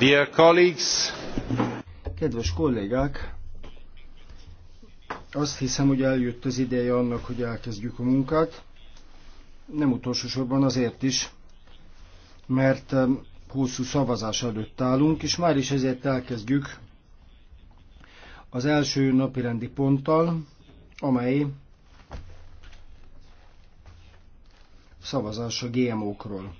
Dear colleagues. Kedves kollégák, azt hiszem, hogy eljött az ideje annak, hogy elkezdjük a munkát. Nem utolsó sorban azért is, mert hosszú szavazás előtt állunk, és már is ezért elkezdjük az első napirendi ponttal, amely szavazás a GMO-król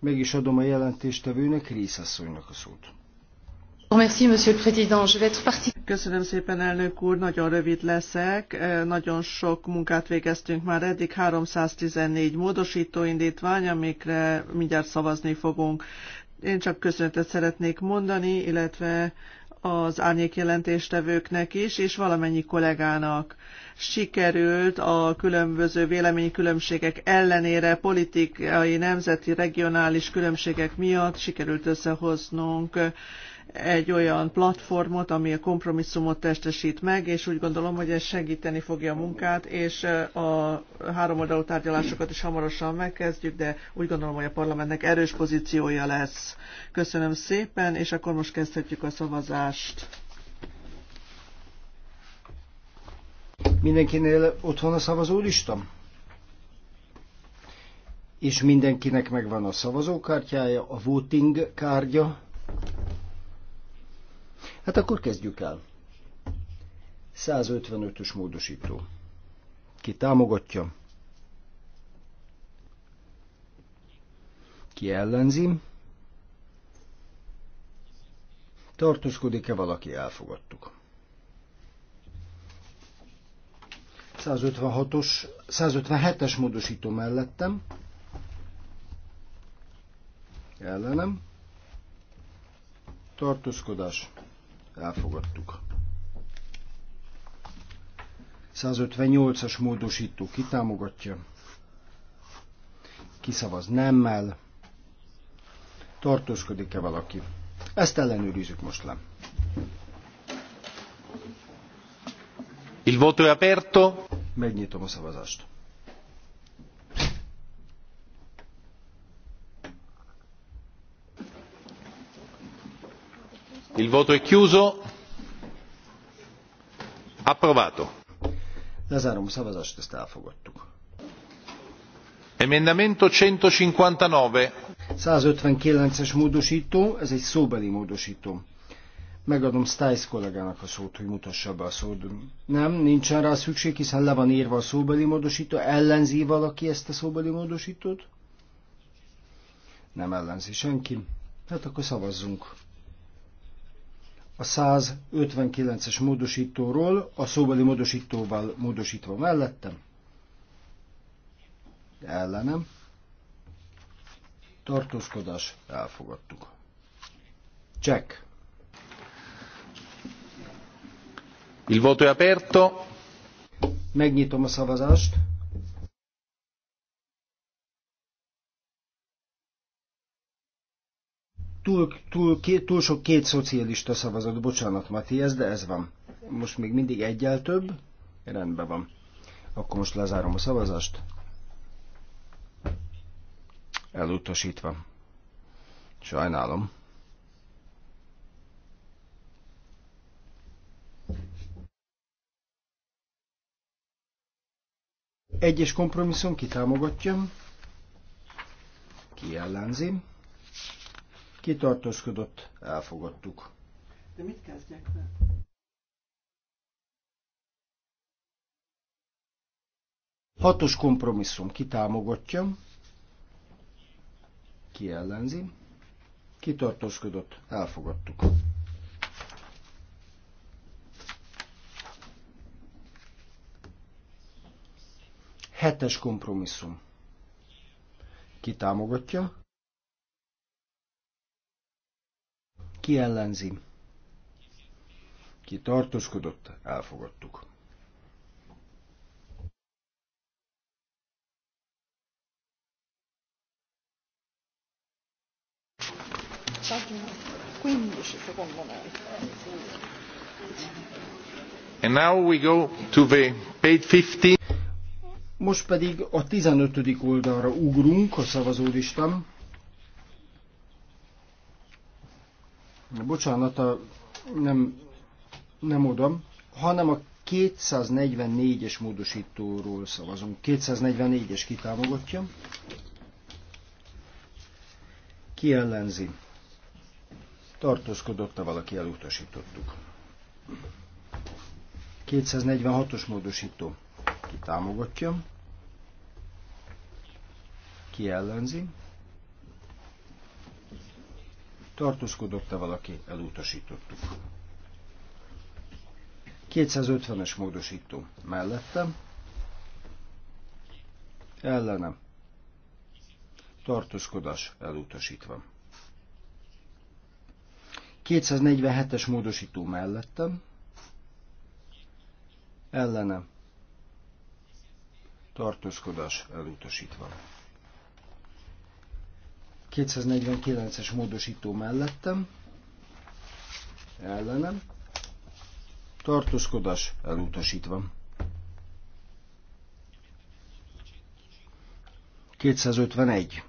meg is adom a jelentéstevőnek, Részasszonynak a szót. Köszönöm szépen, elnök úr, nagyon rövid leszek. Eh, nagyon sok munkát végeztünk már eddig, 314 módosítóindítvány, amikre mindjárt szavazni fogunk. Én csak köszönetet szeretnék mondani, illetve az árnyékjelentéstevőknek jelentéstevőknek is, és valamennyi kollégának sikerült a különböző különbségek ellenére politikai, nemzeti, regionális különbségek miatt sikerült összehoznunk egy olyan platformot, ami a kompromisszumot testesít meg, és úgy gondolom, hogy ez segíteni fogja a munkát, és a háromoldalú tárgyalásokat is hamarosan megkezdjük, de úgy gondolom, hogy a parlamentnek erős pozíciója lesz. Köszönöm szépen, és akkor most kezdhetjük a szavazást. Mindenkinél ott van a lista? És mindenkinek megvan a szavazókártyája, a voting kártya. Hát akkor kezdjük el. 155-ös módosító. Ki támogatja? Ki ellenzi? Tartózkodik-e valaki? Elfogadtuk. 156-os, 157-es módosító mellettem. Ellenem. Tartózkodás elfogadtuk. 158-as módosító kitámogatja, kiszavaz nemmel, tartózkodik-e valaki. Ezt ellenőrizzük most le. Il voto è aperto. Megnyitom a szavazást. il voto è chiuso approvato lezárom a szavazást ezt elfogadtuk emendamento 159 159-es módosító ez egy szóbeli módosító megadom Stiles kollégának a szót, hogy mutassa be a szót. Nem, nincsen rá szükség, hiszen le van írva a szóbeli módosító. Ellenzi valaki ezt a szóbeli módosítót? Nem ellenzi senki. Hát akkor szavazzunk a 159-es módosítóról, a szóbeli módosítóval módosítva mellettem, ellenem, tartózkodás, elfogadtuk. Check. Il voto è aperto. Megnyitom a szavazást. túl, túl, két, túl sok két szocialista szavazott, bocsánat Matthias, de ez van. Most még mindig egyel több, rendben van. Akkor most lezárom a szavazást. Elutasítva. Sajnálom. Egyes kompromisszum kitámogatja, ki ellenzi kitartóskodott, elfogadtuk. De mit kezdjek vele? Hatos kompromisszum kitámogatja, ki ellenzi, kitartóskodott, elfogadtuk. Hetes kompromisszum. kitámogatja. Ki ellenzi? Ki tartózkodott? Elfogadtuk. And now we go to the page 15. Most pedig a 15. oldalra ugrunk a szavazólistán. bocsánat, a, nem, nem oda, hanem a 244-es módosítóról szavazunk. 244-es kitámogatja. Ki ellenzi? Tartózkodott-e valaki, elutasítottuk. 246-os módosító. kitámogatja. Ki ellenzi? tartózkodott-e valaki, elutasítottuk. 250-es módosító mellettem, ellenem, tartózkodás elutasítva. 247-es módosító mellettem, ellenem, tartózkodás elutasítva. 249-es módosító mellettem, ellenem, tartózkodás elutasítva. 251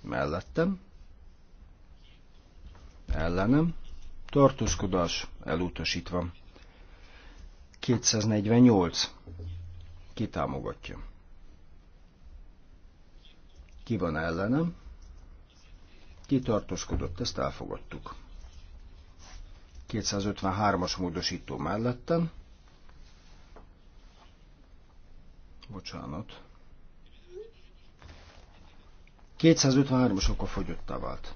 mellettem, ellenem, tartózkodás elutasítva. 248 kitámogatja ki van ellenem? Ki tartoskodott, Ezt elfogadtuk. 253-as módosító mellettem. Bocsánat. 253-as oka fogyottá vált.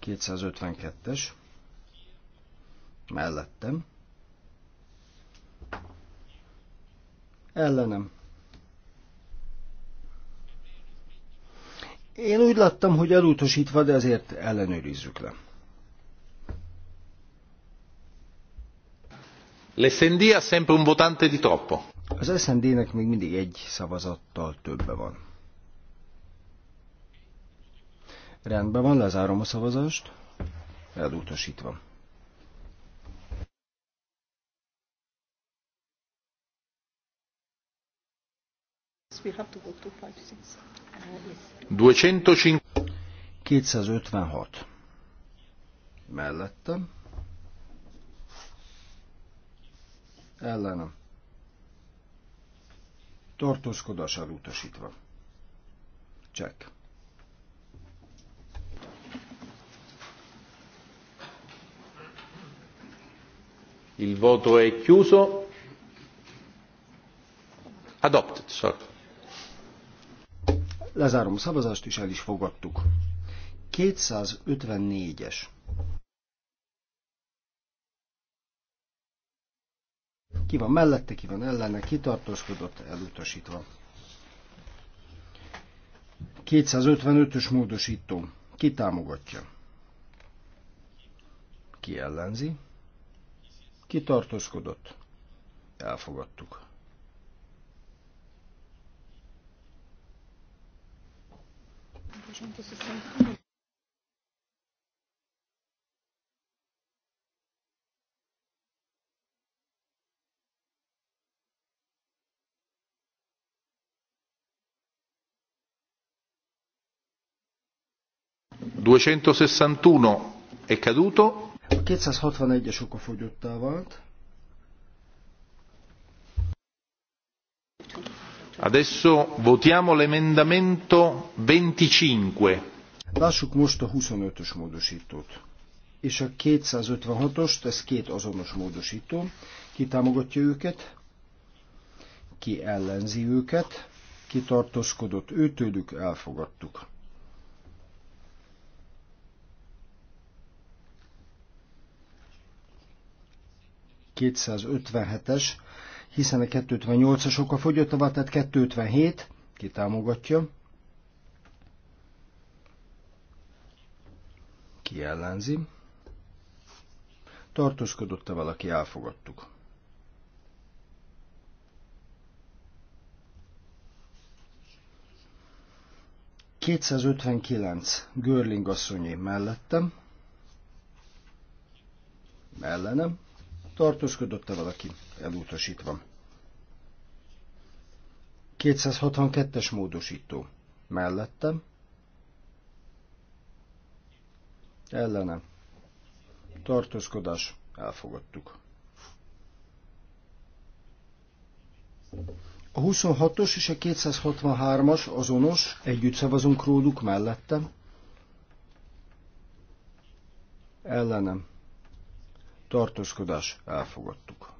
252-es. Mellettem. Ellenem. Én úgy láttam, hogy elutasítva, de ezért ellenőrizzük le. L'SND ha sempre un votante di troppo. Az SND-nek még mindig egy szavazattal többe van. Rendben van, lezárom a szavazást. Elutasítva. We have to go to five, six. 256. Mellettem. Ellenem. Tartózkodás elutasítva. Check. Il voto è chiuso. Adopted, sorry. Lezárom a szavazást, és el is fogadtuk. 254-es. Ki van mellette, ki van ellene, kitartózkodott, elutasítva. 255-ös módosító. Ki támogatja? Ki ellenzi? Ki tartózkodott? Elfogadtuk. caduto. 261-es okafogyott vált. Adesso votiamo l'emendamento venticinque Lássuk most a 25-ös módosítót. És a 256-ost, ez két azonos módosító. Ki támogatja őket? Ki ellenzi őket? Ki tartózkodott őtőlük? Elfogadtuk. Kétszázötvenhetes hiszen a 258-as oka fogyott a tehát 257, ki támogatja, ki ellenzi, tartózkodott-e valaki, elfogadtuk. Kétszázötvenkilenc Görling asszonyi mellettem, mellenem, tartózkodott-e valaki elutasítva. 262-es módosító mellettem, ellenem, tartózkodás, elfogadtuk. A 26-os és a 263-as azonos, együtt szavazunk róluk mellettem, ellenem, tartózkodás elfogadtuk.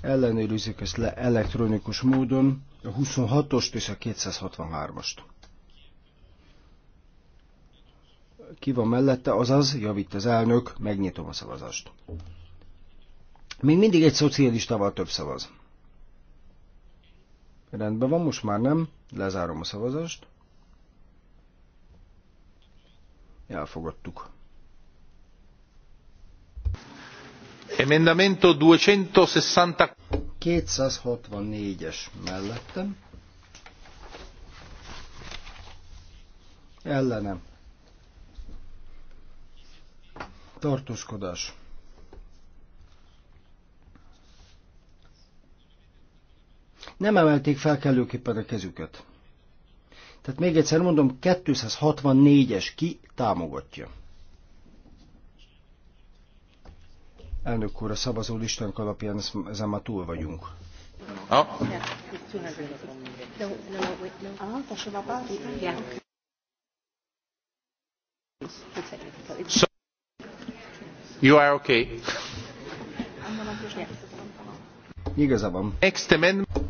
Ellenőrizzük ezt le elektronikus módon a 26-ost és a 263 ost Ki van mellette, azaz, javít az elnök, megnyitom a szavazást. Még mindig egy szocialistával több szavaz. Rendben van, most már nem. Lezárom a szavazást. Elfogadtuk. Emendamento 260. 264-es mellettem. Ellenem. Tartózkodás. nem emelték fel kellőképpen a kezüket. Tehát még egyszer mondom, 264-es ki támogatja. Elnök úr, a szavazó listánk alapján ezen már túl vagyunk. Ah. you are okay. Igaza van.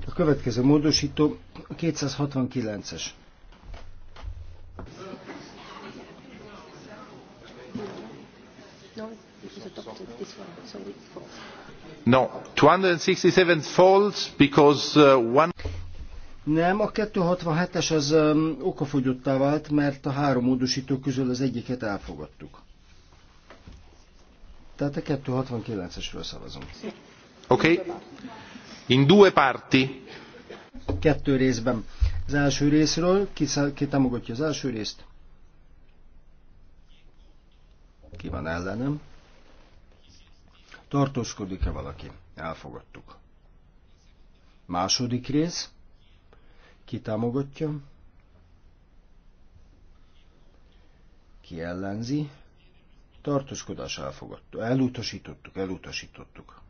A következő módosító 269-es. No, 267 falls, because uh, one... Nem, a 267-es az um, okafogyottá vált, mert a három módosító közül az egyiket elfogadtuk. Tehát a 269-esről szavazom. Oké? Okay? In due parti. Kettő részben. Az első részről ki, ki támogatja az első részt? Ki van ellenem? Tartózkodik-e valaki? Elfogadtuk. Második rész. Ki támogatja? Ki ellenzi? Tartózkodás elfogadtuk. Elutasítottuk, elutasítottuk.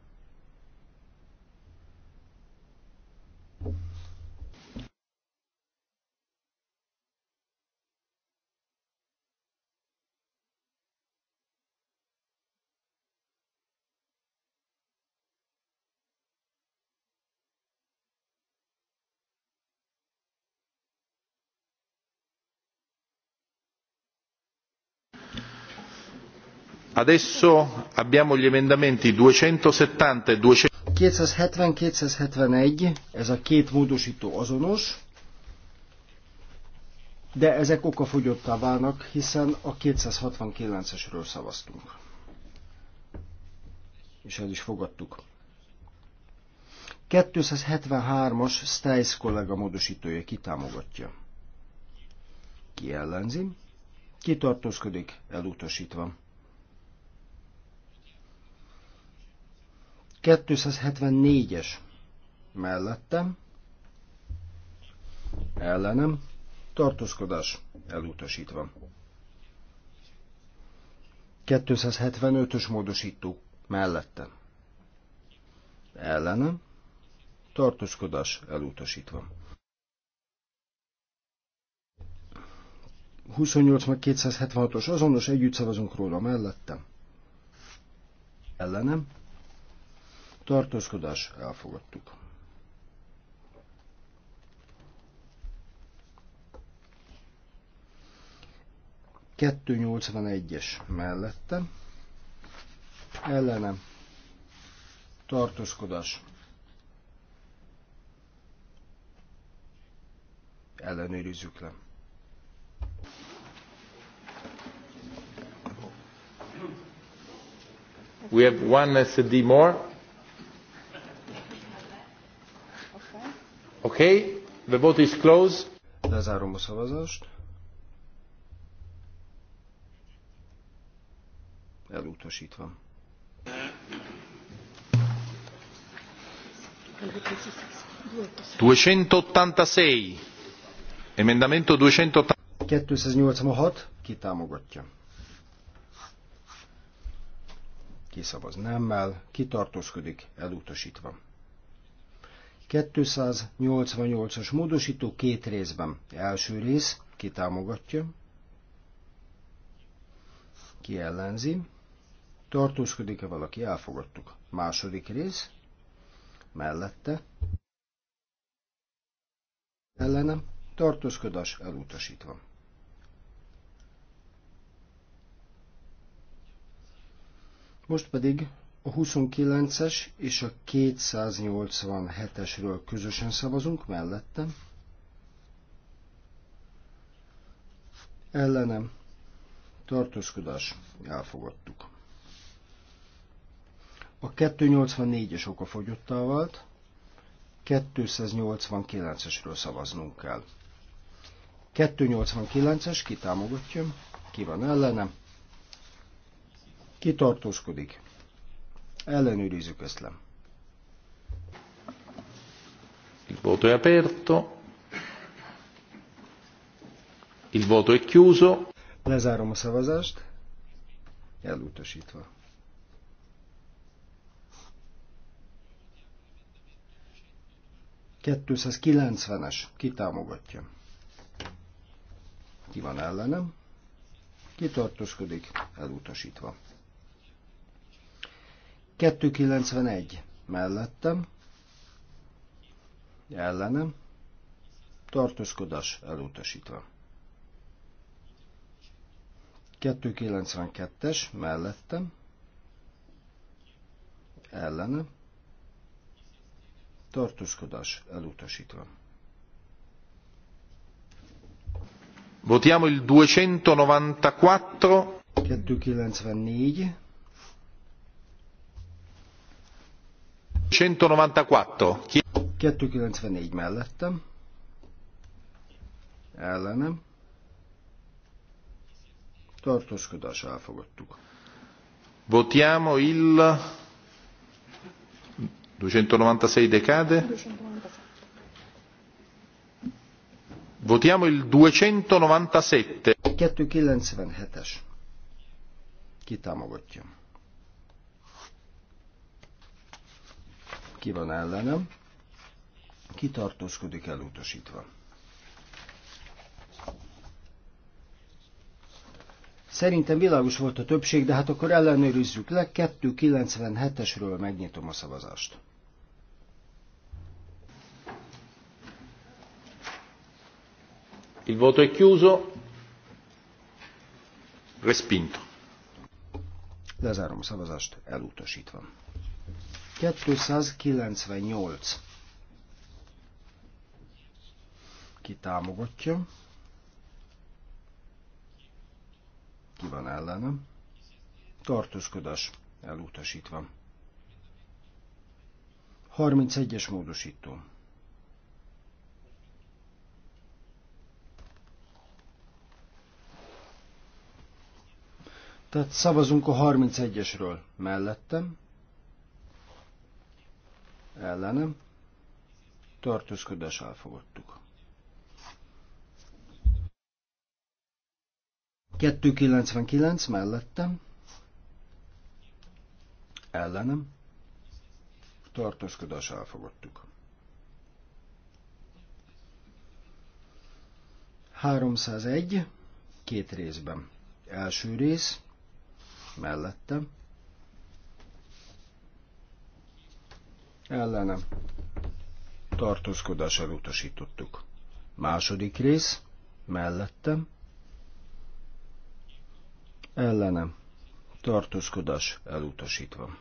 adesso abbiamo gli emendamenti duecentosettanta e. kétszázhetven ez a két módostó azonos de ezek okafogyottá válnak hiszen a 269 esről szavaztunk és el is fogadtuk 273-as Stiles kollega módosítója kitámogatja. Ki ellenzi? Kitartózkodik, elutasítva. 274-es mellettem, ellenem, tartózkodás elutasítva. 275-ös módosító mellettem, ellenem, tartózkodás elutasítva. 28-276-os azonos, együtt szavazunk róla mellettem. Ellenem, tartózkodás, elfogadtuk. Kettő nyolcvan egyes mellette. ellenem, tartózkodás, ellenőrizzük le. We have one SD more. Okay, the vote is closed. Lezárom a szavazást. Elutasítva. Emendamento 286. 286. Ki támogatja? Ki szavaz nemmel, ki tartózkodik, elutasítva. 288-as módosító két részben. Első rész, kitámogatja, kiellenzi, tartózkodik-e valaki, elfogadtuk. Második rész, mellette, ellenem, tartózkodás elutasítva. Most pedig a 29-es és a 287-esről közösen szavazunk mellettem. Ellenem. Tartózkodás. Elfogadtuk. A 284-es fogyottá vált. 289-esről szavaznunk kell. 289-es kitámogatja, ki van ellene, kitartózkodik, Ellenőrizzük ezt le. Il voto è aperto. Il voto è chiuso. Lezárom a szavazást. Elutasítva. es ki támogatja? Ki van ellenem? Ki tartózkodik? Elutasítva. 291 mellettem, ellenem, tartózkodás elutasítva. 292-es mellettem, ellenem, tartózkodás elutasítva. Votiamo il 294. 294 194. 294 mellettem. Ellenem. Tartózkodás elfogadtuk. Votiamo il 296 decade. Votiamo il 297. 297-es. Ki támogatja? ki van ellenem, kitartózkodik elutasítva. Szerintem világos volt a többség, de hát akkor ellenőrizzük le. 297-esről megnyitom a szavazást. Il voto è chiuso. Respinto. Lezárom a szavazást, elutasítva. 298. Ki támogatja? Ki van ellenem? Tartózkodás elutasítva. 31-es módosító. Tehát szavazunk a 31-esről mellettem, ellenem, tartózkodás elfogadtuk. 299 mellettem, ellenem, tartózkodás elfogadtuk. 301, két részben. Első rész, mellettem, ellenem tartózkodással utasítottuk. Második rész mellettem ellenem tartózkodás elutasítva.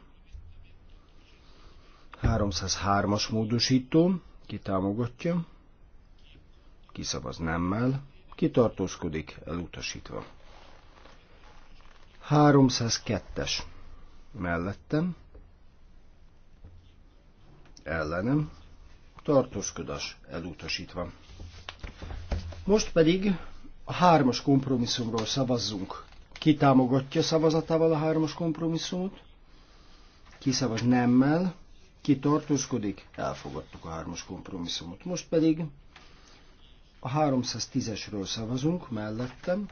303-as módosító ki kiszavaz nemmel, Ki tartózkodik elutasítva. 302-es mellettem ellenem, tartózkodás elutasítva. Most pedig a hármas kompromisszumról szavazzunk. Ki támogatja szavazatával a hármas kompromisszumot? Ki szavaz nemmel? Ki tartózkodik? Elfogadtuk a hármas kompromisszumot. Most pedig a 310-esről szavazunk mellettem.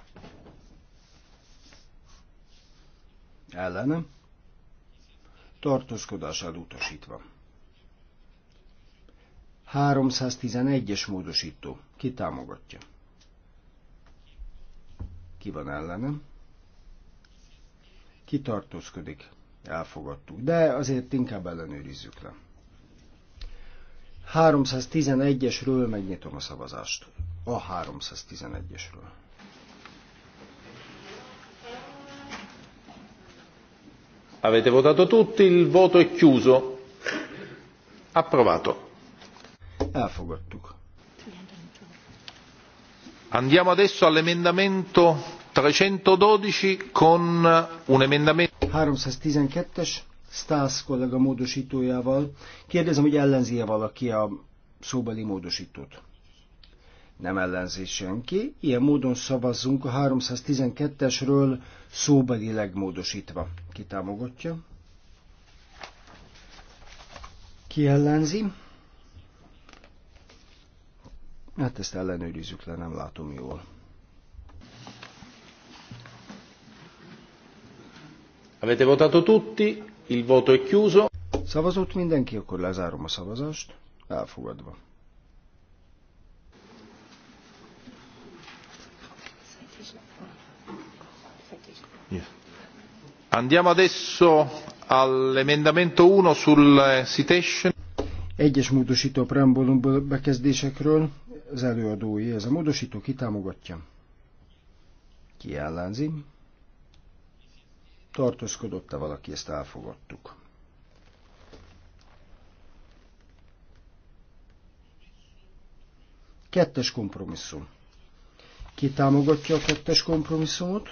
Ellenem. Tartózkodás elutasítva. 311-es módosító. Ki támogatja? Ki van ellenem? Ki tartózkodik? Elfogadtuk. De azért inkább ellenőrizzük le. 311-esről megnyitom a szavazást. A 311-esről. Avete votato tutti, il voto è chiuso. Approvato elfogadtuk. Andiamo adesso all'emendamento 312 con un emendamento. 312-es Stász kollega módosítójával. Kérdezem, hogy ellenzi -e valaki a szóbeli módosítót? Nem ellenzi senki. Ilyen módon szavazzunk a 312-esről szóbelileg módosítva. Ki támogatja? Ki ellenzi? Hát ezt ellenőrizzük le, nem látom jól. Avete votato tutti, il voto è chiuso. Szavazott mindenki, akkor lezárom a szavazást. Elfogadva. Andiamo adesso all'emendamento 1 sul citation. Egyes módosító preambulum bekezdésekről az előadói, ez a módosító kitámogatja. Ki ellenzi? Tartózkodott-e valaki, ezt elfogadtuk. Kettes kompromisszum. Ki támogatja a kettes kompromisszumot?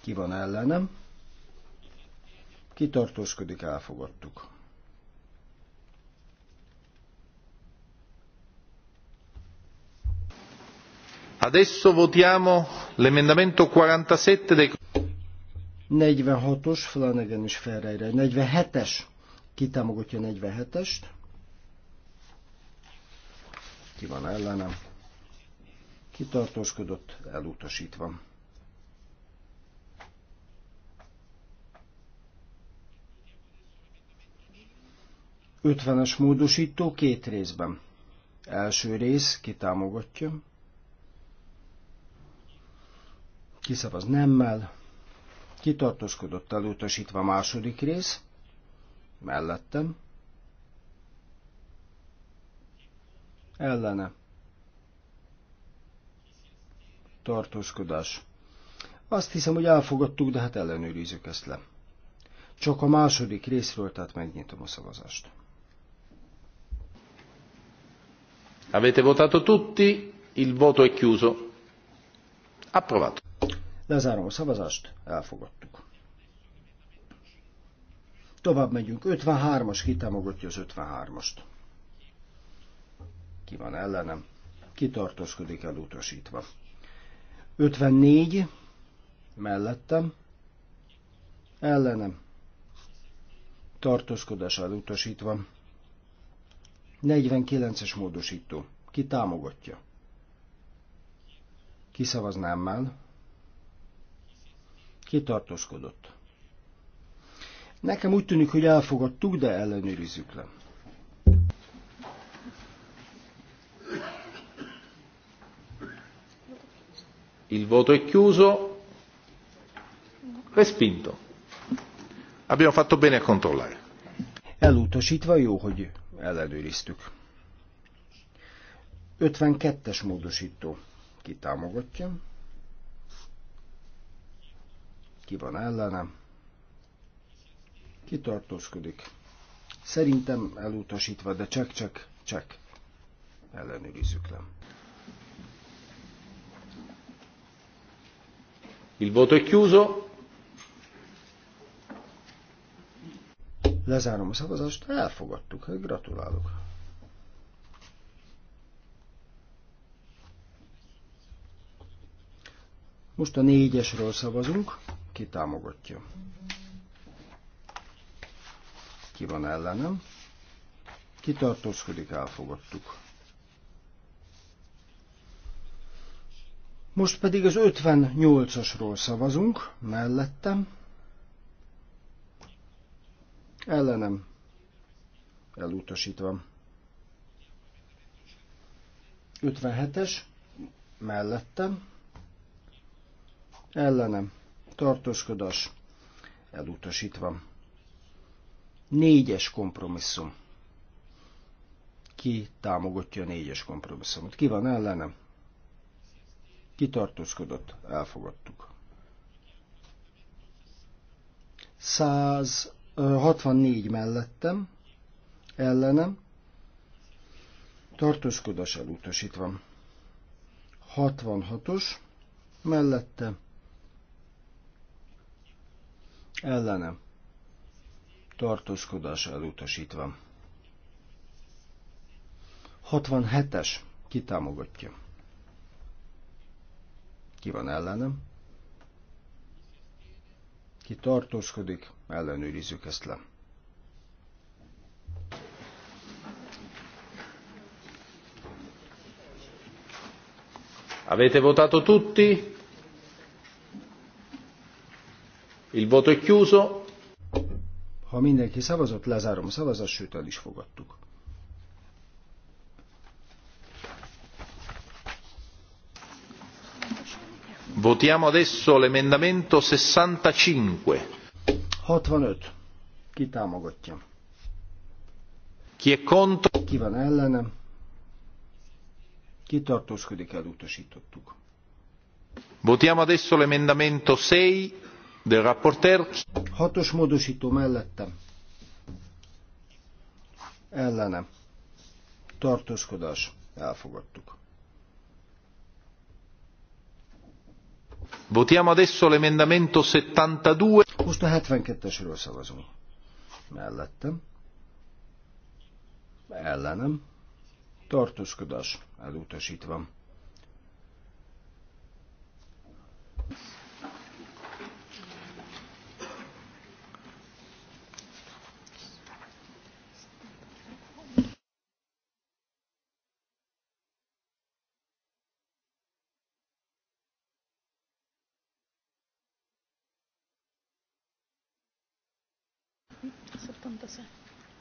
Ki van ellenem? Ki tartózkodik, elfogadtuk. Adesso votiamo l'emendamento 47 dei... 46-os Flanagan és Ferreira. 47-es. Ki támogatja 47-est? Ki van ellenem? Kitartóskodott, elutasítva. Ötvenes módosító két részben. Első rész kitámogatja, kiszavaz nemmel, kitartózkodott elutasítva a második rész, mellettem, ellene, tartózkodás. Azt hiszem, hogy elfogadtuk, de hát ellenőrizzük ezt le. Csak a második részről, tehát megnyitom a szavazást. Avete votato tutti, il voto è chiuso. Approvato. Lezárom a szavazást, elfogadtuk. Tovább megyünk, 53-as, ki támogatja az 53-ast? Ki van ellenem? Ki tartózkodik elutasítva? 54, mellettem, ellenem, tartózkodás elutasítva. 49-es módosító. Ki támogatja? Kiszavaznám már? Kitartózkodott. Nekem úgy tűnik, hogy elfogadtuk, de ellenőrizzük le. Il voto è chiuso. Respinto. Abbiamo fatto bene a controllare. Elutasítva jó, hogy ellenőriztük. 52-es módosító. kitámogatja. Ki van ellenem? kitartóskodik. Szerintem elutasítva, de csak, csak, csak. Ellenőrizzük le. Il voto è chiuso. Lezárom a szavazást, elfogadtuk, gratulálok. Most a négyesről szavazunk ki támogatja. Ki van ellenem? Ki tartózkodik, elfogadtuk. Most pedig az 58-asról szavazunk, mellettem. Ellenem. Elutasítva. 57-es, mellettem. Ellenem tartózkodás elutasítva. Négyes kompromisszum. Ki támogatja a négyes kompromisszumot? Ki van ellenem? Ki tartózkodott? Elfogadtuk. 164 mellettem, ellenem, tartózkodás elutasítva. 66-os mellettem, ellene tartózkodás elutasítva. 67-es kitámogatja. Ki van ellenem? Ki tartózkodik, ellenőrizzük ezt le. Avete votato tutti? Il voto è chiuso. Ha mindenki szavazott, lezárom a szavazást, sőt el is fogadtuk. Votiamo adesso l'emendamento 65. 65. Ki támogatja? Ki è contro? Ki van ellenem? Ki tartózkodik, elutasítottuk. Votiamo adesso l'emendamento 6 The rapporteur... Hatos módosító mellettem. Ellenem. Tartózkodás. Elfogadtuk. Votiamo adesso l'emendamento 72. Most a 72-esről szavazunk. Mellettem. Ellenem. Tartózkodás. Elutasítva.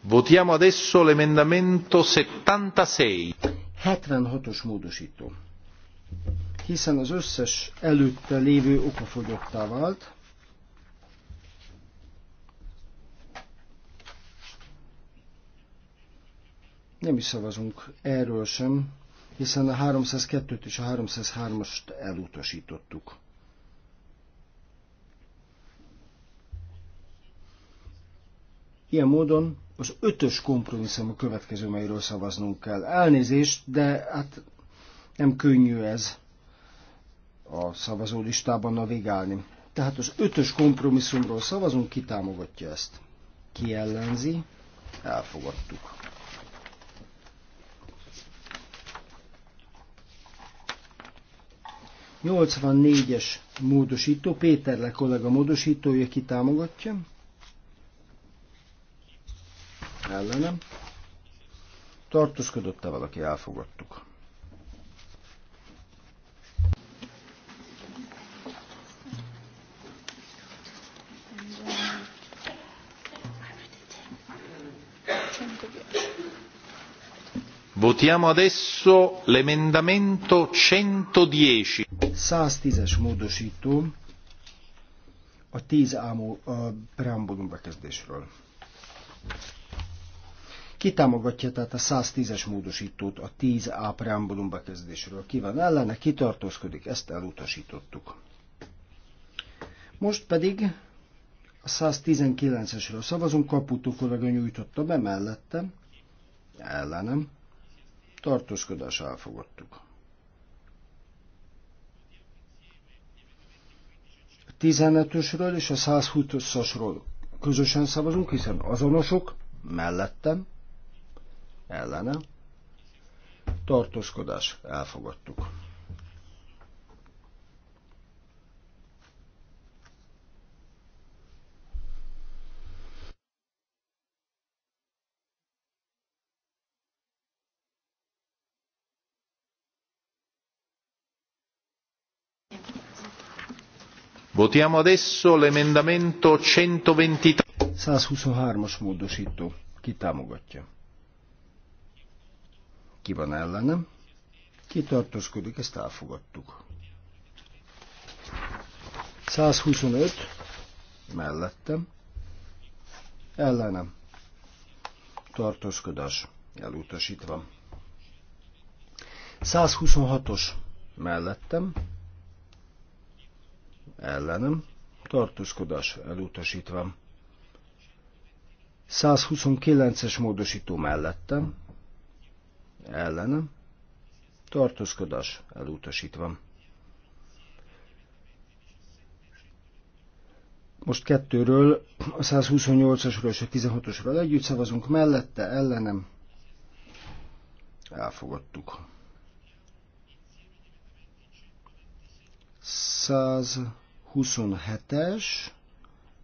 Votiamo adesso l'emendamento 76. 76-os módosító. Hiszen az összes előtte lévő okafogyottá vált. Nem is szavazunk erről sem, hiszen a 302-t és a 303-ast elutasítottuk. Ilyen módon az ötös kompromisszum a következő, melyről szavaznunk kell. Elnézést, de hát nem könnyű ez a szavazólistában navigálni. Tehát az ötös kompromisszumról szavazunk, ki támogatja ezt. Ki ellenzi, elfogadtuk. Nyolcvan négyes módosító, Péterle kollega módosítója ki támogatja ellenem. Tartózkodott-e valaki? Elfogadtuk. Votiamo adesso l'emendamento 110. 110-es módosító a 10 ámú preambulum bekezdésről támogatja tehát a 110-es módosítót a 10A preambulum bekezdésről. Ki van ellene, tartózkodik? ezt elutasítottuk. Most pedig a 119-esről szavazunk, Kaputó kollega nyújtotta be mellettem, ellenem, tartózkodás elfogadtuk. A 15-ösről és a 120-asról közösen szavazunk, hiszen azonosok, mellettem, ellene, tartózkodás, elfogadtuk. Votiamo adesso l'emendamento 123. 123-as módosító. Ki támogatja? Ki van ellenem? Ki tartózkodik? Ezt elfogadtuk. 125 mellettem, ellenem, tartózkodás elutasítva. 126-os mellettem, ellenem, tartózkodás elutasítva. 129-es módosító mellettem, ellenem, tartózkodás elutasítva. Most kettőről, a 128-asról és a 16-osról együtt szavazunk, mellette, ellenem, elfogadtuk. 127-es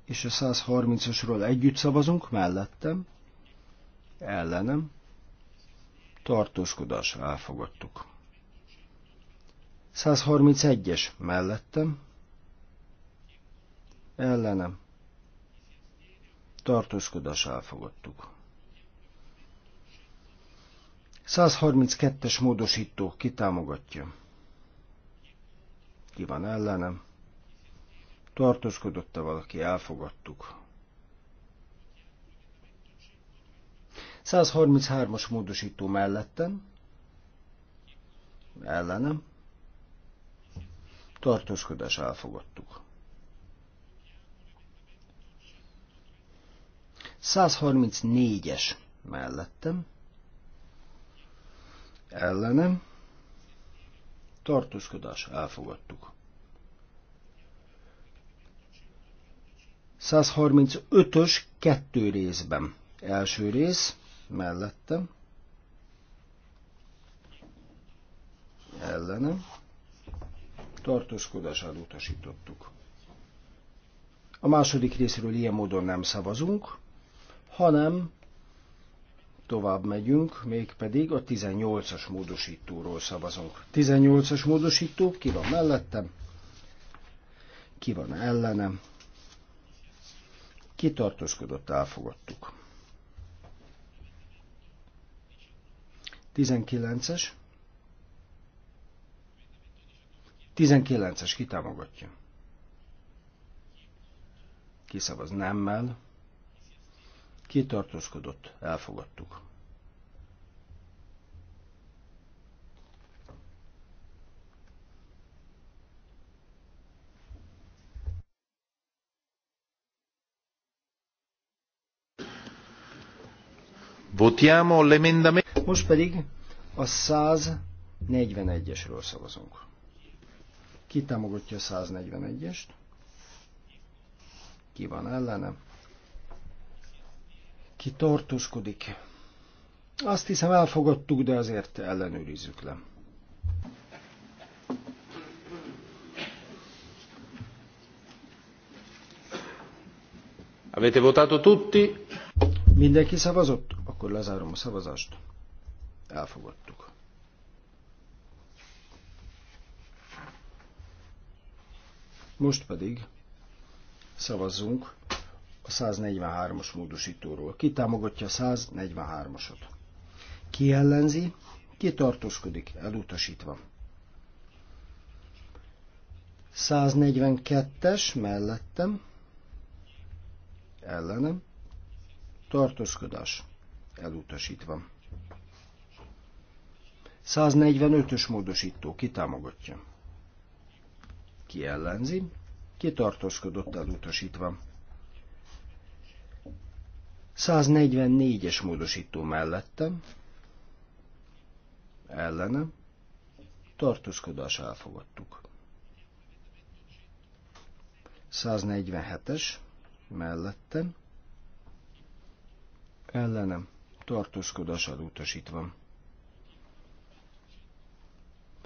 és a 130-asról együtt szavazunk, mellettem, ellenem, tartózkodásra elfogadtuk. 131-es mellettem, ellenem, tartózkodás elfogadtuk. 132-es módosító kitámogatja. Ki van ellenem? Tartózkodott-e valaki? Elfogadtuk. 133-as módosító melletten, ellenem, tartózkodás elfogadtuk. 134-es mellettem, ellenem, tartózkodás elfogadtuk. 135-ös kettő részben. Első rész mellettem, ellenem, tartózkodását utasítottuk. A második részről ilyen módon nem szavazunk, hanem tovább megyünk, mégpedig a 18-as módosítóról szavazunk. 18-as módosító, ki van mellettem, ki van ellenem, kitartózkodott, elfogadtuk. 19-es. 19-es kitámogatja. Kiszavaz nemmel. Kitartózkodott. Elfogadtuk. Votiamo l'emendamento. Most pedig a 141-esről szavazunk. Ki támogatja a 141-est? Ki van ellene? Ki tartózkodik? Azt hiszem elfogadtuk, de azért ellenőrizzük le. Avete votato tutti? Mindenki szavazott? Akkor lezárom a szavazást. Elfogadtuk. Most pedig szavazzunk a 143-as módosítóról. Ki támogatja a 143-asot? Ki ellenzi? Ki tartózkodik? Elutasítva. 142-es mellettem, ellenem, tartózkodás elutasítva. 145-ös módosító kitámogatja. Ki ellenzi? Ki elutasítva. 144-es módosító mellettem, ellenem, tartózkodás elfogadtuk. 147-es mellettem, ellenem, tartózkodás utasítva.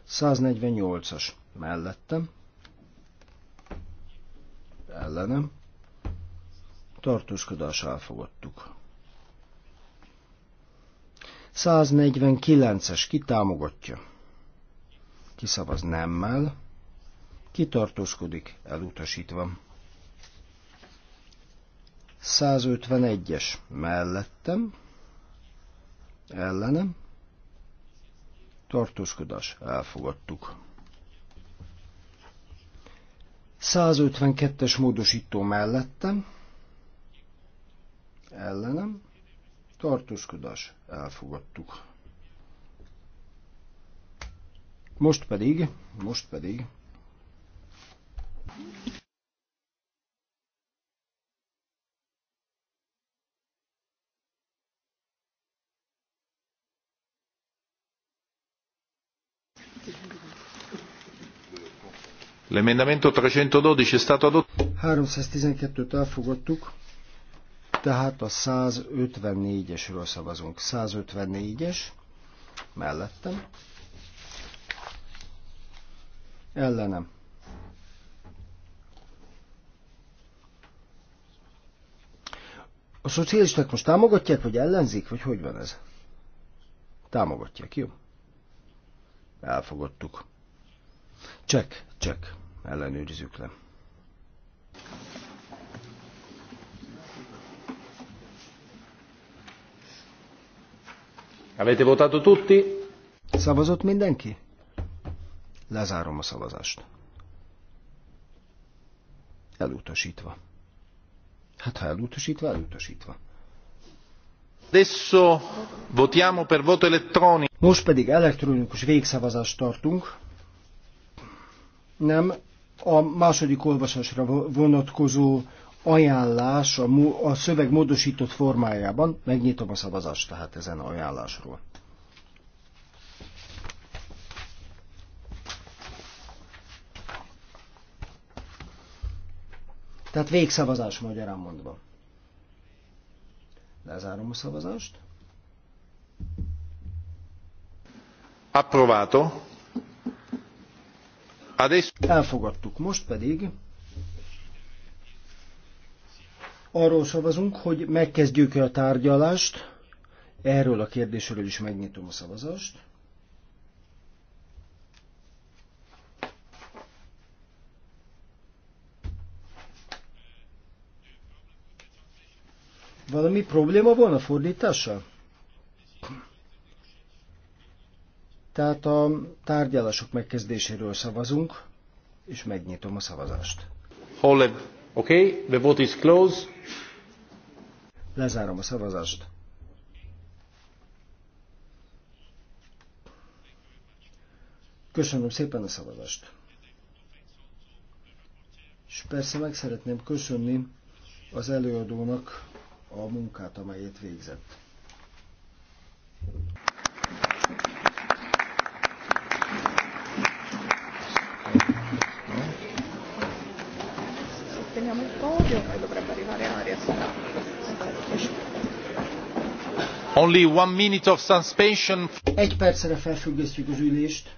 148-as mellettem, ellenem, tartózkodás elfogadtuk. 149-es kitámogatja, kiszavaz nemmel, kitartózkodik elutasítva. 151-es mellettem, ellenem, tartózkodás, elfogadtuk. 152-es módosító mellettem, ellenem, tartózkodás, elfogadtuk. Most pedig, most pedig L'emendamento 312 è stato adottato. 312-t elfogadtuk, tehát a 154-esről szavazunk. 154-es, mellettem. Ellenem. A szocialisták most támogatják, vagy ellenzik, vagy hogy van ez? Támogatják, jó? Elfogadtuk. Csek, csek, ellenőrizzük le. Avete votato tutti? Szavazott mindenki? Lezárom a szavazást. Elutasítva. Hát ha elutasítva, elutasítva. Adesso votiamo per voto elettronico. Most pedig elektronikus végszavazást tartunk nem a második olvasásra vonatkozó ajánlás a, a szöveg módosított formájában. Megnyitom a szavazást tehát ezen a ajánlásról. Tehát végszavazás magyarán mondva. Lezárom a szavazást. Approvato. Elfogadtuk. Most pedig arról szavazunk, hogy megkezdjük-e a tárgyalást. Erről a kérdésről is megnyitom a szavazást. Valami probléma van a fordítással? Tehát a tárgyalások megkezdéséről szavazunk, és megnyitom a szavazást. Oké, Okay, the vote is closed. Lezárom a szavazást. Köszönöm szépen a szavazást. És persze meg szeretném köszönni az előadónak a munkát, amelyet végzett. E Only one minute of suspension. Egy percre felfüggesztjük az ülést,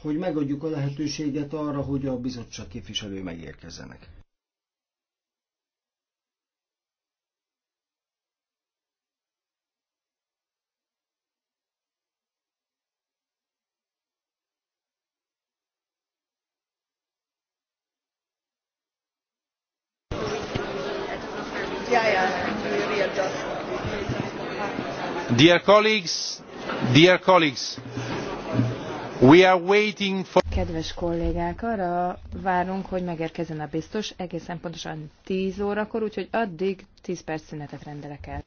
hogy megadjuk a lehetőséget arra, hogy a bizottság képviselői megérkezzenek. Dear colleagues, dear colleagues, we are waiting for... Kedves kollégák, arra várunk, hogy megérkezzen a biztos, egészen pontosan 10 órakor, úgyhogy addig 10 perc szünetet rendelek el.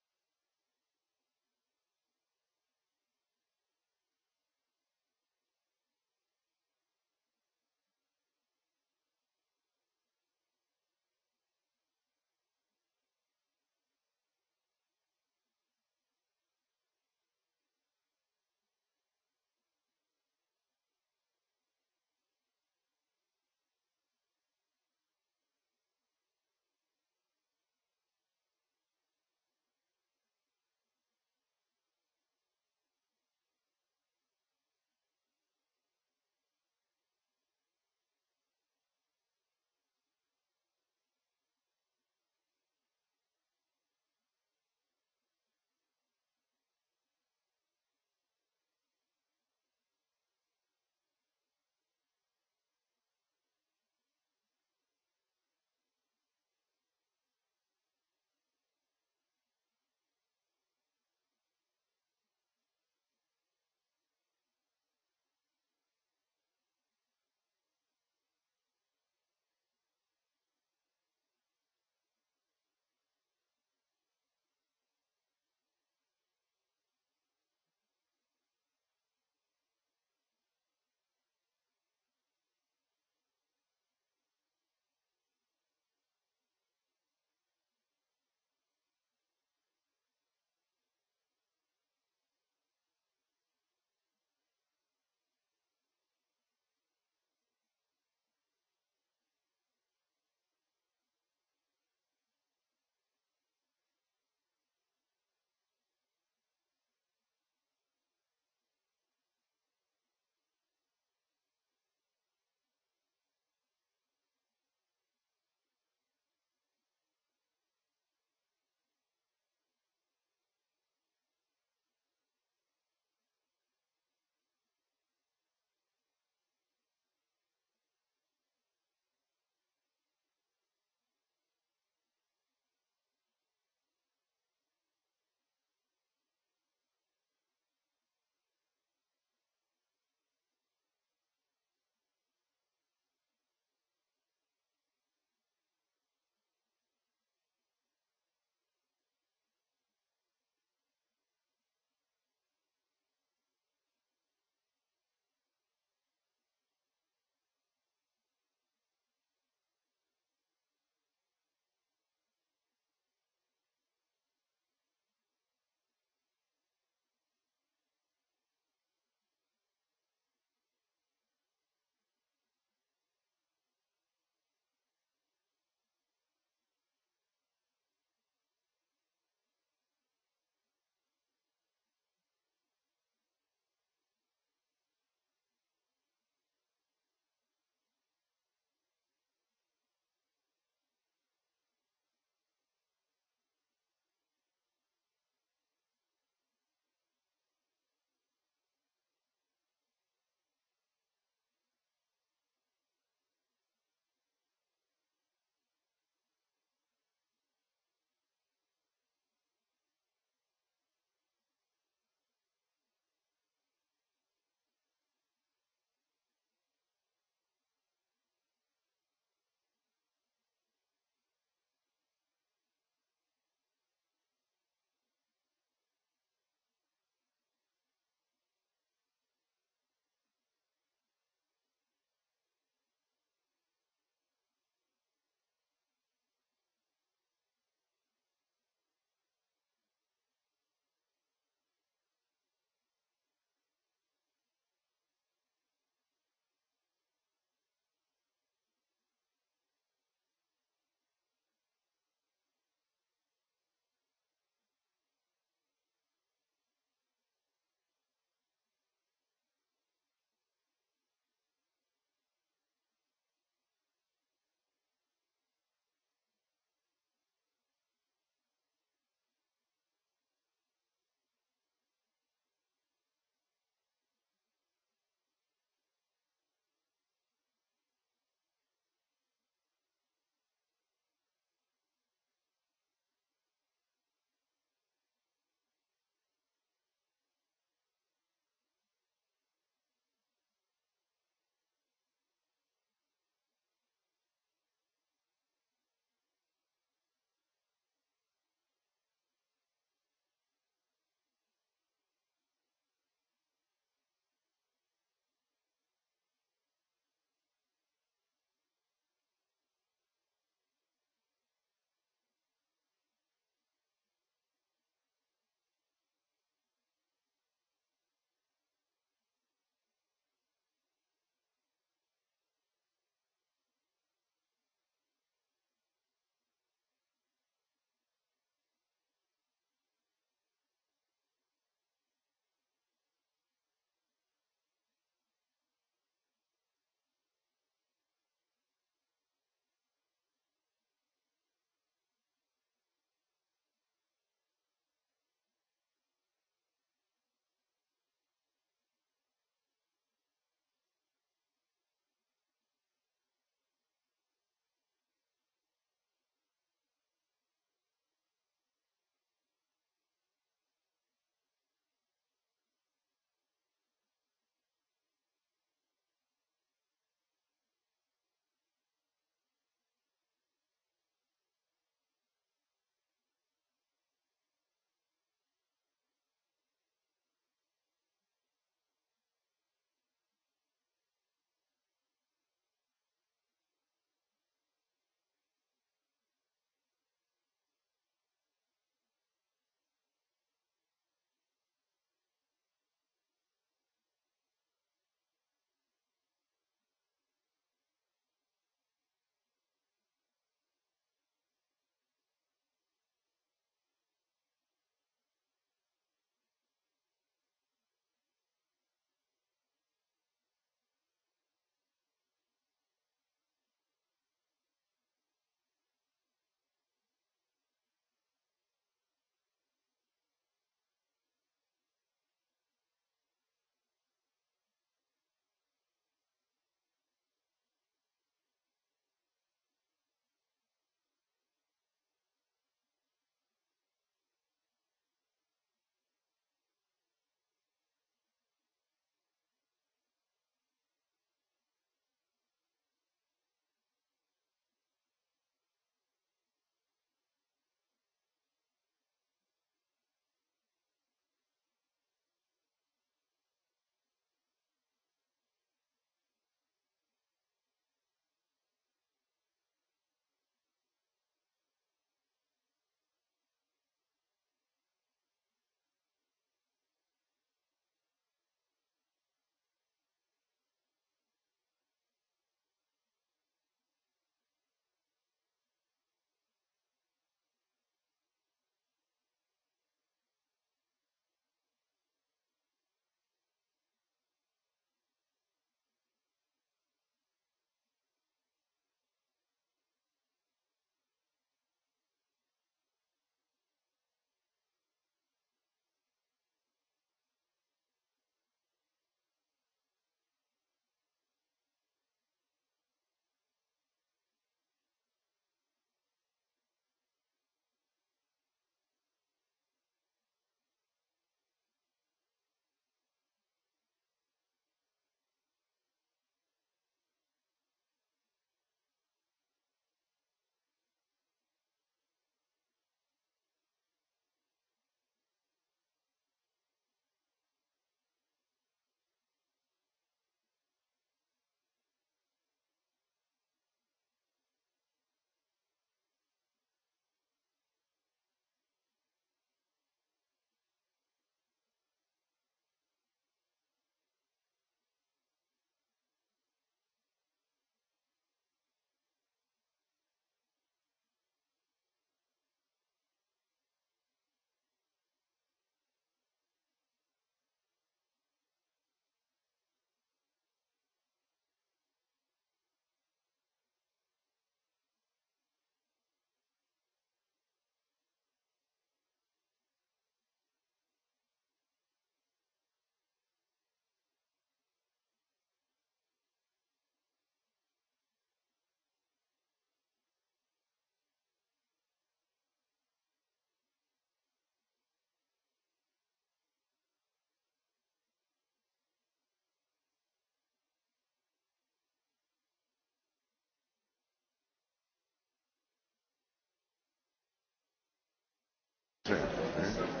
Köszönöm.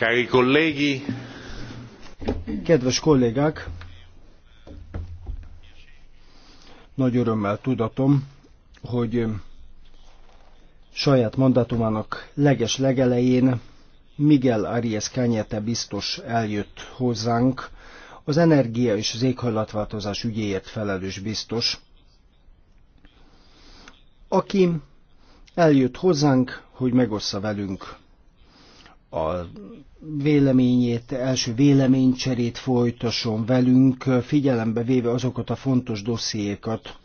Cari colleghi. Kedves kollégák, nagy örömmel tudatom, hogy saját mandátumának leges legelején Miguel Arias Kányete biztos eljött hozzánk, az energia és az éghajlatváltozás ügyéért felelős biztos, aki eljött hozzánk, hogy megossza velünk a véleményét, első véleménycserét folytasson velünk, figyelembe véve azokat a fontos dossziékat,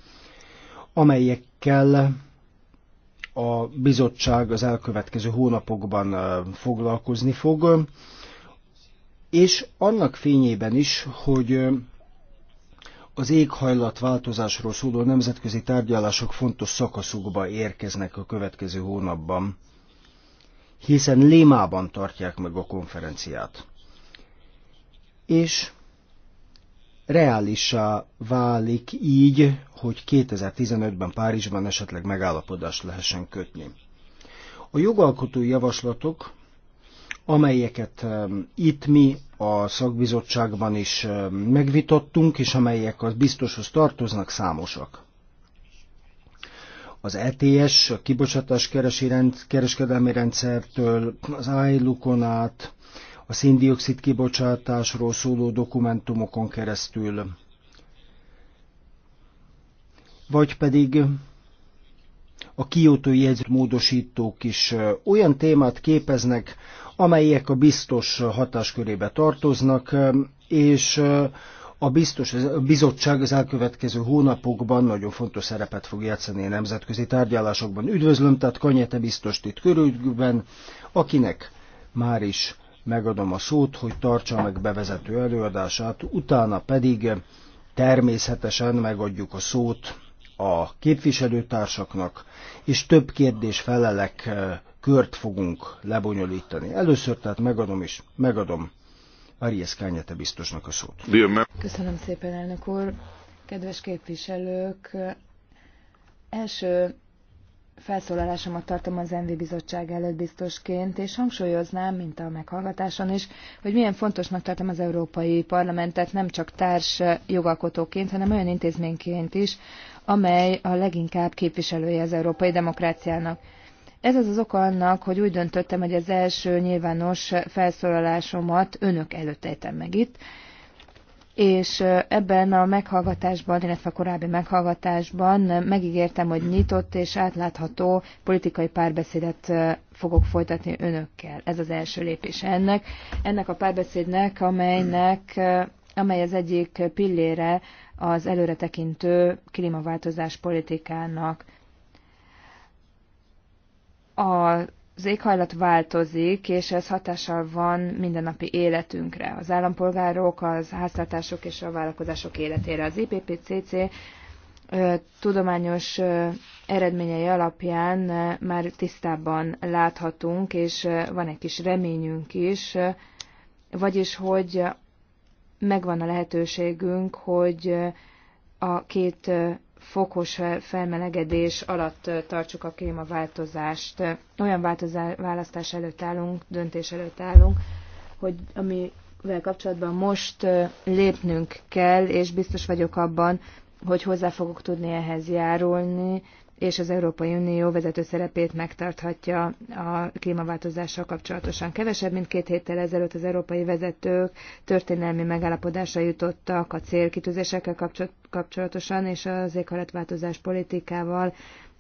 amelyekkel a bizottság az elkövetkező hónapokban foglalkozni fog, és annak fényében is, hogy az éghajlatváltozásról szóló nemzetközi tárgyalások fontos szakaszukba érkeznek a következő hónapban hiszen Lémában tartják meg a konferenciát. És reálisá válik így, hogy 2015-ben Párizsban esetleg megállapodást lehessen kötni. A jogalkotói javaslatok, amelyeket itt mi a szakbizottságban is megvitattunk, és amelyek az biztoshoz tartoznak, számosak az ETS, a kibocsátás rend, kereskedelmi rendszertől, az ILUK-on át, a széndiokszid kibocsátásról szóló dokumentumokon keresztül, vagy pedig a kiótói módosítók is olyan témát képeznek, amelyek a biztos hatáskörébe tartoznak, és a, biztos, a bizottság az elkövetkező hónapokban nagyon fontos szerepet fog játszani a nemzetközi tárgyalásokban. Üdvözlöm, tehát Kanyete biztos itt körülben, akinek már is megadom a szót, hogy tartsa meg bevezető előadását, utána pedig természetesen megadjuk a szót a képviselőtársaknak, és több kérdés felelek eh, kört fogunk lebonyolítani. Először tehát megadom is, megadom Arias Kányete biztosnak a szót. Köszönöm szépen, elnök úr. Kedves képviselők, első felszólalásomat tartom az Envi bizottság előtt biztosként, és hangsúlyoznám, mint a meghallgatáson is, hogy milyen fontosnak tartom az Európai Parlamentet nem csak társ jogalkotóként, hanem olyan intézményként is, amely a leginkább képviselője az európai demokráciának. Ez az az oka annak, hogy úgy döntöttem, hogy az első nyilvános felszólalásomat önök előtt ejtem meg itt, és ebben a meghallgatásban, illetve a korábbi meghallgatásban megígértem, hogy nyitott és átlátható politikai párbeszédet fogok folytatni önökkel. Ez az első lépés ennek. Ennek a párbeszédnek, amelynek amely az egyik pillére az előretekintő klímaváltozás politikának az éghajlat változik, és ez hatással van mindennapi életünkre, az állampolgárok, az háztartások és a vállalkozások életére. Az IPPCC tudományos eredményei alapján már tisztában láthatunk, és van egy kis reményünk is, vagyis hogy megvan a lehetőségünk, hogy a két fokos felmelegedés alatt tartsuk a klímaváltozást. Olyan változás, választás előtt állunk, döntés előtt állunk, hogy amivel kapcsolatban most lépnünk kell, és biztos vagyok abban, hogy hozzá fogok tudni ehhez járulni, és az Európai Unió vezető szerepét megtarthatja a klímaváltozással kapcsolatosan. Kevesebb, mint két héttel ezelőtt az európai vezetők történelmi megállapodásra jutottak a célkitűzésekkel kapcsolatosan és az éghajlatváltozás politikával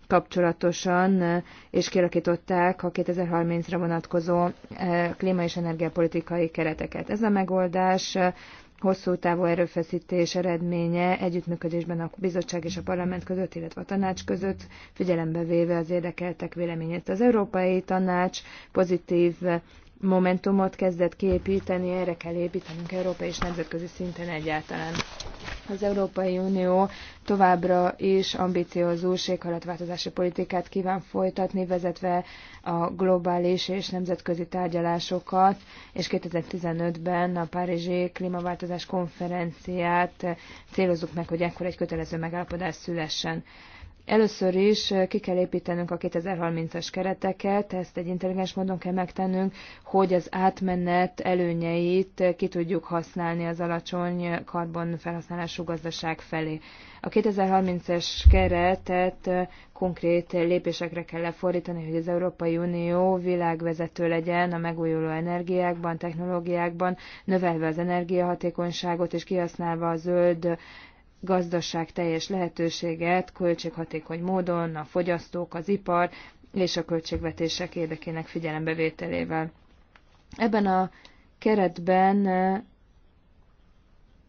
kapcsolatosan, és kialakították a 2030-ra vonatkozó eh, klíma- és energiapolitikai kereteket. Ez a megoldás hosszú távú erőfeszítés eredménye együttműködésben a bizottság és a parlament között, illetve a tanács között, figyelembe véve az érdekeltek véleményét. Az Európai Tanács pozitív momentumot kezdett kiépíteni, erre kell építenünk európai és nemzetközi szinten egyáltalán. Az Európai Unió továbbra is ambiciózus éghajlatváltozási politikát kíván folytatni, vezetve a globális és nemzetközi tárgyalásokat, és 2015-ben a Párizsi Klímaváltozás konferenciát célozzuk meg, hogy ekkor egy kötelező megállapodás szülessen. Először is eh, ki kell építenünk a 2030-as kereteket, ezt egy intelligens módon kell megtennünk, hogy az átmenet előnyeit eh, ki tudjuk használni az alacsony karbon felhasználású gazdaság felé. A 2030-es keretet eh, konkrét lépésekre kell lefordítani, hogy az Európai Unió világvezető legyen a megújuló energiákban, technológiákban, növelve az energiahatékonyságot és kihasználva a zöld gazdaság teljes lehetőséget költséghatékony módon a fogyasztók, az ipar és a költségvetések érdekének figyelembevételével. Ebben a keretben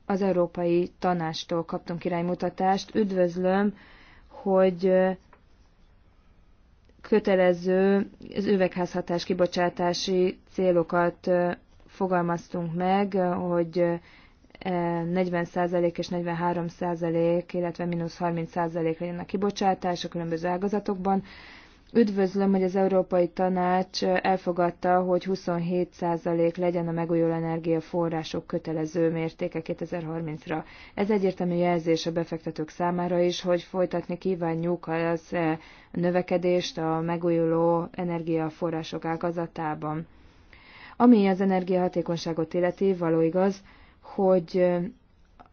az Európai Tanástól kaptunk iránymutatást. Üdvözlöm, hogy kötelező az üvegházhatás kibocsátási célokat fogalmaztunk meg, hogy 40% és 43%, illetve mínusz 30% legyen a kibocsátás a különböző ágazatokban. Üdvözlöm, hogy az Európai Tanács elfogadta, hogy 27% legyen a megújuló energiaforrások kötelező mértéke 2030-ra. Ez egyértelmű jelzés a befektetők számára is, hogy folytatni kívánjuk az növekedést a megújuló energiaforrások ágazatában. Ami az energiahatékonyságot illeti, való igaz, hogy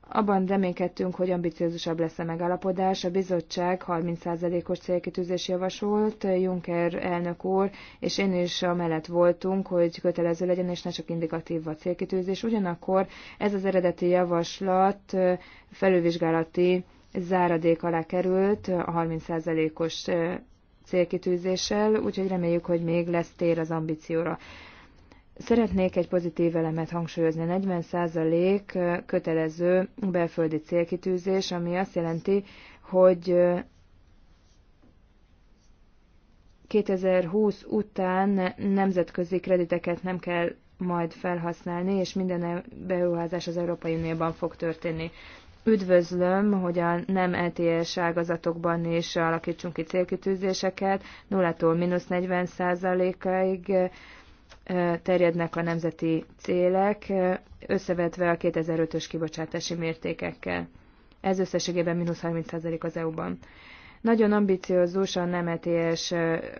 abban reménykedtünk, hogy ambiciózusabb lesz a megállapodás. A bizottság 30%-os célkitűzés javasolt, Juncker elnök úr, és én is amellett voltunk, hogy kötelező legyen, és ne csak indikatív a célkitűzés. Ugyanakkor ez az eredeti javaslat felülvizsgálati záradék alá került a 30%-os célkitűzéssel, úgyhogy reméljük, hogy még lesz tér az ambícióra. Szeretnék egy pozitív elemet hangsúlyozni. 40% kötelező belföldi célkitűzés, ami azt jelenti, hogy 2020 után nemzetközi krediteket nem kell majd felhasználni, és minden e- beruházás az Európai Unióban fog történni. Üdvözlöm, hogy a nem ETS ágazatokban is alakítsunk ki célkitűzéseket, 0-tól mínusz 40 százalékaig terjednek a nemzeti célek, összevetve a 2005-ös kibocsátási mértékekkel. Ez összességében mínusz 30% az EU-ban. Nagyon ambiciózus a nem ETS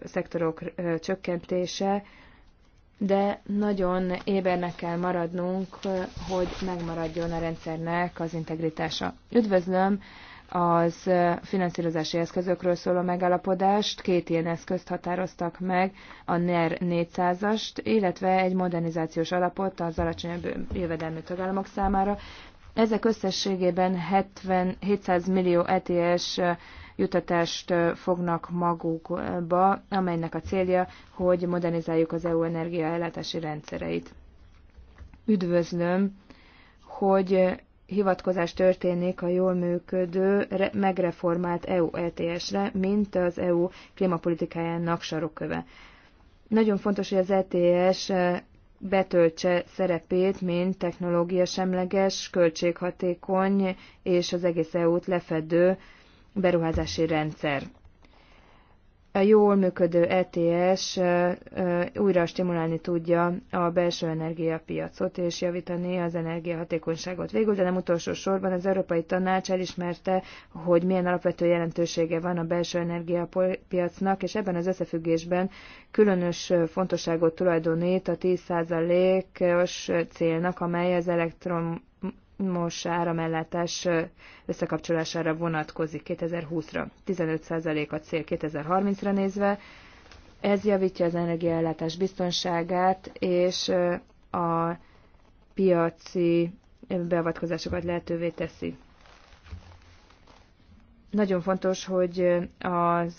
szektorok csökkentése, de nagyon ébernek kell maradnunk, hogy megmaradjon a rendszernek az integritása. Üdvözlöm az finanszírozási eszközökről szóló megállapodást, két ilyen eszközt határoztak meg, a NER 400-ast, illetve egy modernizációs alapot az alacsonyabb jövedelmű tagállamok számára. Ezek összességében 70, 700 millió ETS jutatást fognak magukba, amelynek a célja, hogy modernizáljuk az EU energiaellátási rendszereit. Üdvözlöm, hogy hivatkozás történik a jól működő, megreformált EU ETS-re, mint az EU klímapolitikájának sarokköve. Nagyon fontos, hogy az ETS eh, betöltse szerepét, mint technológia semleges, költséghatékony és az egész EU-t lefedő beruházási rendszer a jól működő ETS újra stimulálni tudja a belső energiapiacot és javítani az energiahatékonyságot. Végül, de nem utolsó sorban az Európai Tanács elismerte, hogy milyen alapvető jelentősége van a belső energiapiacnak, és ebben az összefüggésben különös fontosságot tulajdonít a 10%-os célnak, amely az elektrom most áramellátás összekapcsolására vonatkozik 2020-ra, 15% a cél 2030-ra nézve. Ez javítja az energiaellátás biztonságát, és a piaci beavatkozásokat lehetővé teszi. Nagyon fontos, hogy az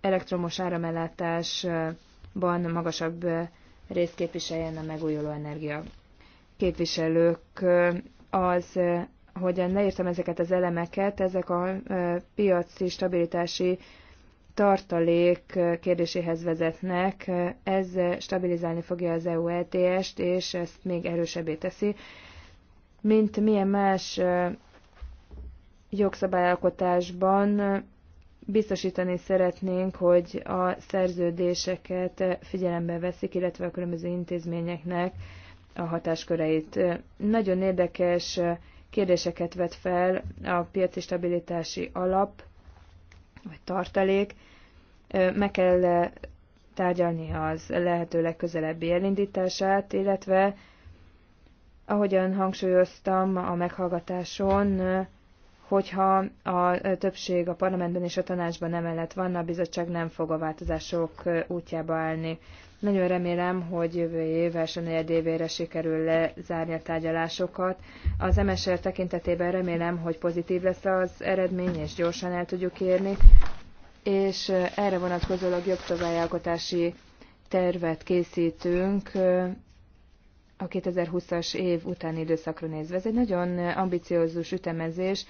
elektromos áramellátásban magasabb részt képviseljen a megújuló energia képviselők, az, hogyan leírtam ezeket az elemeket, ezek a piaci stabilitási tartalék kérdéséhez vezetnek, ez stabilizálni fogja az EU ETS-t, és ezt még erősebbé teszi, mint milyen más jogszabályalkotásban biztosítani szeretnénk, hogy a szerződéseket figyelembe veszik, illetve a különböző intézményeknek a hatásköreit. Nagyon érdekes kérdéseket vet fel a piaci stabilitási alap, vagy tartalék. Meg kell tárgyalni az lehető legközelebbi elindítását, illetve ahogyan hangsúlyoztam a meghallgatáson, hogyha a többség a parlamentben és a tanácsban emellett van, a bizottság nem fog a változások útjába állni. Nagyon remélem, hogy jövő év első negyedévére sikerül lezárni a tárgyalásokat. Az MSR tekintetében remélem, hogy pozitív lesz az eredmény, és gyorsan el tudjuk érni. És erre vonatkozólag jobb továbbalkotási tervet készítünk a 2020-as év utáni időszakra nézve. Ez egy nagyon ambiciózus ütemezés,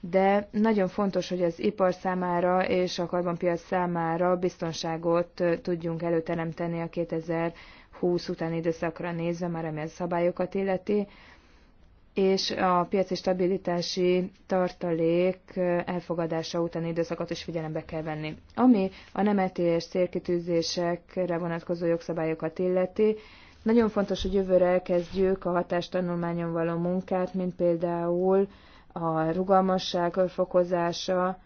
de nagyon fontos, hogy az ipar számára és a karbonpiac számára biztonságot tudjunk előteremteni a 2020 utáni időszakra nézve, már ami a szabályokat illeti, és a piaci stabilitási tartalék elfogadása utáni időszakot is figyelembe kell venni. Ami a nem ETS célkitűzésekre vonatkozó jogszabályokat illeti, nagyon fontos, hogy jövőre elkezdjük a hatástanulmányon való munkát, mint például a rugalmasság fokozása,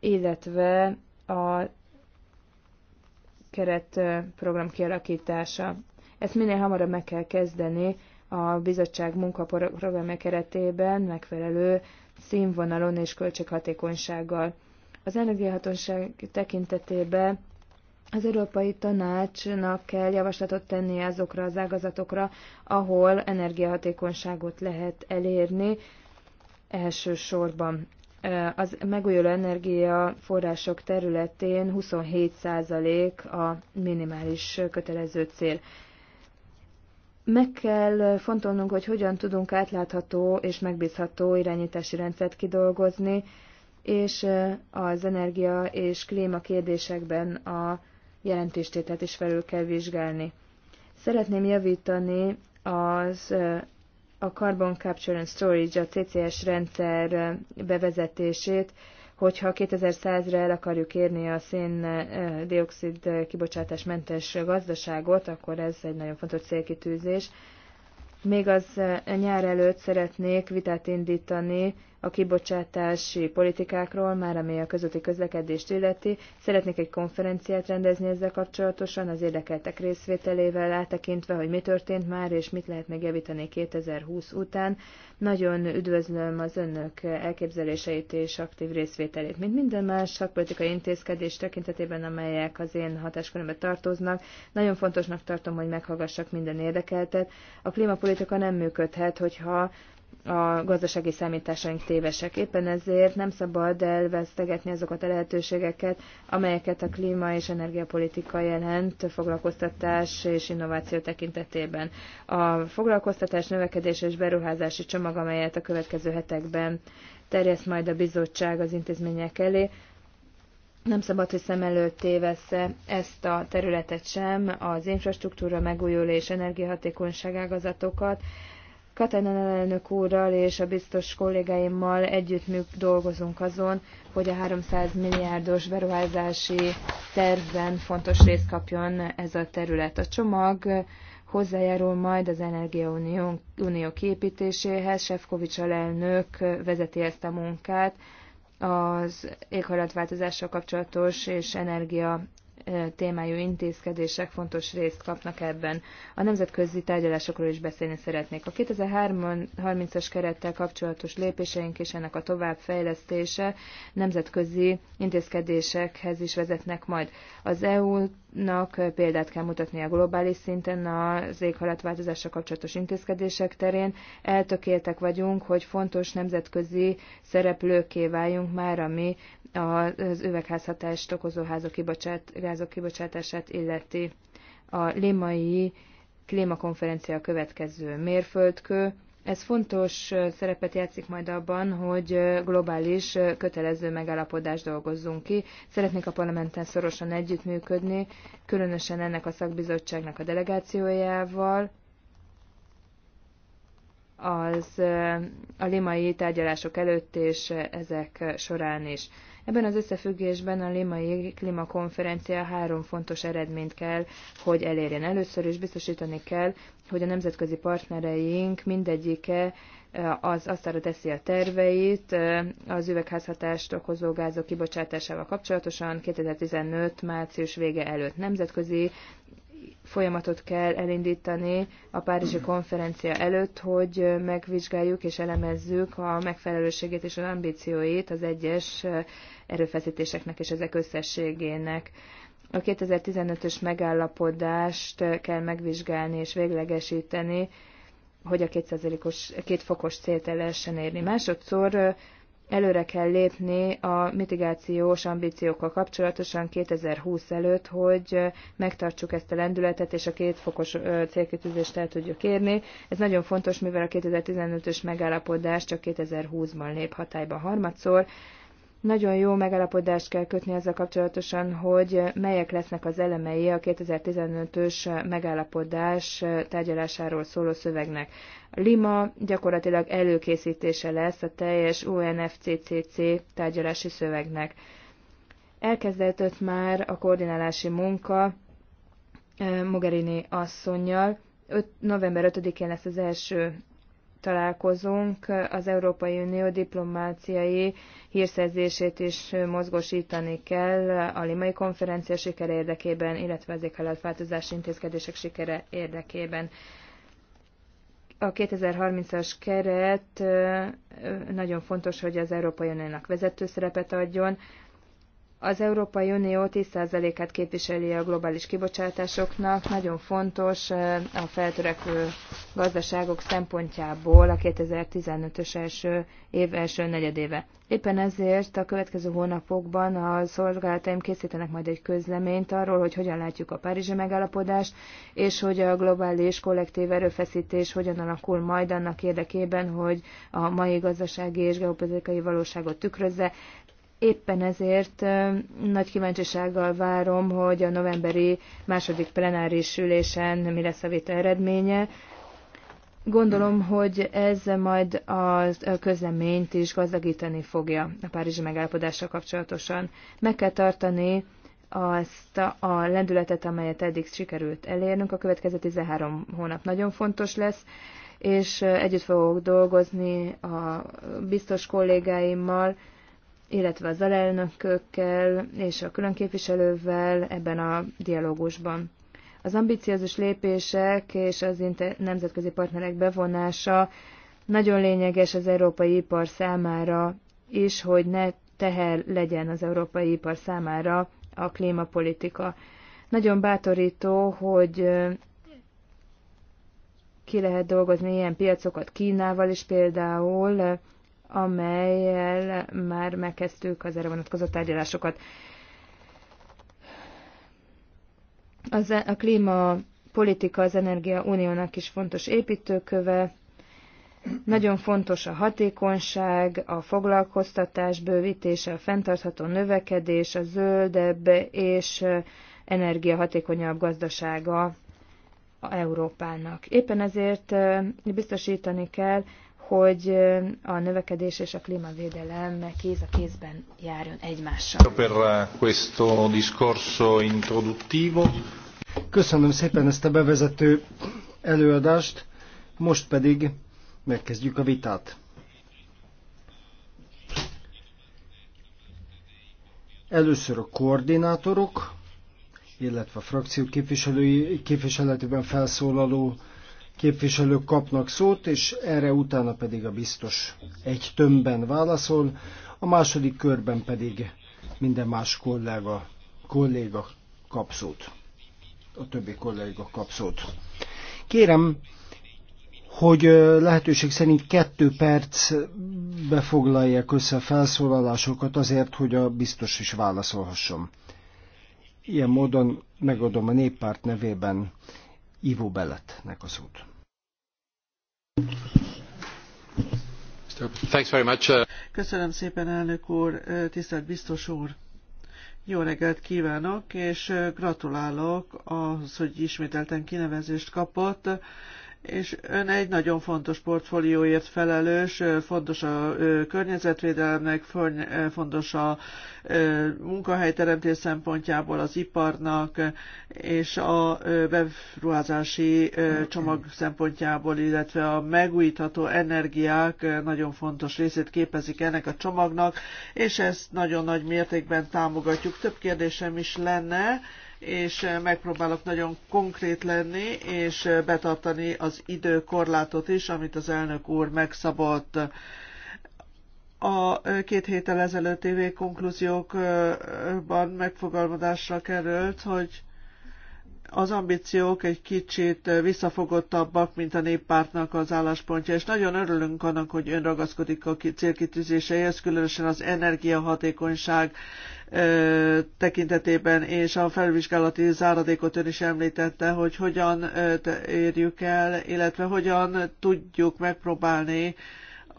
illetve a keretprogram kialakítása. Ezt minél hamarabb meg kell kezdeni a bizottság munkaprogramja keretében megfelelő színvonalon és költséghatékonysággal. Az energiahatóság tekintetében az Európai Tanácsnak kell javaslatot tenni azokra az ágazatokra, ahol energiahatékonyságot lehet elérni, elsősorban. Az megújuló energiaforrások területén 27% a minimális kötelező cél. Meg kell fontolnunk, hogy hogyan tudunk átlátható és megbízható irányítási rendszert kidolgozni, és az energia és klíma kérdésekben a jelentéstételt is felül kell vizsgálni. Szeretném javítani az a Carbon Capture and Storage, a CCS rendszer bevezetését, hogyha 2100-re el akarjuk érni a szén-dioxid eh, mentes gazdaságot, akkor ez egy nagyon fontos célkitűzés. Még az eh, nyár előtt szeretnék vitát indítani a kibocsátási politikákról, már ami a közötti közlekedést illeti. Szeretnék egy konferenciát rendezni ezzel kapcsolatosan, az érdekeltek részvételével, áttekintve, hogy mi történt már, és mit lehet még javítani 2020 után. Nagyon üdvözlöm az önök elképzeléseit és aktív részvételét, mint minden más szakpolitikai intézkedés tekintetében, amelyek az én hatáskörömbe tartoznak. Nagyon fontosnak tartom, hogy meghallgassak minden érdekeltet. A klímapolitika nem működhet, hogyha a gazdasági számításaink tévesek. Éppen ezért nem szabad elvesztegetni azokat a lehetőségeket, amelyeket a klíma és energiapolitika jelent foglalkoztatás és innováció tekintetében. A foglalkoztatás, növekedés és beruházási csomag, amelyet a következő hetekben terjeszt majd a bizottság az intézmények elé, nem szabad, hogy szem előtt tévesse ezt a területet sem, az infrastruktúra megújulás és energiahatékonyság ágazatokat, Katalin elnök úrral és a biztos kollégáimmal együtt dolgozunk azon, hogy a 300 milliárdos beruházási tervben fontos részt kapjon ez a terület. A csomag hozzájárul majd az Energiaunió unió képítéséhez. Sefkovics alelnök vezeti ezt a munkát az éghajlatváltozással kapcsolatos és energia témájú intézkedések fontos részt kapnak ebben. A nemzetközi tárgyalásokról is beszélni szeretnék. A 2030-as kerettel kapcsolatos lépéseink és ennek a továbbfejlesztése nemzetközi intézkedésekhez is vezetnek majd. Az EU-nak példát kell mutatni a globális szinten az éghajlatváltozásra kapcsolatos intézkedések terén. Eltökéltek vagyunk, hogy fontos nemzetközi szereplőké váljunk már, ami az üvegházhatást okozó házok kibocsát, gázok kibocsátását illeti. A lémai klímakonferencia a következő mérföldkő. Ez fontos szerepet játszik majd abban, hogy globális kötelező megállapodást dolgozzunk ki. Szeretnék a parlamenten szorosan együttműködni, különösen ennek a szakbizottságnak a delegációjával, az a limai tárgyalások előtt és ezek során is. Ebben az összefüggésben a Limai Klimakonferencia három fontos eredményt kell, hogy elérjen. Először is biztosítani kell, hogy a nemzetközi partnereink mindegyike eh, az asztalra teszi a terveit eh, az üvegházhatást okozó gázok kibocsátásával kapcsolatosan 2015 március vége előtt nemzetközi folyamatot kell elindítani a Párizsi konferencia előtt, hogy megvizsgáljuk és elemezzük a megfelelőségét és az ambícióit az egyes erőfeszítéseknek és ezek összességének. A 2015-ös megállapodást kell megvizsgálni és véglegesíteni, hogy a kétfokos két fokos célt el lehessen érni. Másodszor előre kell lépni a mitigációs ambíciókkal kapcsolatosan 2020 előtt, hogy megtartsuk ezt a lendületet, és a két fokos célkitűzést el tudjuk érni. Ez nagyon fontos, mivel a 2015-ös megállapodás csak 2020-ban lép hatályba harmadszor, nagyon jó megállapodást kell kötni ezzel kapcsolatosan, hogy melyek lesznek az elemei a 2015-ös megállapodás tárgyalásáról szóló szövegnek. Lima gyakorlatilag előkészítése lesz a teljes UNFCCC tárgyalási szövegnek. Elkezdődött már a koordinálási munka eh, Mogherini asszonynal. 5, november 5-én lesz az első találkozunk az Európai Unió diplomáciai hírszerzését is mozgosítani kell a limai konferencia sikere érdekében, illetve az éghajlatváltozás intézkedések sikere érdekében. A 2030-as keret nagyon fontos, hogy az Európai Uniónak vezető szerepet adjon, az Európai Unió 10%-át képviseli a globális kibocsátásoknak. Nagyon fontos a feltörekvő gazdaságok szempontjából a 2015-ös első év első negyedéve. Éppen ezért a következő hónapokban a szolgálataim készítenek majd egy közleményt arról, hogy hogyan látjuk a Párizsi megállapodást, és hogy a globális kollektív erőfeszítés hogyan alakul majd annak érdekében, hogy a mai gazdasági és geopolitikai valóságot tükrözze, Éppen ezért nagy kíváncsisággal várom, hogy a novemberi második plenáris ülésen mi lesz a vita eredménye. Gondolom, hogy ez majd a közleményt is gazdagítani fogja a Párizsi megállapodással kapcsolatosan. Meg kell tartani azt a lendületet, amelyet eddig sikerült elérnünk. A következő 13 hónap nagyon fontos lesz, és együtt fogok dolgozni a biztos kollégáimmal, illetve az alelnökökkel és a különképviselővel ebben a dialógusban. Az ambiciózus lépések és az nemzetközi partnerek bevonása nagyon lényeges az európai ipar számára is, hogy ne teher legyen az európai ipar számára a klímapolitika. Nagyon bátorító, hogy ki lehet dolgozni ilyen piacokat Kínával is például, amelyel már megkezdtük az erre vonatkozó tárgyalásokat. Az, e- a klíma politika az Energia Uniónak is fontos építőköve, nagyon fontos a hatékonyság, a foglalkoztatás bővítése, a fenntartható növekedés, a zöldebb és energiahatékonyabb gazdasága a Európának. Éppen ezért eh, biztosítani kell, hogy a növekedés és a klímavédelem kéz a kézben járjon egymással. Per questo discorso introduttivo. Köszönöm szépen ezt a bevezető előadást, most pedig megkezdjük a vitát. Először a koordinátorok, illetve a frakció képviselői, képviseletében felszólaló képviselők kapnak szót, és erre utána pedig a biztos egy tömbben válaszol, a második körben pedig minden más kolléga, kolléga kap szót. A többi kolléga kap szót. Kérem, hogy lehetőség szerint kettő perc befoglalják össze a felszólalásokat azért, hogy a biztos is válaszolhasson. Ilyen módon megadom a néppárt nevében Ivo Beletnek a szót. Thanks uh, Köszönöm szépen, elnök úr, tisztelt biztos úr. Jó reggelt kívánok, és gratulálok az, hogy ismételten kinevezést kapott és ön egy nagyon fontos portfólióért felelős, fontos a környezetvédelemnek, fontos a munkahelyteremtés szempontjából az iparnak, és a beruházási csomag szempontjából, illetve a megújítható energiák nagyon fontos részét képezik ennek a csomagnak, és ezt nagyon nagy mértékben támogatjuk. Több kérdésem is lenne, és eh, megpróbálok nagyon konkrét lenni, és eh, betartani az időkorlátot is, amit az elnök úr megszabott. A eh, két héttel ezelőtt TV konklúziókban megfogalmazásra került, hogy az ambíciók egy kicsit visszafogottabbak, mint a néppártnak az álláspontja, és nagyon örülünk annak, hogy ön ragaszkodik a célkitűzéseihez, különösen az energiahatékonyság tekintetében, és a felvizsgálati záradékot ön is említette, hogy hogyan érjük el, illetve hogyan tudjuk megpróbálni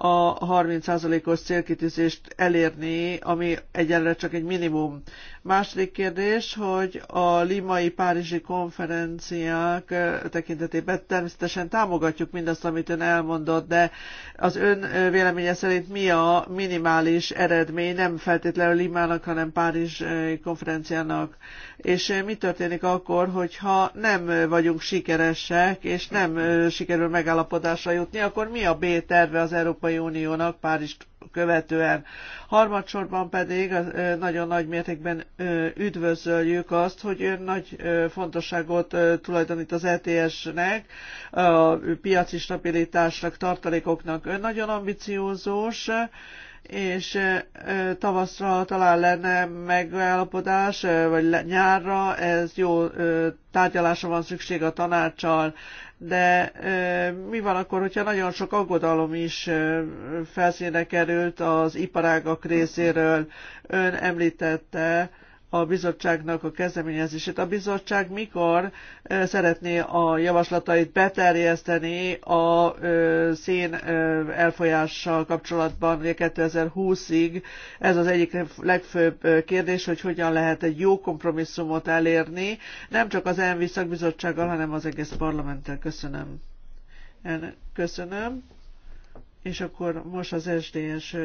a 30%-os célkitűzést elérni, ami egyenlőre csak egy minimum. Második kérdés, hogy a limai párizsi konferenciák tekintetében természetesen támogatjuk mindazt, amit ön elmondott, de az ön véleménye szerint mi a minimális eredmény, nem feltétlenül Limának, hanem Párizs konferenciának, és mi történik akkor, hogyha nem vagyunk sikeresek, és nem sikerül megállapodásra jutni, akkor mi a B terve az Európai Európai Uniónak Párizs követően. Harmadsorban pedig nagyon nagy mértékben üdvözöljük azt, hogy nagy fontosságot tulajdonít az ETS-nek, a piaci stabilitásnak, tartalékoknak. Ön nagyon ambiciózós, és tavaszra talán lenne megállapodás, vagy nyárra, ez jó tárgyalásra van szükség a tanácssal de mi van akkor, hogyha nagyon sok aggodalom is felszínre került az iparágak részéről? Ön említette, a bizottságnak a kezdeményezését. A bizottság mikor szeretné a javaslatait beterjeszteni a szén elfolyással kapcsolatban 2020-ig? Ez az egyik legfőbb kérdés, hogy hogyan lehet egy jó kompromisszumot elérni, nem csak az ENVI szakbizottsággal, hanem az egész parlamenttel. Köszönöm. Köszönöm. És akkor most az SDS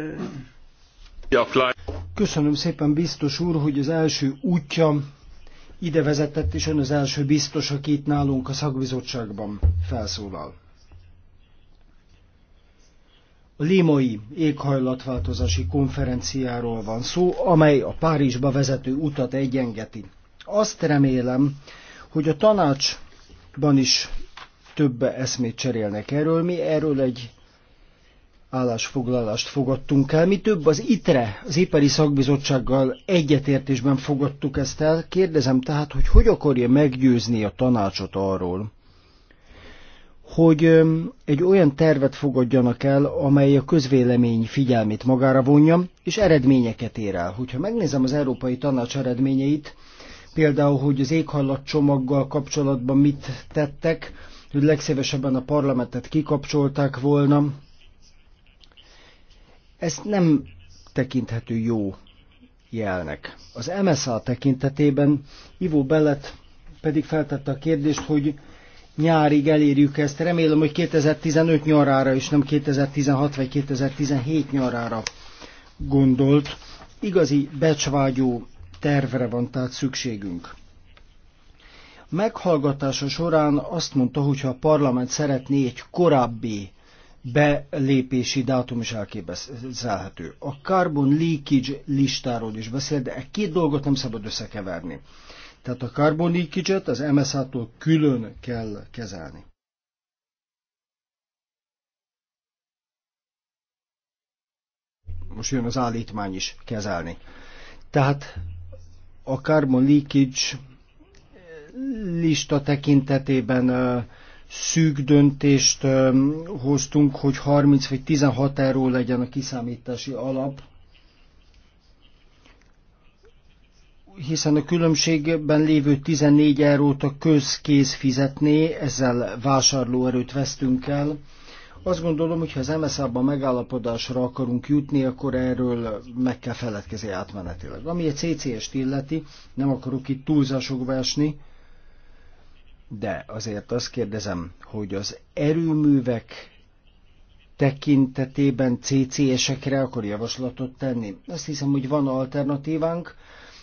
Köszönöm szépen, biztos úr, hogy az első útja ide vezetett, és ön az első biztos, aki itt nálunk a szakbizottságban felszólal. A Limai éghajlatváltozási konferenciáról van szó, amely a Párizsba vezető utat egyengeti. Azt remélem, hogy a tanácsban is több eszmét cserélnek erről. Mi erről egy állásfoglalást fogadtunk el. Mi több az ITRE, az Ipari Szakbizottsággal egyetértésben fogadtuk ezt el. Kérdezem tehát, hogy hogy akarja meggyőzni a tanácsot arról, hogy egy olyan tervet fogadjanak el, amely a közvélemény figyelmét magára vonja, és eredményeket ér el. Hogyha megnézem az Európai Tanács eredményeit, például, hogy az csomaggal kapcsolatban mit tettek, hogy legszívesebben a parlamentet kikapcsolták volna, ezt nem tekinthető jó jelnek. Az MSA tekintetében Ivo Bellet pedig feltette a kérdést, hogy nyárig elérjük ezt. Remélem, hogy 2015 nyarára, és nem 2016 vagy 2017 nyarára gondolt. Igazi becsvágyó tervre van tehát szükségünk. Meghallgatása során azt mondta, hogy ha a parlament szeretné egy korábbi belépési dátum is elképzelhető. A carbon leakage listáról is beszél, de e két dolgot nem szabad összekeverni. Tehát a carbon leakage-et az MSZ-tól külön kell kezelni. Most jön az állítmány is kezelni. Tehát a carbon leakage lista tekintetében uh, szűk döntést hoztunk, hogy 30 vagy 16 euró legyen a kiszámítási alap, hiszen a különbségben lévő 14 eurót a közkész fizetné, ezzel vásárlóerőt vesztünk el. Azt gondolom, hogy ha az MSZ-ban megállapodásra akarunk jutni, akkor erről meg kell feledkezni átmenetileg. Ami a CCS-t illeti, nem akarok itt túlzásokba esni, de azért azt kérdezem, hogy az erőművek tekintetében CCS-ekre akar javaslatot tenni. Azt hiszem, hogy van alternatívánk.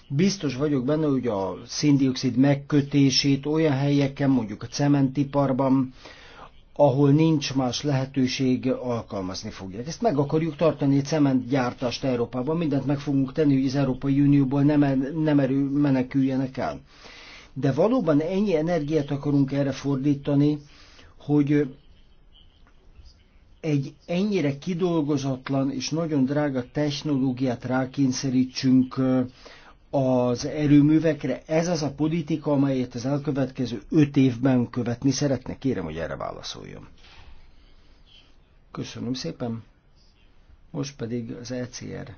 Biztos vagyok benne, hogy a szindioxid megkötését olyan helyeken, mondjuk a cementiparban, ahol nincs más lehetőség, alkalmazni fogják. Ezt meg akarjuk tartani egy cementgyártást Európában, mindent meg fogunk tenni, hogy az Európai Unióból nem, er-, nem erő meneküljenek el de valóban ennyi energiát akarunk erre fordítani, hogy egy ennyire kidolgozatlan és nagyon drága technológiát rákényszerítsünk az erőművekre. Ez az a politika, amelyet az elkövetkező öt évben követni szeretne. Kérem, hogy erre válaszoljon. Köszönöm szépen. Most pedig az ECR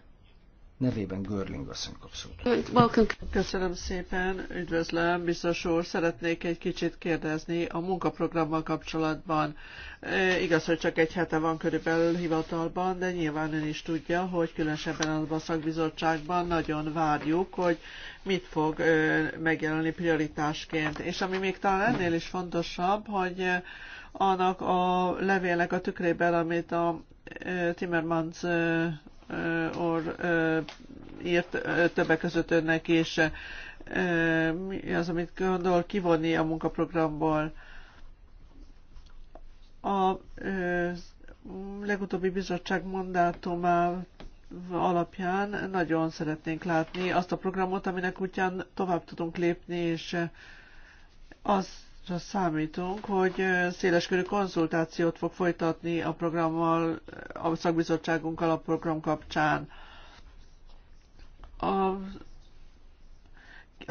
nevében Görling asszony kapszót. Köszönöm szépen, üdvözlöm, biztos úr, szeretnék egy kicsit kérdezni a munkaprogrammal kapcsolatban. E, igaz, hogy csak egy hete van körülbelül hivatalban, de nyilván ön is tudja, hogy különösebben az a szakbizottságban nagyon várjuk, hogy mit fog e, megjelenni prioritásként. És ami még talán ennél is fontosabb, hogy e, annak a levélnek a tükrében, amit a e, Timmermans or, írt többek között önnek és Mi az, amit gondol kivonni a munkaprogramból? A legutóbbi bizottság mandátumá alapján nagyon szeretnénk látni azt a programot, aminek útján tovább tudunk lépni, és az és azt számítunk, hogy széleskörű konzultációt fog folytatni a programmal, a szakbizottságunkkal a program kapcsán. A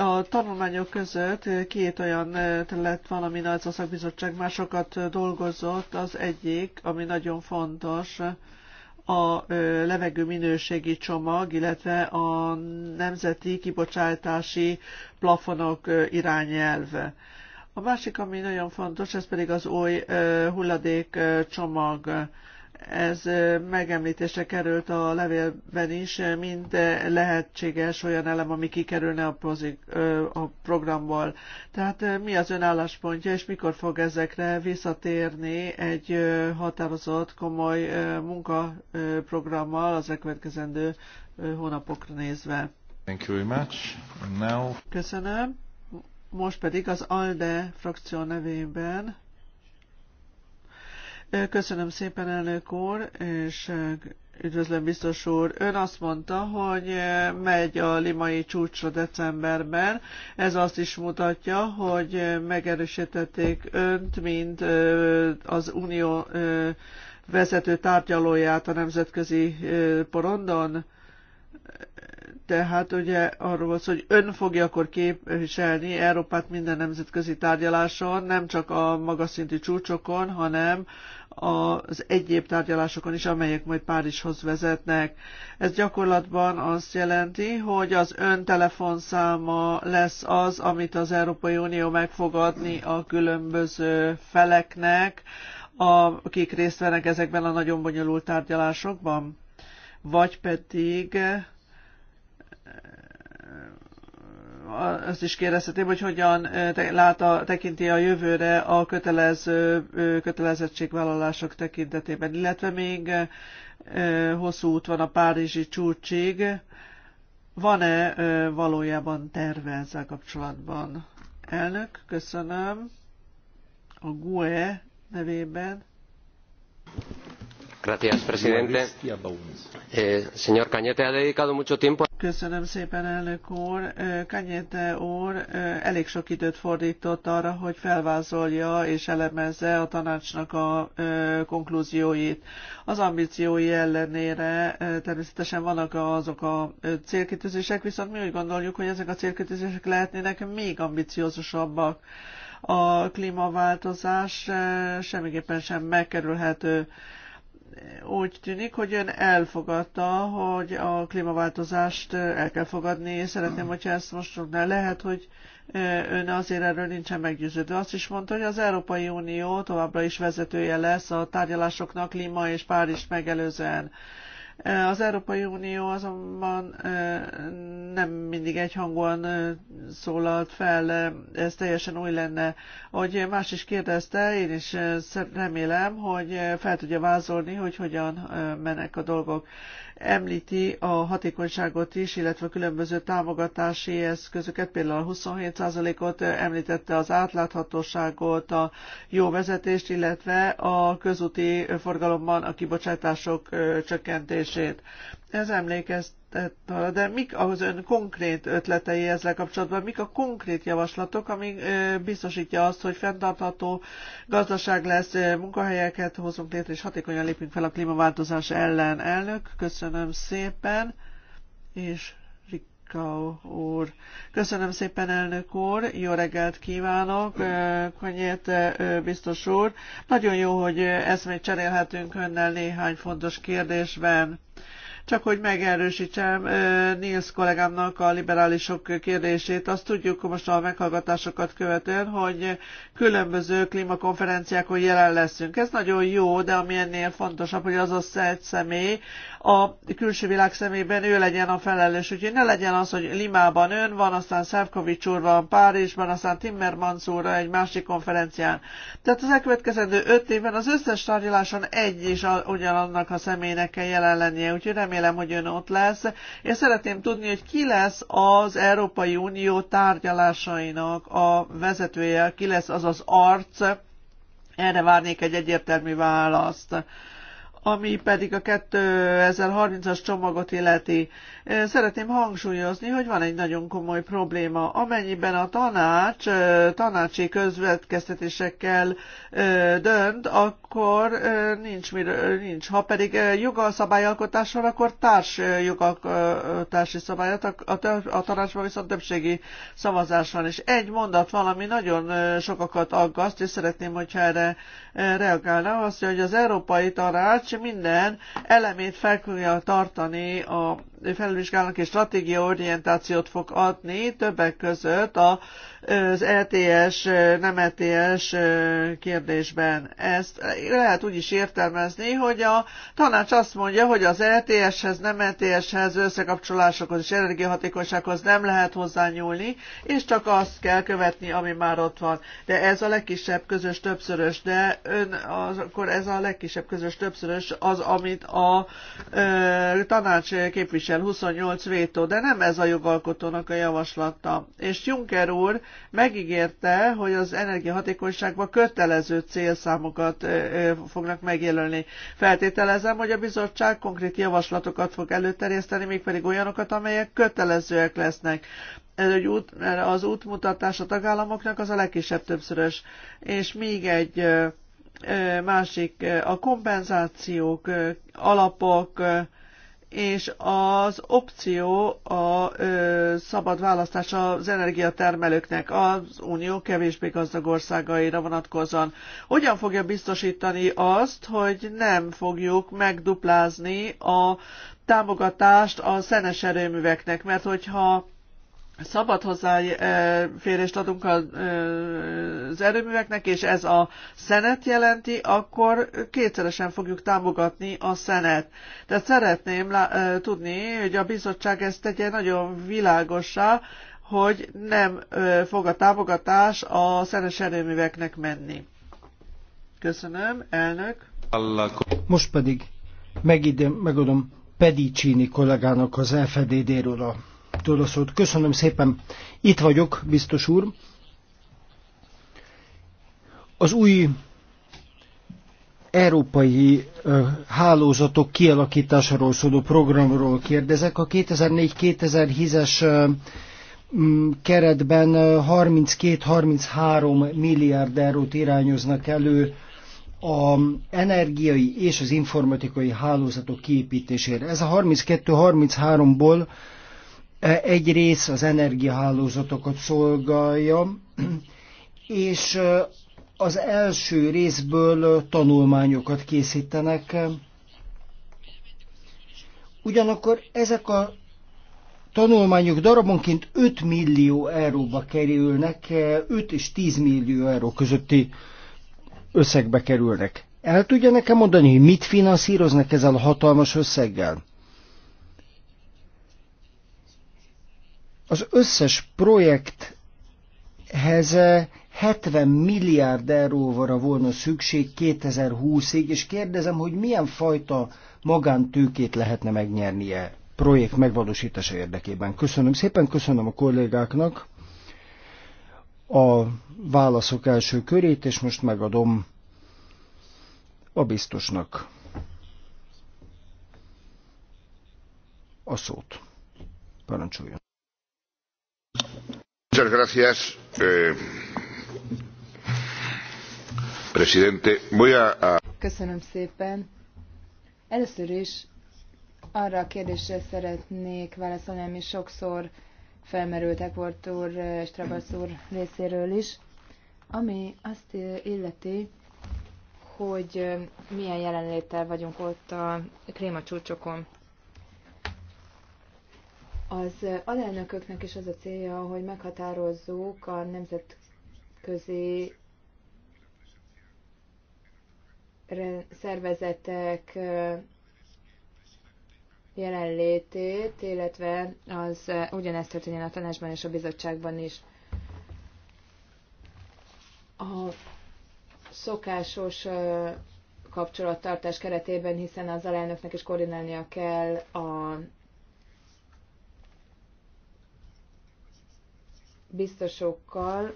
a tanulmányok között két olyan terület van, amin az a szakbizottság másokat dolgozott. Az egyik, ami nagyon fontos, a levegő minőségi csomag, illetve a nemzeti kibocsátási plafonok irányelve. A másik, ami nagyon fontos, ez pedig az új hulladékcsomag ez megemlítése került a levélben is, mint lehetséges olyan elem, ami kikerülne a, a programból. Tehát mi az ön álláspontja, és mikor fog ezekre visszatérni egy határozott, komoly munkaprogrammal az elkövetkezendő hónapokra nézve? Thank you very much. now... Köszönöm most pedig az ALDE frakció nevében. Köszönöm szépen, elnök úr, és üdvözlöm biztos úr. Ön azt mondta, hogy megy a limai csúcsra decemberben. Ez azt is mutatja, hogy megerősítették önt, mint az unió vezető tárgyalóját a nemzetközi porondon tehát ugye arról volt, hogy ön fogja akkor képviselni Európát minden nemzetközi tárgyaláson, nem csak a magas szintű csúcsokon, hanem az egyéb tárgyalásokon is, amelyek majd Párizshoz vezetnek. Ez gyakorlatban azt jelenti, hogy az ön telefonszáma lesz az, amit az Európai Unió megfogadni a különböző feleknek, akik részt vennek ezekben a nagyon bonyolult tárgyalásokban? Vagy pedig azt is kérdezhetném, hogy hogyan lát a, tekinti a jövőre a kötelező kötelezettségvállalások tekintetében, illetve még hosszú út van a Párizsi csúcsig. Van-e valójában terve ezzel kapcsolatban? Elnök, köszönöm. A GUE nevében señor presidente. Eh, señor Cañete ha dedicado mucho tiempo. Köszönöm szépen, elnök úr. Kanyete eh, úr eh, elég sok időt fordított arra, hogy felvázolja és elemezze a tanácsnak a konklúzióit. Az ambíciói ellenére természetesen vannak azok a célkitűzések, viszont mi úgy gondoljuk, hogy ezek a célkitűzések lehetnének még ambiciózusabbak. A klímaváltozás semmiképpen sem megkerülhető úgy tűnik, hogy ön elfogadta, hogy a klímaváltozást el kell fogadni, és szeretném, hogyha ezt most tudná. Lehet, hogy ön azért erről nincsen meggyőződve. Azt is mondta, hogy az Európai Unió továbbra is vezetője lesz a tárgyalásoknak Lima és Párizs megelőzően. Az Európai Unió azonban nem mindig egyhangúan szólalt fel, ez teljesen új lenne. Hogy más is kérdezte, én is remélem, hogy fel tudja vázolni, hogy hogyan mennek a dolgok említi a hatékonyságot is, illetve a különböző támogatási eszközöket, például a 27%-ot említette az átláthatóságot, a jó vezetést, illetve a közúti forgalomban a kibocsátások csökkentését. Ez emlékeztet de mik az ön konkrét ötletei ezzel kapcsolatban, mik a konkrét javaslatok, ami biztosítja azt, hogy fenntartható gazdaság lesz, munkahelyeket hozunk létre, és hatékonyan lépünk fel a klímaváltozás ellen. Elnök, köszönöm szépen, és Rika úr. Köszönöm szépen, elnök úr, jó reggelt kívánok, Konyét biztos úr. Nagyon jó, hogy még cserélhetünk önnel néhány fontos kérdésben. Csak hogy megerősítsem Nils kollégámnak a liberálisok kérdését, azt tudjuk most a meghallgatásokat követően, hogy különböző klímakonferenciákon jelen leszünk. Ez nagyon jó, de ami ennél fontosabb, hogy az a szent személy a külső világ szemében ő legyen a felelős. Úgyhogy ne legyen az, hogy Limában ön van, aztán Szávkovics úr van Párizsban, aztán Timmermans úr egy másik konferencián. Tehát az elkövetkezendő öt évben az összes tárgyaláson egy is ugyanannak a személynek kell jelen lennie. Úgyhogy remélem, remélem, hogy ön ott lesz. Én szeretném tudni, hogy ki lesz az Európai Unió tárgyalásainak a vezetője, ki lesz az az arc, erre várnék egy egyértelmű választ ami pedig a 2030-as csomagot illeti. Szeretném hangsúlyozni, hogy van egy nagyon komoly probléma. Amennyiben a tanács tanácsi közvetkeztetésekkel dönt, akkor akkor nincs, miről, nincs. Ha pedig jogalszabályalkotás van, akkor társ jogalkotási szabályat, a, a tanácsban viszont többségi szavazás van. És egy mondat valami nagyon sokakat aggaszt, és szeretném, hogyha erre reagálna, azt, hogy az Európai Tanács minden elemét fel tartani a felvizsgálnak és stratégiaorientációt fog adni, többek között az ETS, nem ETS kérdésben. Ezt lehet úgy is értelmezni, hogy a tanács azt mondja, hogy az ETS-hez, nem ETS-hez, összekapcsolásokhoz és energiahatékonysághoz nem lehet hozzányúlni, és csak azt kell követni, ami már ott van. De ez a legkisebb közös többszörös, de ön, az, akkor ez a legkisebb közös többszörös az, amit a ö, tanács képvisel képvisel 28 vétó, de nem ez a jogalkotónak a javaslata. És Juncker úr megígérte, hogy az energiahatékonyságban kötelező célszámokat fognak megjelölni. Feltételezem, hogy a bizottság konkrét javaslatokat fog előterjeszteni, mégpedig olyanokat, amelyek kötelezőek lesznek egy út, az útmutatás a tagállamoknak az a legkisebb többszörös. És még egy másik, a kompenzációk, alapok, és az opció a ö, szabad választás az energiatermelőknek az unió kevésbé gazdag országaira vonatkozóan. Hogyan fogja biztosítani azt, hogy nem fogjuk megduplázni a támogatást a szenes erőműveknek, mert hogyha szabad hozzáférést adunk az erőműveknek, és ez a szenet jelenti, akkor kétszeresen fogjuk támogatni a szenet. De szeretném tudni, hogy a bizottság ezt tegye nagyon világossá, hogy nem fog a támogatás a szenes erőműveknek menni. Köszönöm, elnök. Most pedig megidem, megadom Pedicini kollégának az FDD-ről a tőle a szót. Köszönöm szépen. Itt vagyok, biztos úr. Az új európai hálózatok kialakításáról szóló programról kérdezek. A 2004-2010-es keretben 32-33 milliárd eurót irányoznak elő a energiai és az informatikai hálózatok kiépítésére. Ez a 32-33-ból egy rész az energiahálózatokat szolgálja, és az első részből tanulmányokat készítenek. Ugyanakkor ezek a tanulmányok darabonként 5 millió euróba kerülnek, 5 és 10 millió euró közötti összegbe kerülnek. El tudja nekem mondani, hogy mit finanszíroznak ezzel a hatalmas összeggel? Az összes projekthez 70 eh, milliárd euróra volna szükség 2020-ig, és kérdezem, hogy milyen fajta magántőkét lehetne megnyernie projekt megvalósítása érdekében. Köszönöm szépen, köszönöm a kollégáknak a válaszok első körét, és most megadom a biztosnak a szót. Parancsoljon. Eh, presidente. Köszönöm szépen. Először is arra a kérdésre szeretnék válaszolni, ami sokszor felmerült volt úr eh, Strabasz úr részéről is, ami azt illeti, hogy eh, milyen jelenléttel vagyunk ott a klmacsúcsokon. Az alelnököknek is az a célja, hogy meghatározzuk a nemzetközi szervezetek jelenlétét, illetve az ugyanezt történjen a tanácsban és a bizottságban is. A szokásos kapcsolattartás keretében, hiszen az alelnöknek is koordinálnia kell a biztosokkal.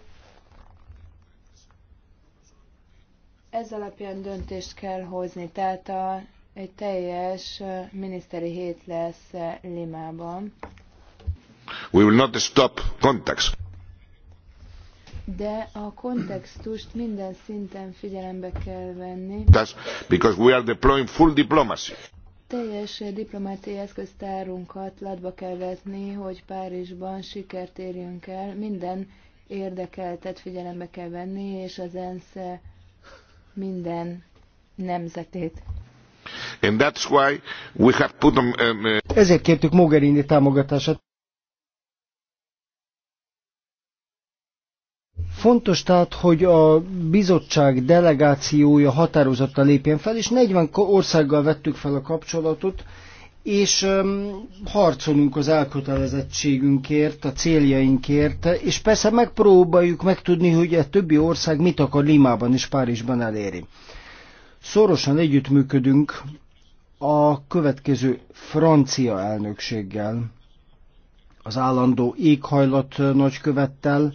Ez alapján döntést kell hozni, tehát a, egy teljes miniszteri hét lesz Limában. We will not stop contacts. De a kontextust minden szinten figyelembe kell venni. That's because we are deploying full diplomacy teljes diplomáciai eszköztárunkat ladba kell vetni, hogy Párizsban sikert érjünk el. Minden érdekeltet figyelembe kell venni, és az ENSZ minden nemzetét. And that's why we have put them, um, uh, Ezért kértük Mogherini támogatását. Fontos tehát, hogy a bizottság delegációja határozottan lépjen fel, és 40 országgal vettük fel a kapcsolatot, és um, harcolunk az elkötelezettségünkért, a céljainkért, és persze megpróbáljuk megtudni, hogy a e többi ország mit akar Limában és Párizsban eléri. Szorosan együttműködünk a következő francia elnökséggel, az állandó éghajlat nagykövettel,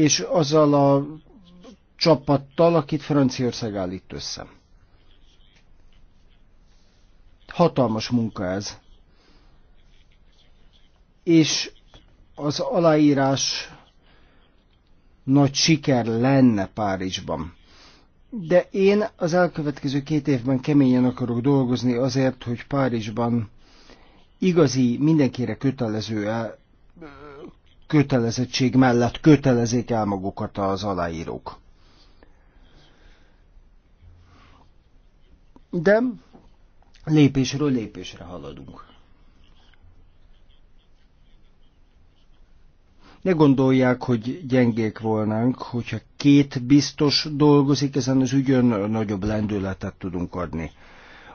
és azzal a csapattal, akit Franciaország állít össze. Hatalmas munka ez. És az aláírás nagy siker lenne Párizsban. De én az elkövetkező két évben keményen akarok dolgozni azért, hogy Párizsban igazi, mindenkire kötelező kötelezettség mellett kötelezik el magukat az aláírók. De lépésről lépésre haladunk. Ne gondolják, hogy gyengék volnánk, hogyha két biztos dolgozik ezen az ügyön, nagyobb lendületet tudunk adni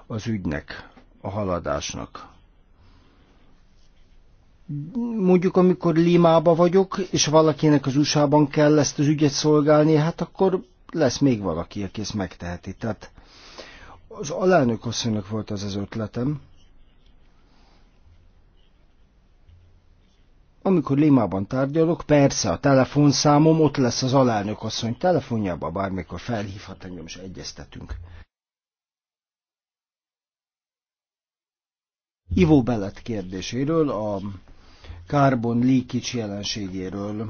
az ügynek, a haladásnak mondjuk amikor Limába vagyok, és valakinek az USA-ban kell ezt az ügyet szolgálni, hát akkor lesz még valaki, aki ezt megteheti. Tehát az alelnök asszonynak volt az az ötletem. Amikor Limában tárgyalok, persze a telefonszámom ott lesz az alelnök asszony telefonjába, bármikor felhívhat engem, és egyeztetünk. Ivó Belet kérdéséről a carbon leakage jelenségéről.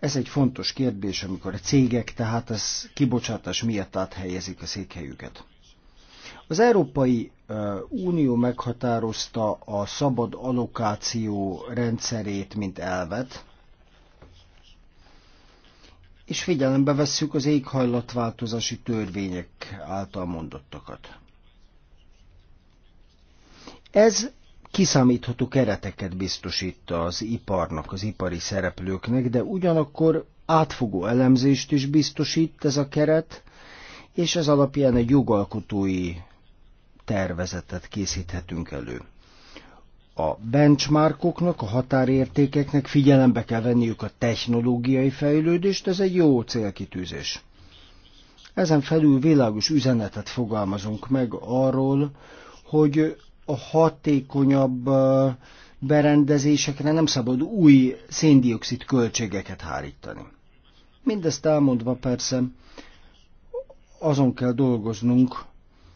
Ez egy fontos kérdés, amikor a cégek tehát az kibocsátás miatt áthelyezik a székhelyüket. Az Európai Unió meghatározta a szabad allokáció rendszerét, mint elvet, és figyelembe vesszük az éghajlatváltozási törvények által mondottakat. Ez kiszámítható kereteket biztosít az iparnak, az ipari szereplőknek, de ugyanakkor átfogó elemzést is biztosít ez a keret, és ez alapján egy jogalkotói tervezetet készíthetünk elő. A benchmarkoknak, a határértékeknek figyelembe kell venniük a technológiai fejlődést, ez egy jó célkitűzés. Ezen felül világos üzenetet fogalmazunk meg arról, hogy a hatékonyabb berendezésekre nem szabad új széndiokszid költségeket hárítani. Mindezt elmondva persze azon kell dolgoznunk,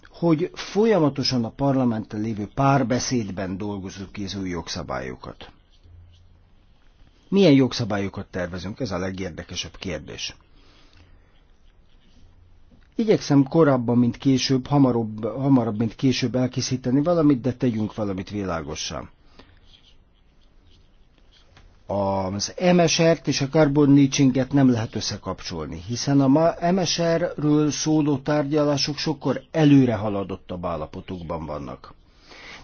hogy folyamatosan a parlamenten lévő párbeszédben dolgozzuk ki az új jogszabályokat. Milyen jogszabályokat tervezünk? Ez a legérdekesebb kérdés. Igyekszem korábban, mint később, hamarabb, hamarabb, mint később elkészíteni valamit, de tegyünk valamit világossá. Az MSR-t és a carbon leachinget nem lehet összekapcsolni, hiszen a MSR-ről szóló tárgyalások sokkor előre haladottabb állapotokban vannak.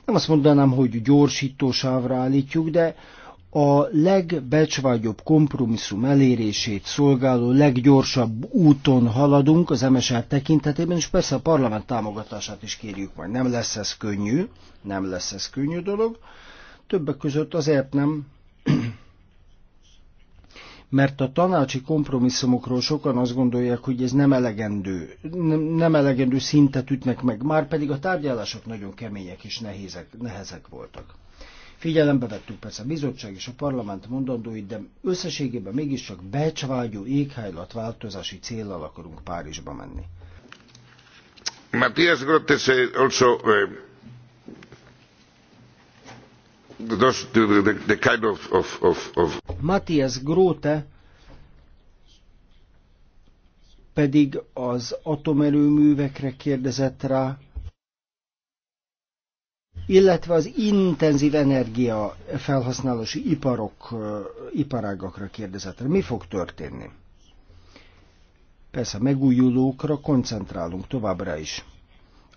Nem azt mondanám, hogy gyorsítósávra állítjuk, de a legbecsvágyobb kompromisszum elérését szolgáló leggyorsabb úton haladunk az MSR tekintetében, és persze a parlament támogatását is kérjük majd. Nem lesz ez könnyű, nem lesz ez könnyű dolog. Többek között azért nem, mert a tanácsi kompromisszumokról sokan azt gondolják, hogy ez nem elegendő, nem, nem elegendő szintet ütnek meg, már pedig a tárgyalások nagyon kemények és nehézek, nehezek voltak. Figyelembe vettük persze a bizottság és a parlament mondandóit, de összességében mégiscsak becsvágyó éghajlatváltozási céllal akarunk Párizsba menni. Matthias Grottes eh, also uh, those, the, the, the kind of, of, of, of Matthias Grote pedig az atomerőművekre kérdezett rá, illetve az intenzív energia felhasználási iparok, iparágakra kérdezett. Mi fog történni? Persze megújulókra koncentrálunk továbbra is.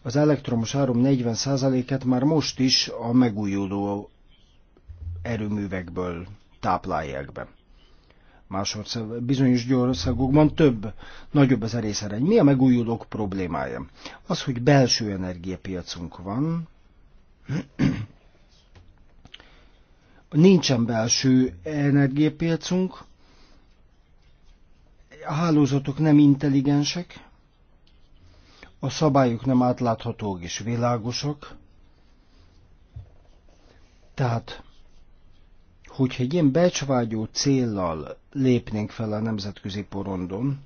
Az elektromos áram 40%-et már most is a megújuló erőművekből táplálják be. Más ország, bizonyos országokban több, nagyobb az erészerény. Mi a megújulók problémája? Az, hogy belső energiapiacunk van, Nincsen belső energiapiacunk, a hálózatok nem intelligensek, a szabályok nem átláthatók és világosak, tehát hogyha egy ilyen becsvágyó céllal lépnénk fel a nemzetközi porondon,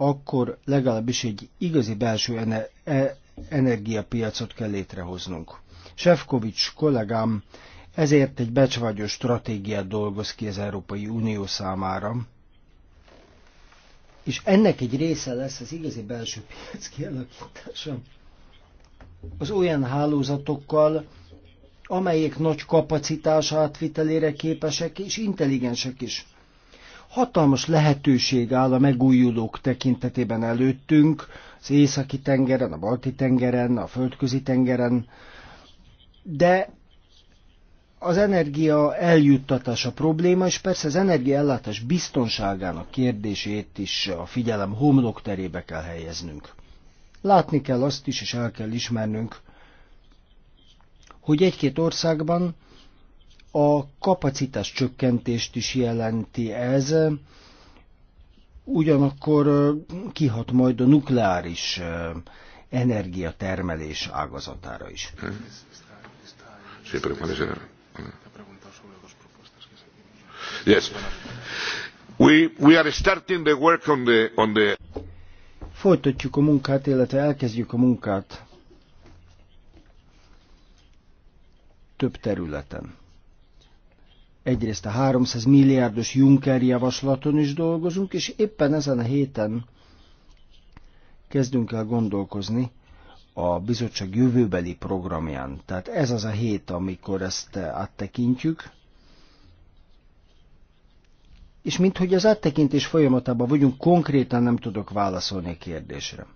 akkor legalábbis egy igazi belső ener e, energiapiacot kell létrehoznunk. Sefkovics kollégám ezért egy becsvágyos stratégiát dolgoz ki az Európai Unió számára, és ennek egy része lesz az igazi belső piac kialakítása. Az olyan hálózatokkal, amelyek nagy kapacitás átvitelére képesek és intelligensek is. Hatalmas lehetőség áll a megújulók tekintetében előttünk, az északi tengeren, a balti tengeren, a földközi tengeren, de az energia eljuttatása probléma, és persze az energiaellátás biztonságának kérdését is a figyelem homlok terébe kell helyeznünk. Látni kell azt is, és el kell ismernünk, hogy egy-két országban a kapacitás csökkentést is jelenti ez, ugyanakkor kihat majd a nukleáris energiatermelés ágazatára is. Yes. We, we are starting the work on the, on the... Folytatjuk a munkát, illetve elkezdjük a munkát több területen. Egyrészt a 300 milliárdos Juncker javaslaton is dolgozunk, és éppen ezen a héten kezdünk el gondolkozni a bizottság jövőbeli programján. Tehát ez az a hét, amikor ezt áttekintjük. És minthogy az áttekintés folyamatában vagyunk, konkrétan nem tudok válaszolni a kérdésre.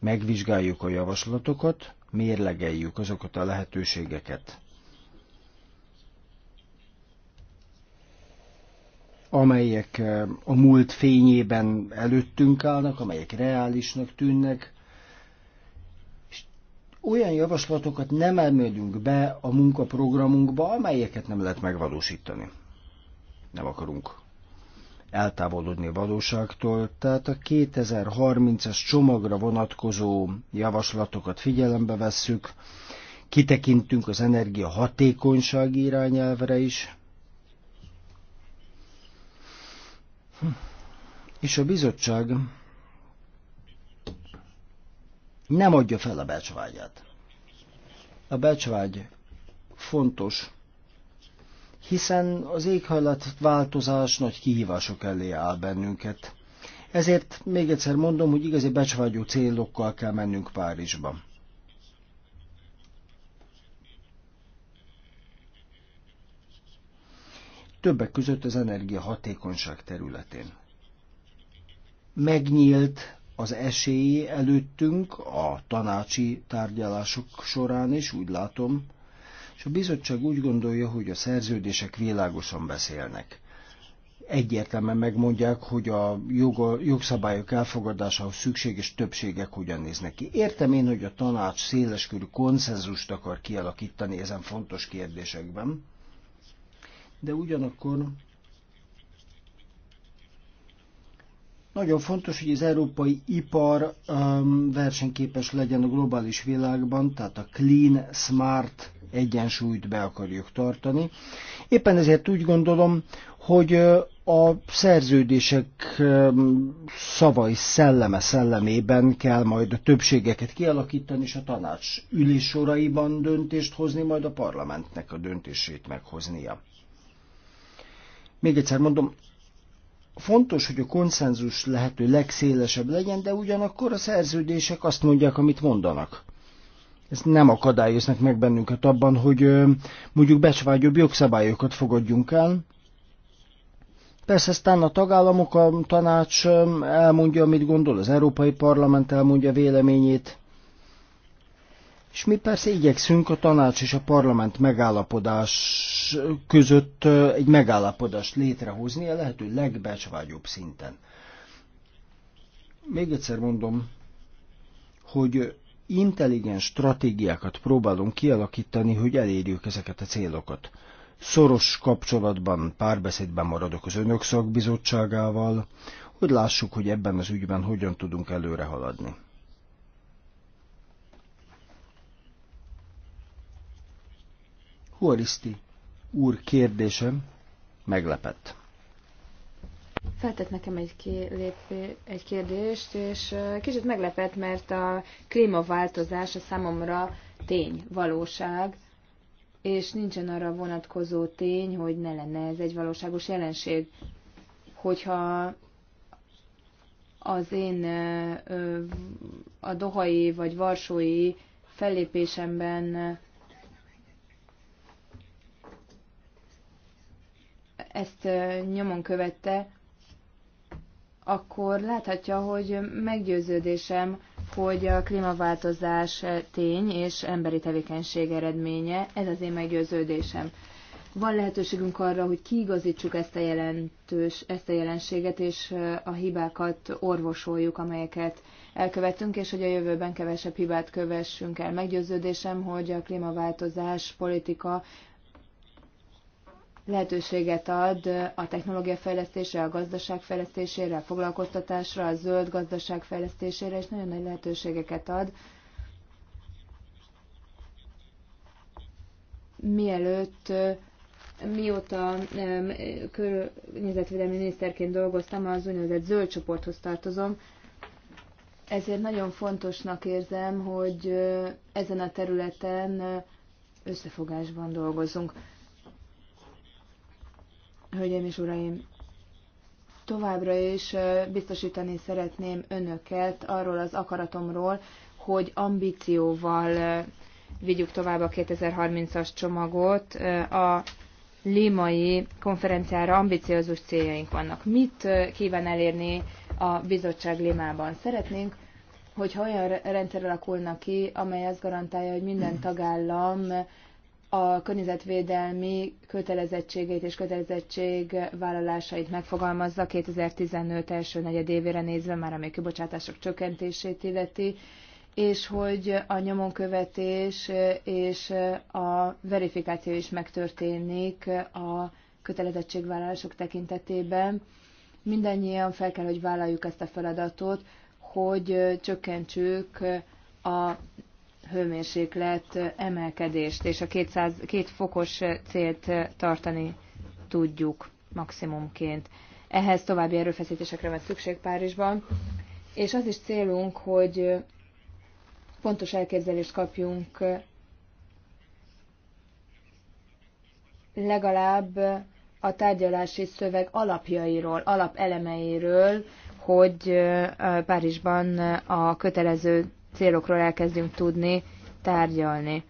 Megvizsgáljuk a javaslatokat, mérlegeljük azokat a lehetőségeket, amelyek eh, a múlt fényében előttünk állnak, amelyek reálisnak tűnnek, és olyan javaslatokat nem emelünk be a munkaprogramunkba, amelyeket nem lehet megvalósítani. Nem akarunk eltávolodni a valóságtól, tehát a 2030-as csomagra vonatkozó javaslatokat figyelembe vesszük, kitekintünk az energia hatékonyság irányelvre is, És a bizottság nem adja fel a becsvágyát. A becsvágy fontos, hiszen az éghajlatváltozás nagy kihívások elé áll bennünket. Ezért még egyszer mondom, hogy igazi becsvágyó célokkal kell mennünk Párizsba. többek között az energia hatékonyság területén. Megnyílt az esély előttünk a tanácsi tárgyalások során is, úgy látom, és a bizottság úgy gondolja, hogy a szerződések világosan beszélnek. Egyértelműen megmondják, hogy a joga, jogszabályok elfogadásához szükséges többségek hogyan néznek ki. Értem én, hogy a tanács széleskörű konszenzust akar kialakítani ezen fontos kérdésekben, de ugyanakkor nagyon fontos, hogy az európai ipar um, versenyképes legyen a globális világban, tehát a clean, smart egyensúlyt be akarjuk tartani. Éppen ezért úgy gondolom, hogy uh, a szerződések um, szavai szelleme szellemében kell majd a többségeket kialakítani, és a tanács ülés soraiban döntést hozni, majd a parlamentnek a döntését meghoznia. Még egyszer mondom, fontos, hogy a konszenzus lehető legszélesebb legyen, de ugyanakkor a szerződések azt mondják, amit mondanak. Ez nem akadályoznak meg bennünket abban, hogy mondjuk becsvágyobb jogszabályokat fogadjunk el. Persze aztán a tagállamok, a tanács elmondja, amit gondol, az Európai Parlament elmondja véleményét, és mi persze igyekszünk a tanács és a parlament megállapodás között egy megállapodást létrehozni a lehető legbecsvágyobb szinten. Még egyszer mondom, hogy intelligens stratégiákat próbálunk kialakítani, hogy elérjük ezeket a célokat. Szoros kapcsolatban, párbeszédben maradok az Önök szakbizottságával, hogy lássuk, hogy ebben az ügyben hogyan tudunk előre haladni. Huariszti úr kérdésem meglepett. Feltett nekem egy, lépé, egy kérdést, és kicsit meglepett, mert a klímaváltozás a számomra tény, valóság, és nincsen arra vonatkozó tény, hogy ne lenne ez egy valóságos jelenség. Hogyha az én a dohai vagy varsói fellépésemben ezt nyomon követte, akkor láthatja, hogy meggyőződésem, hogy a klímaváltozás tény és emberi tevékenység eredménye, ez az én meggyőződésem. Van lehetőségünk arra, hogy kiigazítsuk ezt a, jelentős, ezt a jelenséget, és a hibákat orvosoljuk, amelyeket elkövettünk, és hogy a jövőben kevesebb hibát kövessünk el. Meggyőződésem, hogy a klímaváltozás politika lehetőséget ad a technológia fejlesztésre, a gazdaság fejlesztésére, a foglalkoztatásra, a zöld gazdaság fejlesztésére, és nagyon nagy lehetőségeket ad. Mielőtt, mióta környezetvédelmi miniszterként dolgoztam, az úgynevezett zöld csoporthoz tartozom, ezért nagyon fontosnak érzem, hogy ezen a területen összefogásban dolgozunk. Hölgyeim és Uraim, továbbra is biztosítani szeretném önöket arról az akaratomról, hogy ambícióval vigyük tovább a 2030-as csomagot. A limai konferenciára ambiciózus céljaink vannak. Mit kíván elérni a bizottság Limában? Szeretnénk, hogyha olyan rendszer alakulna ki, amely azt garantálja, hogy minden tagállam a környezetvédelmi kötelezettségeit és kötelezettség vállalásait megfogalmazza 2015 első negyedévére nézve, már ami a kibocsátások csökkentését illeti, és hogy a nyomonkövetés és a verifikáció is megtörténik a kötelezettségvállalások tekintetében. Mindennyian fel kell, hogy vállaljuk ezt a feladatot, hogy csökkentsük a hőmérséklet emelkedést, és a 200, 2 fokos célt tartani tudjuk maximumként. Ehhez további erőfeszítésekre van szükség Párizsban, és az is célunk, hogy pontos elképzelést kapjunk legalább a tárgyalási szöveg alapjairól, alapelemeiről, hogy Párizsban a kötelező célokról elkezdjünk tudni tárgyalni.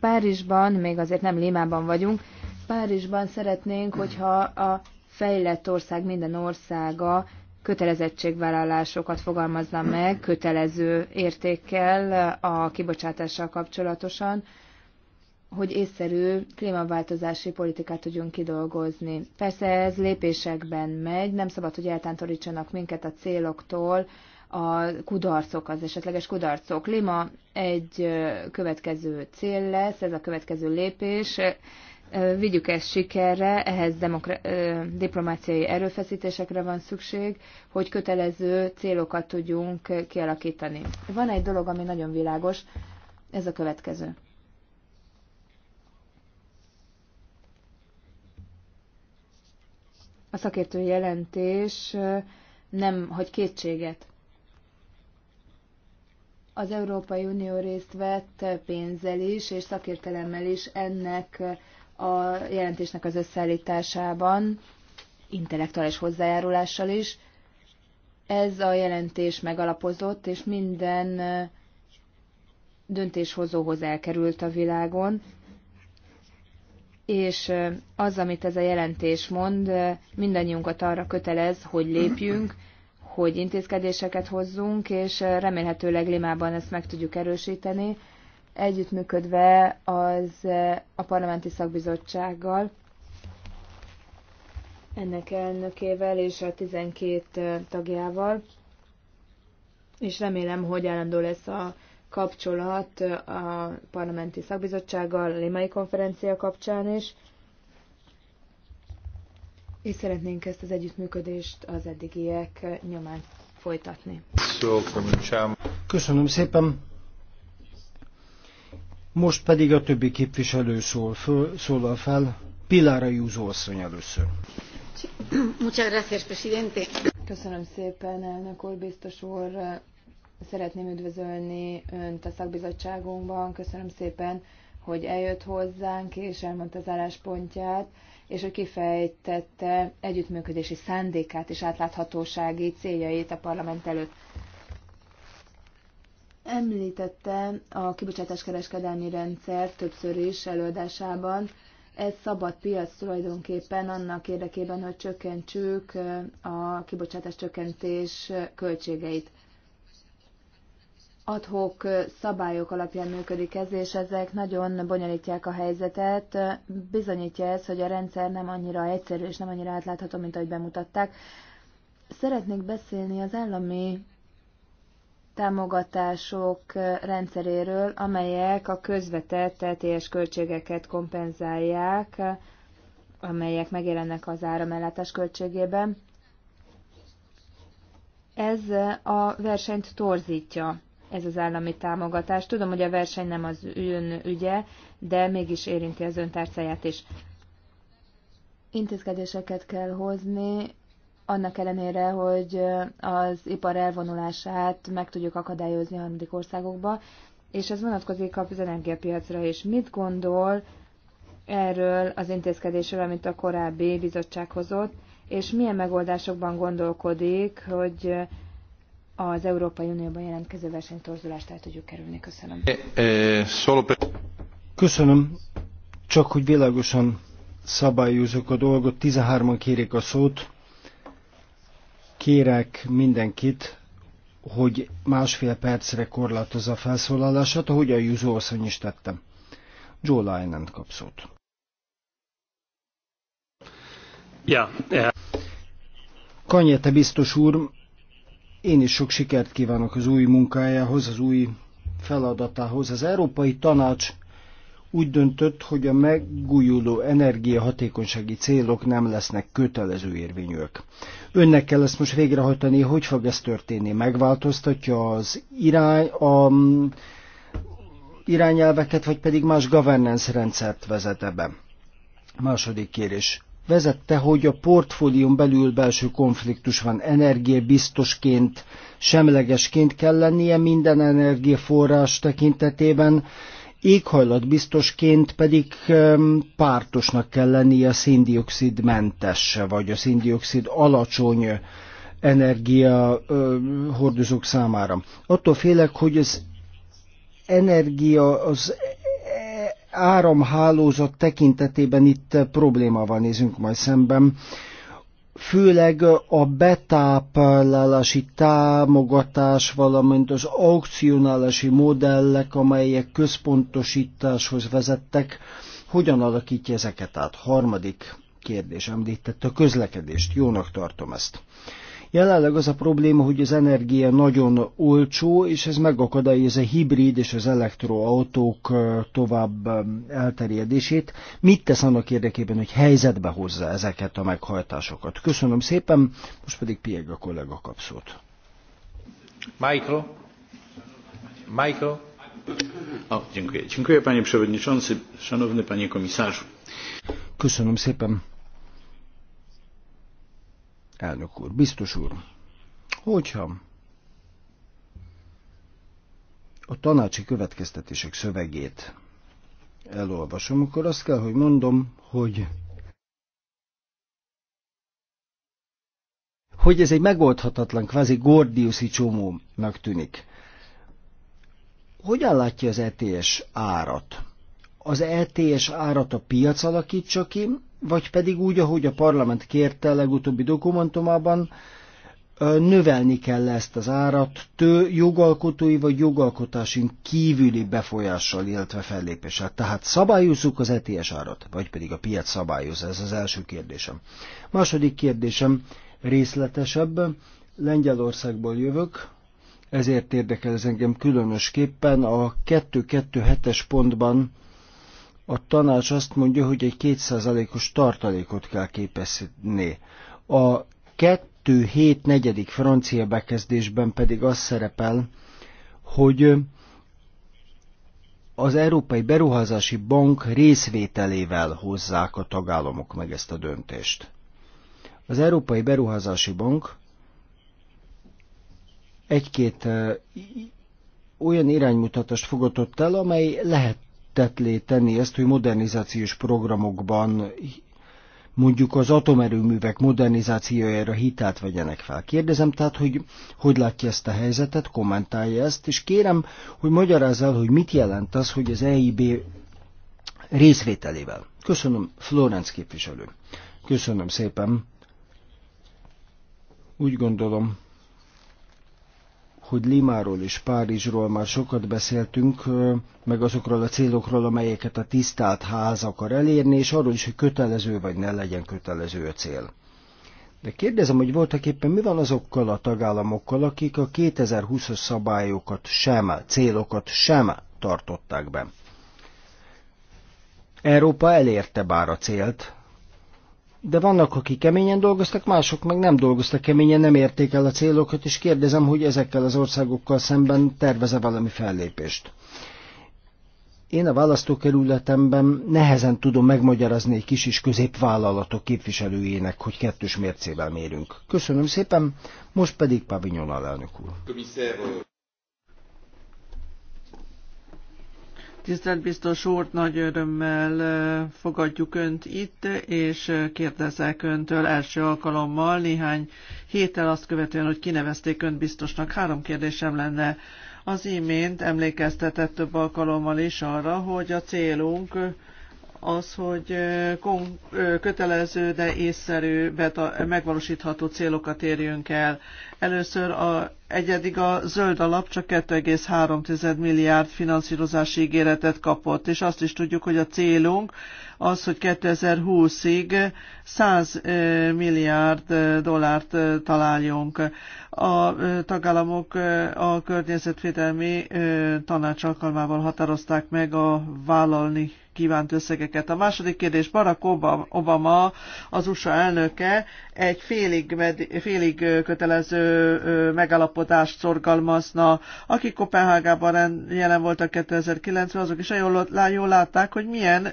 Párizsban, még azért nem Limában vagyunk, Párizsban szeretnénk, hogyha a fejlett ország minden országa kötelezettségvállalásokat fogalmazna meg kötelező értékkel a kibocsátással kapcsolatosan, hogy észszerű klímaváltozási politikát tudjunk kidolgozni. Persze ez lépésekben megy, nem szabad, hogy eltántorítsanak minket a céloktól, a kudarcok, az esetleges kudarcok. Lima egy következő cél lesz, ez a következő lépés. Vigyük ezt sikerre, ehhez demokra- diplomáciai erőfeszítésekre van szükség, hogy kötelező célokat tudjunk kialakítani. Van egy dolog, ami nagyon világos, ez a következő. A szakértő jelentés nem hagy kétséget az Európai Unió részt vett pénzzel is, és szakértelemmel is ennek a jelentésnek az összeállításában, intellektuális hozzájárulással is. Ez a jelentés megalapozott, és minden döntéshozóhoz elkerült a világon, és az, amit ez a jelentés mond, mindannyiunkat arra kötelez, hogy lépjünk, hogy intézkedéseket hozzunk, és remélhetőleg Limában ezt meg tudjuk erősíteni, együttműködve az a parlamenti szakbizottsággal, ennek elnökével és a 12 tagjával, és remélem, hogy állandó lesz a kapcsolat a parlamenti szakbizottsággal, a limai konferencia kapcsán is, és szeretnénk ezt az együttműködést az eddigiek nyomán folytatni. Köszönöm szépen. Most pedig a többi képviselő szól föl, szólal fel. Pilára Júzó asszony először. Köszönöm szépen, elnök úr, biztos úr. Szeretném üdvözölni Önt a szakbizottságunkban. Köszönöm szépen, hogy eljött hozzánk és elmondta az álláspontját és hogy kifejtette együttműködési szándékát és átláthatósági céljait a parlament előtt. Említette a kereskedelmi rendszer többször is előadásában. Ez szabad piac tulajdonképpen annak érdekében, hogy csökkentsük a kibocsátás csökkentés költségeit adhok szabályok alapján működik ez, és ezek nagyon bonyolítják a helyzetet. Bizonyítja ez, hogy a rendszer nem annyira egyszerű és nem annyira átlátható, mint ahogy bemutatták. Szeretnék beszélni az állami támogatások rendszeréről, amelyek a közvetett e TTS költségeket kompenzálják, amelyek megjelennek az áramellátás költségében. Ez a versenyt torzítja ez az állami támogatás. Tudom, hogy a verseny nem az ön ügye, de mégis érinti az ön tárcáját is. Intézkedéseket kell hozni, annak ellenére, hogy az ipar elvonulását meg tudjuk akadályozni a harmadik országokba, és ez vonatkozik az energiapiacra is. Mit gondol erről az intézkedésről, amit a korábbi bizottság hozott, és milyen megoldásokban gondolkodik, hogy az Európai Unióban jelentkező versenytorzulást el tudjuk kerülni. Köszönöm. Eh, eh, Köszönöm. Csak hogy világosan szabályozok a dolgot, 13-an kérik a szót. Kérek mindenkit, hogy másfél percre korlátozza a felszólalását, ahogy a Júzó asszony is tette. Joe Linen kap szót. Ja, yeah. Kanyete biztos úr, én is sok sikert kívánok az új munkájához, az új feladatához. Az Európai Tanács úgy döntött, hogy a megújuló energiahatékonysági célok nem lesznek kötelező érvényűek. Önnek kell ezt most végrehajtani, hogy fog ez történni? Megváltoztatja az irány, a, mm, irányelveket, vagy pedig más governance rendszert vezet be? Második kérés vezette, hogy a portfólión belül belső konfliktus van. Energiabiztosként, semlegesként kell lennie minden energiaforrás tekintetében, éghajlatbiztosként pedig pártosnak kell lennie a széndiokszidmentes, vagy a széndiokszid alacsony energia hordozók számára. Attól félek, hogy az energia, az áramhálózat tekintetében itt problémával nézünk majd szemben. Főleg a betáplálási támogatás, valamint az aukcionálási modellek, amelyek központosításhoz vezettek, hogyan alakítja ezeket át? Harmadik kérdés említette a közlekedést. Jónak tartom ezt. Jelenleg az a probléma, hogy az energia nagyon olcsó, és ez megakadályozza a hibrid és az elektroautók tovább elterjedését. Mit tesz annak érdekében, hogy helyzetbe hozza ezeket a meghajtásokat? Köszönöm szépen, most pedig Piega kollega kap szót. Michael? Michael? a dziękuję. Dziękuję panie przewodniczący, szanowny panie komisarzu. Köszönöm szépen. Elnök úr, biztos úr, hogyha a tanácsi következtetések szövegét elolvasom, akkor azt kell, hogy mondom, hogy hogy ez egy megoldhatatlan, kvázi gordiuszi csomónak tűnik. Hogyan látja az ETS árat? Az ETS árat a piac alakítsa ki, vagy pedig úgy, ahogy a parlament kérte a legutóbbi dokumentumában, növelni kell ezt az árat tő jogalkotói vagy jogalkotásunk kívüli befolyással, illetve fellépéssel. Tehát szabályozzuk az ETS árat, vagy pedig a piac szabályoz, ez az első kérdésem. Második kérdésem részletesebb. Lengyelországból jövök, ezért érdekel ez engem különösképpen a 227-es pontban a tanács azt mondja, hogy egy kétszázalékos tartalékot kell képezni. A 2 7 negyedik francia bekezdésben pedig az szerepel, hogy az Európai Beruházási Bank részvételével hozzák a tagállamok meg ezt a döntést. Az Európai Beruházási Bank egy-két olyan iránymutatást fogadott el, amely lehet lehetetlé tenni ezt, hogy modernizációs programokban mondjuk az atomerőművek modernizációjára hitelt vegyenek fel. Kérdezem tehát, hogy hogy látja ezt a helyzetet, kommentálja ezt, és kérem, hogy magyarázza el, hogy mit jelent az, hogy az EIB részvételével. Köszönöm, Florenc képviselő. Köszönöm szépen. Úgy gondolom, hogy Limáról és Párizsról már sokat beszéltünk, meg azokról a célokról, amelyeket a tisztelt ház akar elérni, és arról is, hogy kötelező vagy ne legyen kötelező a cél. De kérdezem, hogy voltak éppen mi van azokkal a tagállamokkal, akik a 2020-as szabályokat sem, célokat sem tartották be. Európa elérte bár a célt, de vannak, akik keményen dolgoztak, mások meg nem dolgoztak keményen, nem érték el a célokat, és kérdezem, hogy ezekkel az országokkal szemben terveze valami fellépést. Én a választókerületemben nehezen tudom megmagyarázni egy kis és középvállalatok képviselőjének, hogy kettős mércével mérünk. Köszönöm szépen, most pedig Pavignon alelnök úr. Tisztelt biztos úr, nagy örömmel fogadjuk Önt itt, és kérdezek Öntől első alkalommal néhány héttel azt követően, hogy kinevezték Önt biztosnak. Három kérdésem lenne. Az imént emlékeztetett több alkalommal is arra, hogy a célunk az, hogy kötelező, de észszerű, megvalósítható célokat érjünk el. Először a, egyedig a zöld alap csak 2,3 milliárd finanszírozási ígéretet kapott, és azt is tudjuk, hogy a célunk az, hogy 2020-ig 100 milliárd dollárt találjunk. A tagállamok a környezetvédelmi tanács alkalmával határozták meg a vállalni kívánt összegeket. A második kérdés, Barack Obama, az USA elnöke egy félig, félig kötelező megállapodást szorgalmazna. Akik Kopenhágában jelen voltak 2009-ben, azok is jól, jól látták, hogy milyen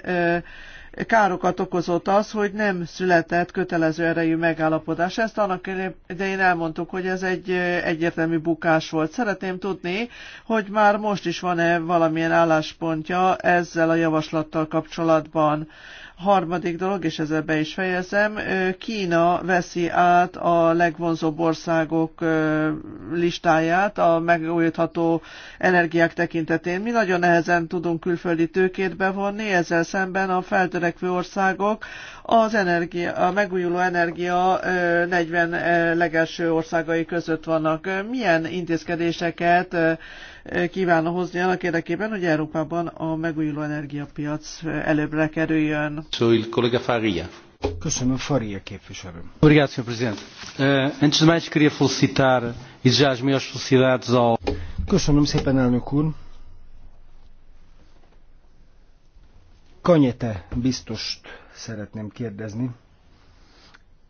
károkat okozott az, hogy nem született kötelező erejű megállapodás. Ezt annak idején elmondtuk, hogy ez egy egyértelmű bukás volt. Szeretném tudni, hogy már most is van-e valamilyen álláspontja ezzel a javaslattal kapcsolatban Harmadik dolog, és ezzel be is fejezem, Kína veszi át a legvonzóbb országok listáját a megújítható energiák tekintetén. Mi nagyon nehezen tudunk külföldi tőkét bevonni, ezzel szemben a feltörekvő országok az energia, a megújuló energia 40 legelső országai között vannak. Milyen intézkedéseket kívánna hozni annak érdekében, hogy Európában a megújuló energiapiac előbbre kerüljön. So, il kollega Köszönöm, Faria képviselő. Obrigado, Sr. Presidente. Uh, antes de mais, queria felicitar e desejar as melhores felicidades ao... Köszönöm szépen, elnök úr. Kanyete biztost szeretném kérdezni.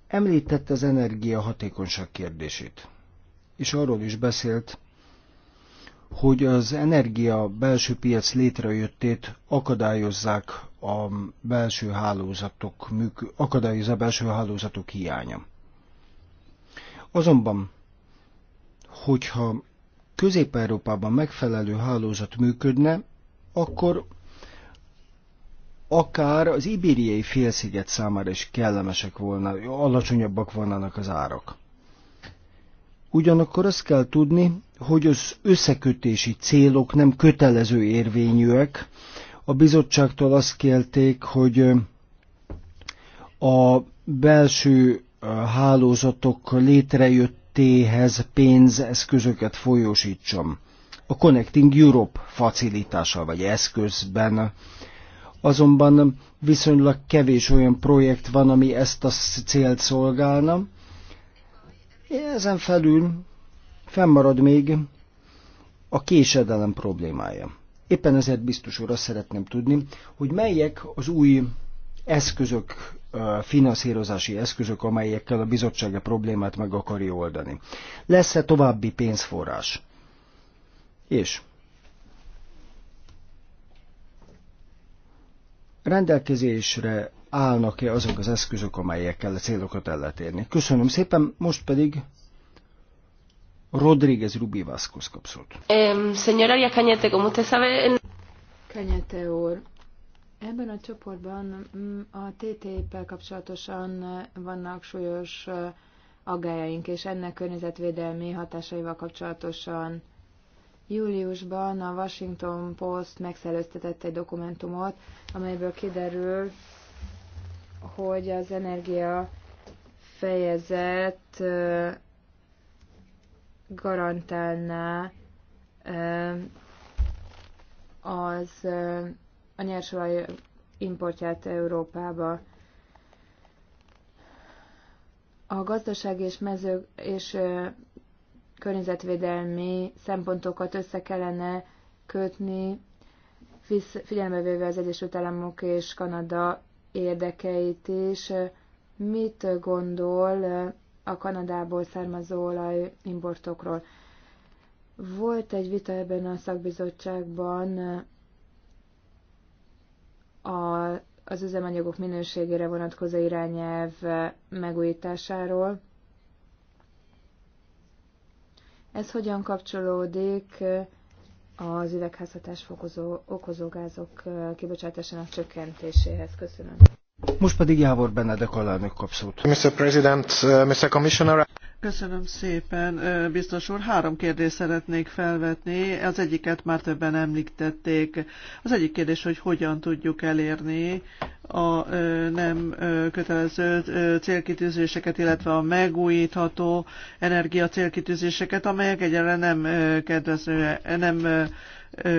Említette az energiahatékonyság kérdését, és arról is beszélt, hogy az energia belső piac létrejöttét akadályozzák a belső hálózatok, akadályozza a belső hálózatok hiánya. Azonban, hogyha Közép-Európában megfelelő hálózat működne, akkor akár az ibériai félsziget számára is kellemesek volna, alacsonyabbak volnának az árak. Ugyanakkor azt kell tudni, hogy az összekötési célok nem kötelező érvényűek. A bizottságtól azt kérték, hogy a belső hálózatok létrejöttéhez pénzeszközöket folyósítsam. A Connecting Europe facilitással vagy eszközben azonban viszonylag kevés olyan projekt van, ami ezt a célt szolgálna, ezen felül fennmarad még a késedelem problémája. Éppen ezért biztos úr azt szeretném tudni, hogy melyek az új eszközök, finanszírozási eszközök, amelyekkel a bizottság a problémát meg akarja oldani. Lesz-e további pénzforrás? És rendelkezésre állnak-e azok az eszközök, amelyekkel a célokat el lehet érni. Köszönöm szépen, most pedig Rodríguez Rubi Vázquez kap szót. Señora Cañete, como te sabe... Cañete úr, ebben a csoportban mm, a ttip el kapcsolatosan eh, vannak súlyos eh, aggájaink, és ennek környezetvédelmi hatásaival kapcsolatosan júliusban a Washington Post megszellőztetett egy dokumentumot, amelyből kiderül, hogy az energia fejezet garantálná az a nyersolaj importját Európába. A gazdaság és mező és környezetvédelmi szempontokat össze kellene kötni, figyelembe véve az Egyesült Államok és Kanada érdekeit is. Mit gondol a Kanadából származó olajimportokról? Volt egy vita ebben a szakbizottságban a, az üzemanyagok minőségére vonatkozó irányelv megújításáról. Ez hogyan kapcsolódik az üvegházhatás fokozó, okozó gázok kibocsátásának csökkentéséhez. Köszönöm. Most pedig Jávor Benedek alelnök kap szót. Mr. President, uh, Mr. Commissioner. Uh, Köszönöm szépen, biztos úr. Három kérdést szeretnék felvetni. Az egyiket már többen említették. Az egyik kérdés, hogy hogyan tudjuk elérni a nem kötelező célkitűzéseket, illetve a megújítható energia célkitűzéseket, amelyek egyre nem kedvezőek, nem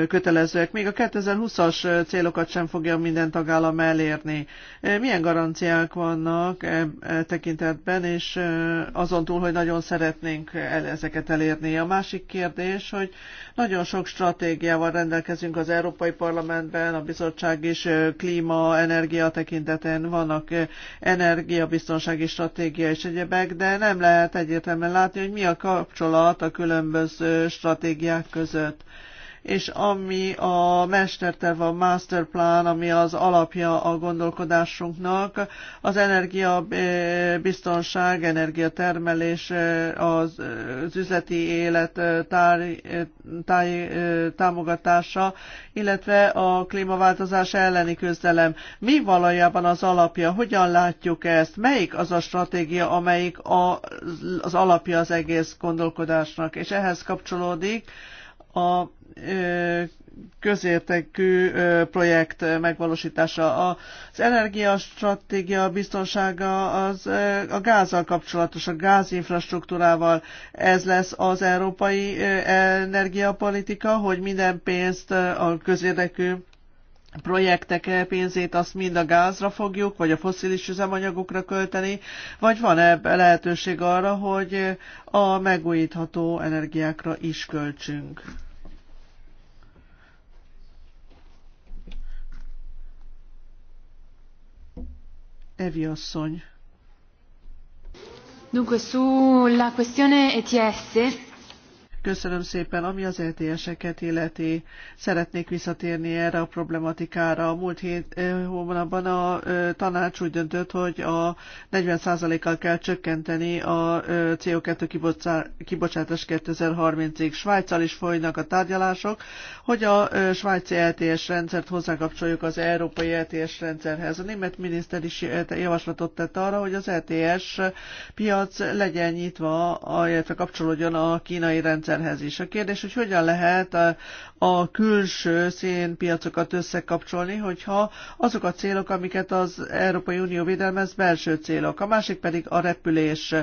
kötelezőek. Még a 2020-as célokat sem fogja minden tagállam elérni. Milyen garanciák vannak e, e tekintetben, és azon túl, hogy nagyon szeretnénk el ezeket elérni. A másik kérdés, hogy nagyon sok stratégiával rendelkezünk az Európai Parlamentben, a bizottság is klíma, energia tekinteten vannak energiabiztonsági stratégia és egyebek, de nem lehet egyértelműen látni, hogy mi a kapcsolat a különböző stratégiák között és ami a mesterterv, a masterplan, ami az alapja a gondolkodásunknak, az energiabiztonság, eh, energiatermelés, eh, az, eh, az üzleti élet táj, táj, támogatása, illetve a klímaváltozás elleni küzdelem. Mi valójában az alapja? Hogyan látjuk ezt? Melyik az a stratégia, amelyik a, az alapja az egész gondolkodásnak? És ehhez kapcsolódik, a közértekű projekt megvalósítása. Az energiastratégia biztonsága az a gázzal kapcsolatos, a gázinfrastruktúrával. Ez lesz az európai energiapolitika, hogy minden pénzt a közérdekű projektek e, pénzét azt mind a gázra fogjuk, vagy a foszilis üzemanyagokra költeni, vagy van e lehetőség arra, hogy a megújítható energiákra is költsünk. Evi asszony. Dunque, sulla questione ETS, Köszönöm szépen, ami az lts eket illeti. Szeretnék visszatérni erre a problematikára. A múlt hét hónapban a tanács úgy döntött, hogy a 40%-kal kell csökkenteni a CO2 kibocsátás 2030-ig. Svájccal is folynak a tárgyalások, hogy a svájci LTS rendszert hozzákapcsoljuk az európai LTS rendszerhez. A német miniszter is javaslatot tett arra, hogy az LTS piac legyen nyitva, illetve kapcsolódjon a kínai rendszerhez rendszerhez is. A kérdés, hogy hogyan lehet a, a külső szénpiacokat összekapcsolni, hogyha azok a célok, amiket az Európai Unió védelmez, belső célok. A másik pedig a repülés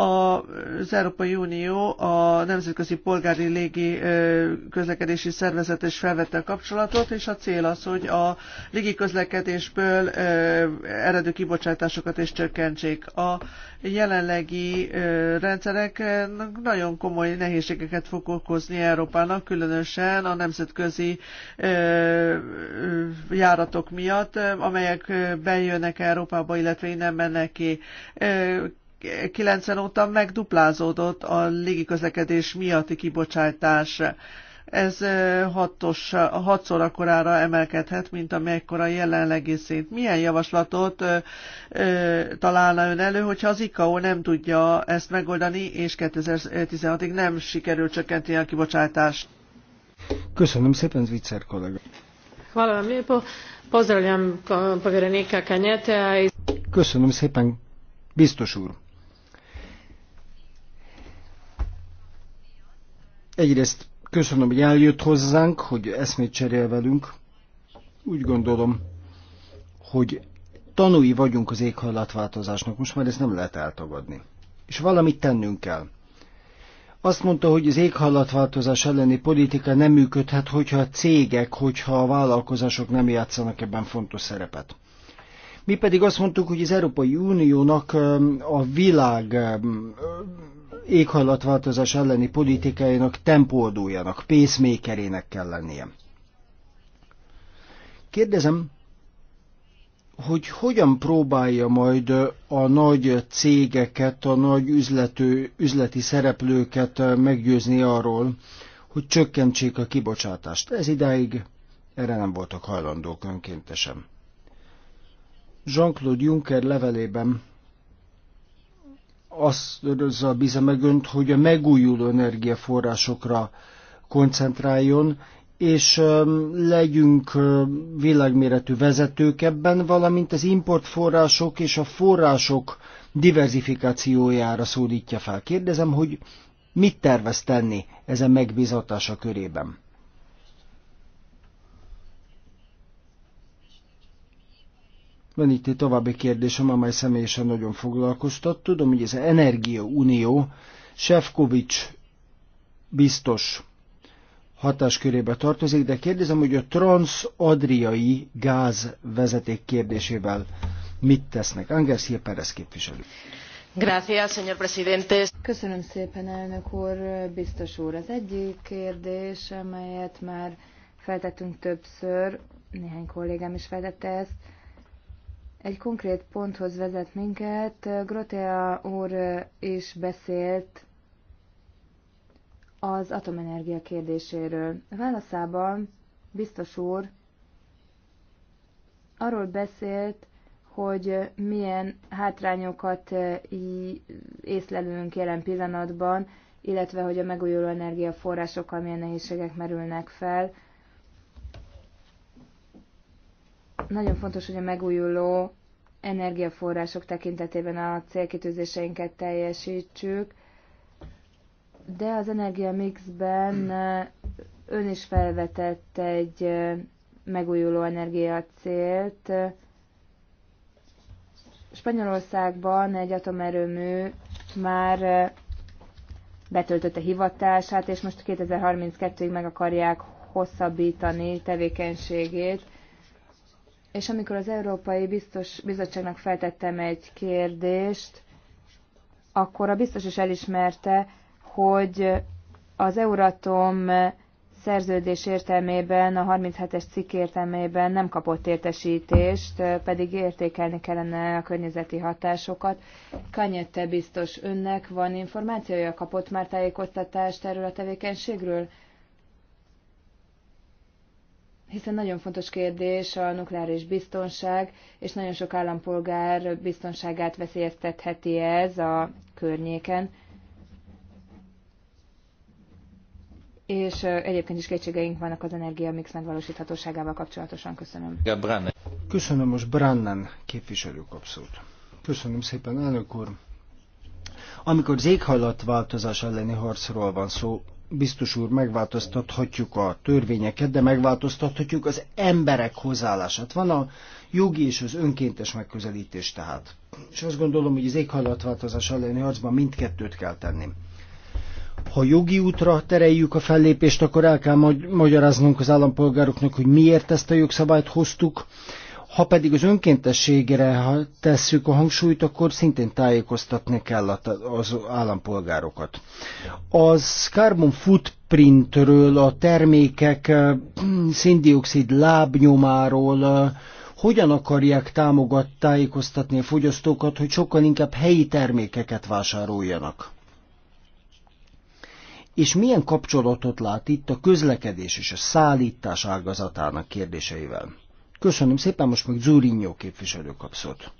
az Európai Unió a Nemzetközi Polgári Légi Közlekedési Szervezet is felvette a kapcsolatot, és a cél az, hogy a légi közlekedésből eredő kibocsátásokat is csökkentsék. A jelenlegi rendszerek nagyon komoly nehézségeket fog okozni Európának, különösen a nemzetközi járatok miatt, amelyek bejönnek Európába, illetve innen mennek ki. 90 óta megduplázódott a légiközlekedés miatti kibocsátás. Ez hatos, hatszor akkorára emelkedhet, mint amekkora a jelenlegi szint. Milyen javaslatot ö, ö, találna ön elő, hogyha az ICAO nem tudja ezt megoldani, és 2016-ig nem sikerül csökkenteni a kibocsátást? Köszönöm szépen, Zvicser kollega. Köszönöm szépen, biztos úr. Egyrészt köszönöm, hogy eljött hozzánk, hogy eszmét cserél velünk. Úgy gondolom, hogy tanúi vagyunk az éghajlatváltozásnak, most már ezt nem lehet eltagadni. És valamit tennünk kell. Azt mondta, hogy az éghajlatváltozás elleni politika nem működhet, hogyha a cégek, hogyha a vállalkozások nem játszanak ebben fontos szerepet. Mi pedig azt mondtuk, hogy az Európai Uniónak a világ éghajlatváltozás elleni politikájának tempódójának, pészmékerének kell lennie. Kérdezem, hogy hogyan próbálja majd a nagy cégeket, a nagy üzlető, üzleti szereplőket meggyőzni arról, hogy csökkentsék a kibocsátást. Ez idáig erre nem voltak hajlandók önkéntesen. Jean-Claude Juncker levelében az bízom meg önt, hogy a megújuló energiaforrásokra koncentráljon, és legyünk világméretű vezetők ebben, valamint az importforrások és a források diversifikációjára szólítja fel. Kérdezem, hogy mit tervez tenni ezen megbízatása körében? Van itt egy további kérdésem, amely személyesen nagyon foglalkoztat. Tudom, hogy ez Energia Unió, Sefcovics biztos hatáskörébe tartozik, de kérdezem, hogy a transadriai gáz vezeték kérdésével mit tesznek? Angers Hilperes képviselő. Gracias, señor presidente. Köszönöm szépen, elnök úr, biztos úr. Az egyik kérdés, amelyet már feltettünk többször, néhány kollégám is feltette ezt, egy konkrét ponthoz vezet minket. Grotea úr is beszélt az atomenergia kérdéséről. A válaszában biztos úr arról beszélt, hogy milyen hátrányokat észlelünk jelen pillanatban, illetve hogy a megújuló energiaforrásokkal milyen nehézségek merülnek fel, Nagyon fontos, hogy a megújuló energiaforrások tekintetében a célkitűzéseinket teljesítsük, de az energia mixben eh, ön is felvetett egy eh, megújuló energia célt. Spanyolországban egy atomerőmű már eh, betöltötte hivatását, és most 2032-ig meg akarják hosszabbítani tevékenységét és amikor az Európai Biztos Bizottságnak feltettem egy kérdést, akkor a biztos is elismerte, hogy az Euratom szerződés értelmében, a 37-es cikk értelmében nem kapott értesítést, pedig értékelni kellene a környezeti hatásokat. Kanyette biztos önnek van információja, kapott már tájékoztatást erről a tevékenységről? hiszen nagyon fontos kérdés a nukleáris biztonság, és nagyon sok állampolgár biztonságát veszélyeztetheti ez a környéken. És egyébként is kétségeink vannak az mix megvalósíthatóságával kapcsolatosan. Köszönöm. Köszönöm most Brannan képviselő kapszót. Köszönöm szépen, elnök úr. Amikor az éghajlatváltozás elleni harcról van szó, biztos úr, megváltoztathatjuk a törvényeket, de megváltoztathatjuk az emberek hozzáállását. Van a jogi és az önkéntes megközelítés tehát. És azt gondolom, hogy az éghajlatváltozás elleni harcban mindkettőt kell tenni. Ha jogi útra tereljük a fellépést, akkor el kell magyaráznunk az állampolgároknak, hogy miért ezt a jogszabályt hoztuk, ha pedig az önkéntességre tesszük a hangsúlyt, akkor szintén tájékoztatni kell az állampolgárokat. Az carbon footprintről, a termékek széndiokszid lábnyomáról, hogyan akarják támogat, tájékoztatni a fogyasztókat, hogy sokkal inkább helyi termékeket vásároljanak? És milyen kapcsolatot lát itt a közlekedés és a szállítás ágazatának kérdéseivel? Köszönöm szépen, most meg Zúrinyó képviselő kap szót.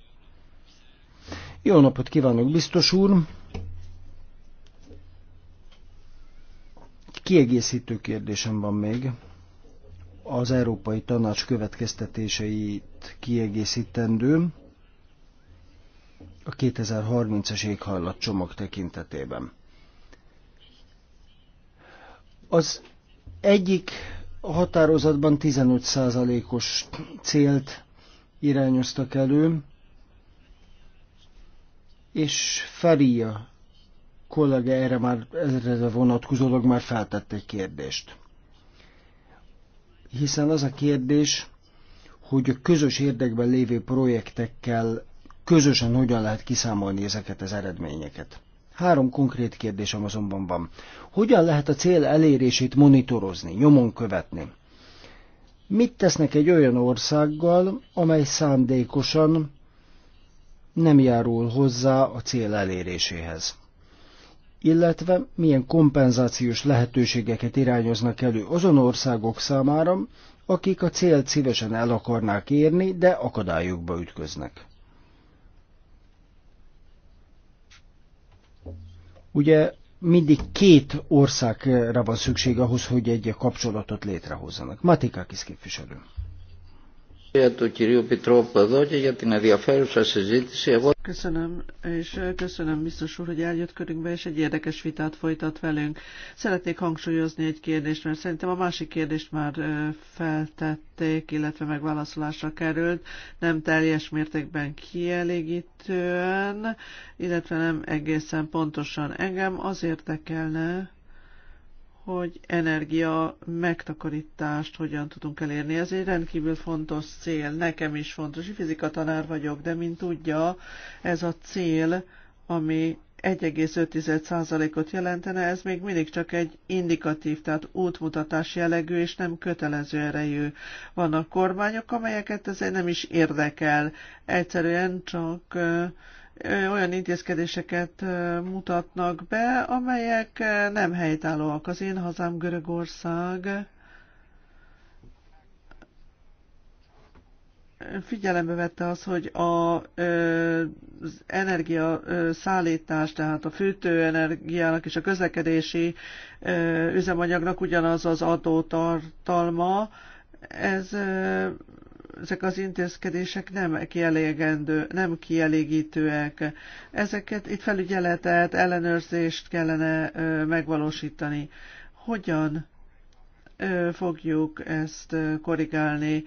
Jó napot kívánok, biztos úr! Kiegészítő kérdésem van még. Az Európai Tanács következtetéseit kiegészítendő a 2030 es éghajlat csomag tekintetében. Az egyik a határozatban 15%-os célt irányoztak elő, és Faria kollega erre már ezre vonatkozólag már feltett egy kérdést. Hiszen az a kérdés, hogy a közös érdekben lévő projektekkel közösen hogyan lehet kiszámolni ezeket az eredményeket. Három konkrét kérdésem azonban van. Hogyan lehet a cél elérését monitorozni, nyomon követni? Mit tesznek egy olyan országgal, amely szándékosan nem járul hozzá a cél eléréséhez? illetve milyen kompenzációs lehetőségeket irányoznak elő azon országok számára, akik a célt szívesen el akarnák érni, de akadályokba ütköznek. Ugye mindig két országra van szükség ahhoz, hogy egy kapcsolatot létrehozzanak. Matikakis képviselő. Köszönöm, és köszönöm biztos úr, hogy eljött körünkbe, és egy érdekes vitát folytat velünk. Szeretnék hangsúlyozni egy kérdést, mert szerintem a másik kérdést már feltették, illetve megválaszolásra került, nem teljes mértékben kielégítően, illetve nem egészen pontosan. Engem az érdekelne, hogy energia megtakarítást hogyan tudunk elérni. Ez egy rendkívül fontos cél, nekem is fontos, fizika tanár vagyok, de mint tudja, ez a cél, ami 1,5%-ot jelentene, ez még mindig csak egy indikatív, tehát útmutatás jellegű és nem kötelező erejű. Vannak kormányok, amelyeket ez nem is érdekel. Egyszerűen csak olyan intézkedéseket mutatnak be, amelyek nem helytállóak. Az én hazám Görögország figyelembe vette az, hogy a, az energia szállítás, tehát a fűtőenergiának és a közlekedési üzemanyagnak ugyanaz az adótartalma, ez ezek az intézkedések nem kielégendő, nem kielégítőek. Ezeket itt felügyeletet, ellenőrzést kellene megvalósítani. Hogyan fogjuk ezt korrigálni.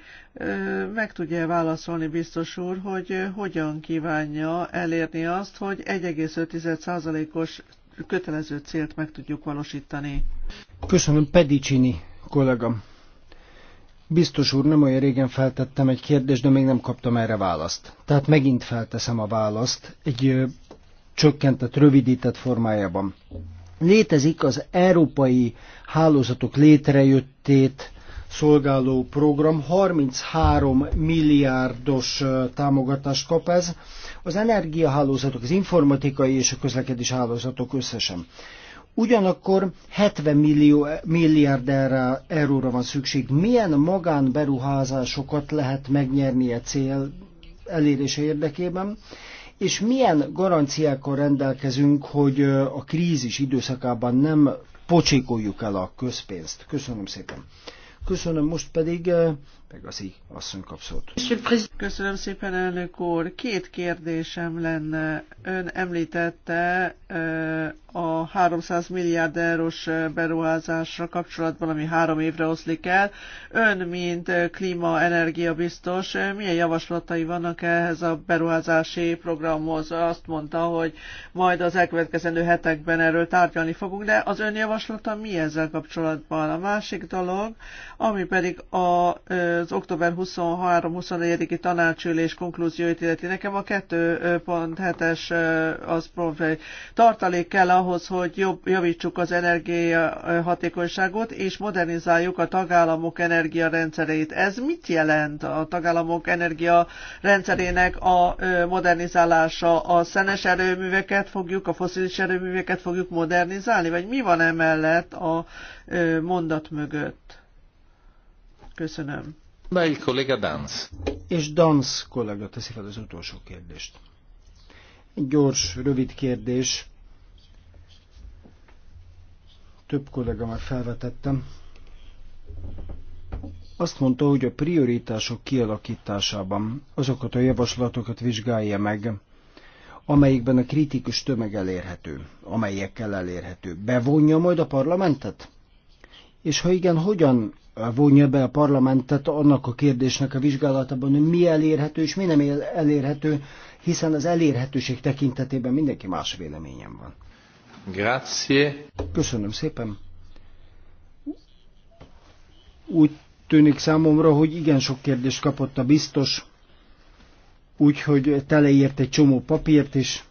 Meg tudja válaszolni biztos úr, hogy hogyan kívánja elérni azt, hogy 1,5%-os kötelező célt meg tudjuk valósítani. Köszönöm, Pedicini kollégám. Biztos úr, nem olyan régen feltettem egy kérdést, de még nem kaptam erre választ. Tehát megint felteszem a választ egy ö, csökkentett, rövidített formájában. Létezik az európai hálózatok létrejöttét szolgáló program, 33 milliárdos támogatást kap ez, az energiahálózatok, az informatikai és a közlekedés hálózatok összesen. Ugyanakkor 70 millió, milliárd euróra van szükség. Milyen magánberuházásokat lehet megnyerni a e cél elérése érdekében? És milyen garanciákkal rendelkezünk, hogy a krízis időszakában nem pocsékoljuk el a közpénzt? Köszönöm szépen. Köszönöm, most pedig Legazi asszony kap Köszönöm szépen, elnök úr. Két kérdésem lenne. Ön említette a 300 milliárd eurós beruházásra kapcsolatban, ami három évre oszlik el. Ön, mint klíma, energia biztos, milyen javaslatai vannak ehhez a beruházási programhoz? Azt mondta, hogy majd az elkövetkezendő hetekben erről tárgyalni fogunk, de az ön javaslata mi ezzel kapcsolatban? A másik dolog, ami pedig a az október 23-24-i tanácsülés konklúzióit illeti. Nekem a 2.7-es az profi Tartalék kell ahhoz, hogy jobb, javítsuk az energia hatékonyságot és modernizáljuk a tagállamok energiarendszereit. Ez mit jelent a tagállamok energiarendszerének a modernizálása? A szenes erőműveket fogjuk, a foszilis erőműveket fogjuk modernizálni, vagy mi van emellett a mondat mögött? Köszönöm. Mely kollega Dance? És Dansz kollega teszi fel az utolsó kérdést. Egy gyors, rövid kérdés. Több kollega már felvetettem. Azt mondta, hogy a prioritások kialakításában azokat a javaslatokat vizsgálja meg, amelyikben a kritikus tömeg elérhető, amelyekkel elérhető. Bevonja majd a parlamentet? és ha igen, hogyan vonja be a parlamentet annak a kérdésnek a vizsgálatában, hogy mi elérhető és mi nem elérhető, hiszen az elérhetőség tekintetében mindenki más véleményem van. Grazie. Köszönöm szépen. Úgy tűnik számomra, hogy igen sok kérdést kapott a biztos, úgyhogy teleírt egy csomó papírt is,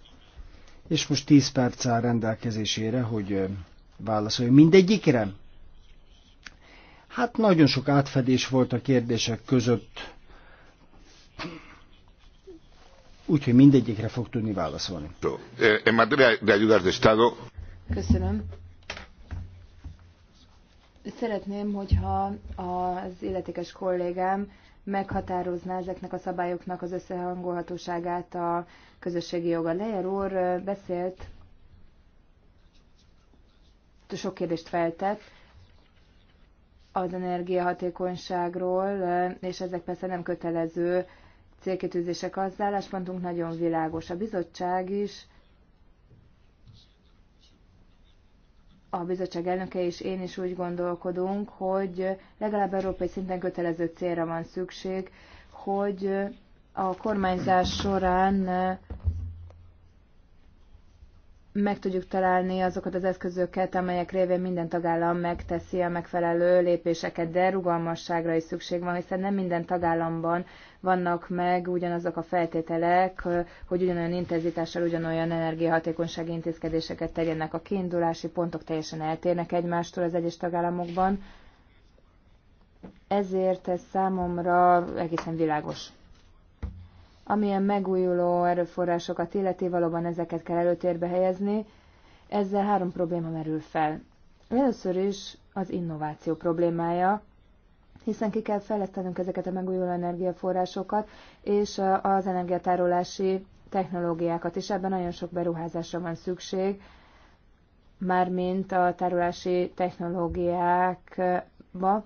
és most 10 perc áll rendelkezésére, hogy válaszoljon mindegyikre. Hát nagyon sok átfedés volt a kérdések között, úgyhogy mindegyikre fog tudni válaszolni. Köszönöm. Szeretném, hogyha az illetékes kollégám meghatározná ezeknek a szabályoknak az összehangolhatóságát a közösségi joga. Lejer úr beszélt, sok kérdést feltett, az energiahatékonyságról, és ezek persze nem kötelező célkitűzések az álláspontunk nagyon világos. A bizottság is, a bizottság elnöke és én is úgy gondolkodunk, hogy legalább európai szinten kötelező célra van szükség, hogy a kormányzás során meg tudjuk találni azokat az eszközöket, amelyek révén minden tagállam megteszi a megfelelő lépéseket, de rugalmasságra is szükség van, hiszen nem minden tagállamban vannak meg ugyanazok a feltételek, hogy ugyanolyan intenzitással, ugyanolyan energiahatékonysági intézkedéseket tegyenek. A kiindulási pontok teljesen eltérnek egymástól az egyes tagállamokban, ezért ez számomra egészen világos amilyen megújuló erőforrásokat illeti, valóban ezeket kell előtérbe helyezni. Ezzel három probléma merül fel. Először is az innováció problémája, hiszen ki kell fejlesztenünk ezeket a megújuló energiaforrásokat, és az energiatárolási technológiákat, is. ebben nagyon sok beruházásra van szükség, mármint a tárolási technológiákba.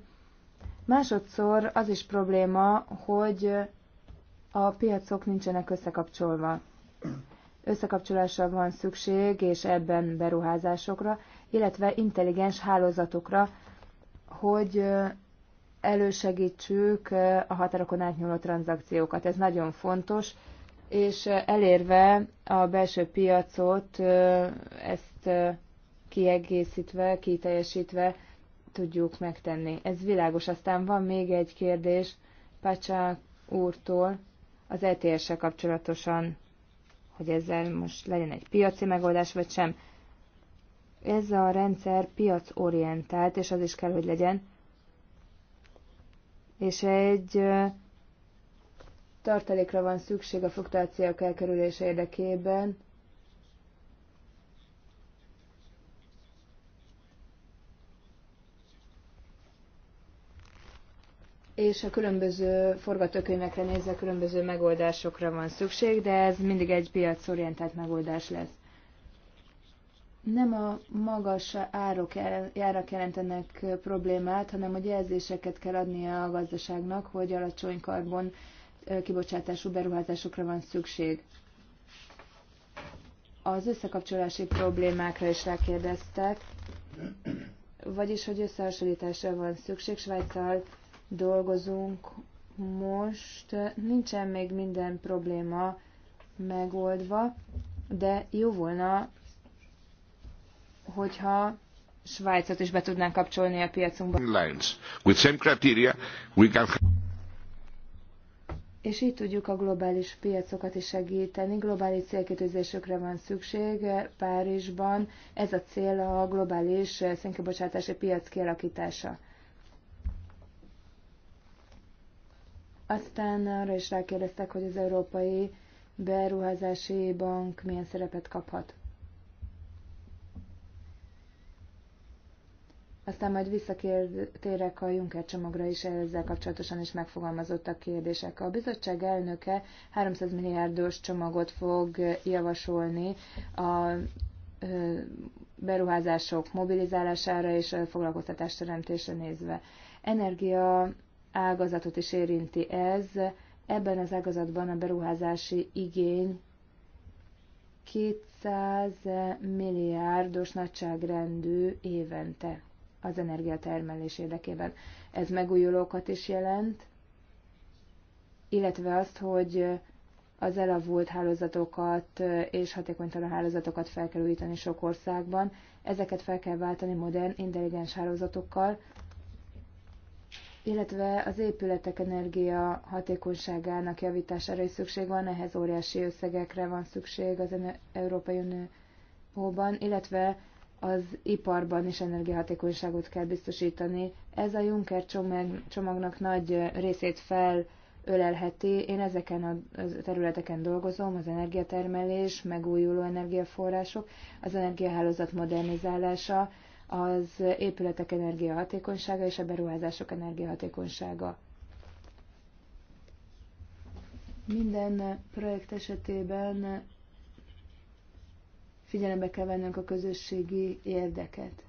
Másodszor az is probléma, hogy a piacok nincsenek összekapcsolva. Összekapcsolásra van szükség, és ebben beruházásokra, illetve intelligens hálózatokra, hogy elősegítsük a határokon átnyúló tranzakciókat. Ez nagyon fontos, és elérve a belső piacot, ezt kiegészítve, kiteljesítve tudjuk megtenni. Ez világos. Aztán van még egy kérdés Pacsák úrtól az ETS-sel kapcsolatosan, hogy ezzel most legyen egy piaci megoldás, vagy sem. Ez a rendszer piacorientált, és az is kell, hogy legyen. És egy tartalékra van szükség a fluktuációk elkerülése érdekében, és a különböző forgatókönyvekre nézve különböző megoldásokra van szükség, de ez mindig egy piacorientált megoldás lesz. Nem a magas árok, árak jelentenek problémát, hanem a jelzéseket kell adnia a gazdaságnak, hogy alacsony karbon kibocsátású beruházásokra van szükség. Az összekapcsolási problémákra is rákérdeztek, vagyis hogy összehasonlításra van szükség Svájccal dolgozunk most. Nincsen még minden probléma megoldva, de jó volna, hogyha Svájcot is be tudnánk kapcsolni a piacunkba. Lines. With same criteria, we can... És így tudjuk a globális piacokat is segíteni. Globális célkitűzésükre van szükség Párizsban. Ez a cél a globális szénkibocsátási piac kialakítása. Aztán arra is rákérdeztek, hogy az Európai Beruházási Bank milyen szerepet kaphat. Aztán majd visszatérek a Juncker csomagra is, ezzel kapcsolatosan is megfogalmazottak kérdések. A bizottság elnöke 300 milliárdos csomagot fog javasolni a beruházások mobilizálására és a foglalkoztatás teremtésre nézve. Energia ágazatot is érinti ez. Ebben az ágazatban a beruházási igény 200 milliárdos nagyságrendű évente az energiatermelés érdekében. Ez megújulókat is jelent, illetve azt, hogy az elavult hálózatokat és hatékonytalan hálózatokat fel kell újítani sok országban, ezeket fel kell váltani modern, intelligens hálózatokkal, illetve az épületek energia hatékonyságának javítására is szükség van, ehhez óriási összegekre van szükség az Európai Unióban, illetve az iparban is energiahatékonyságot kell biztosítani. Ez a Juncker csomag, csomagnak nagy részét felölelheti. Én ezeken a területeken dolgozom, az energiatermelés, megújuló energiaforrások, az energiahálózat modernizálása, az épületek energiahatékonysága és a beruházások energiahatékonysága. Minden projekt esetében figyelembe kell vennünk a közösségi érdeket.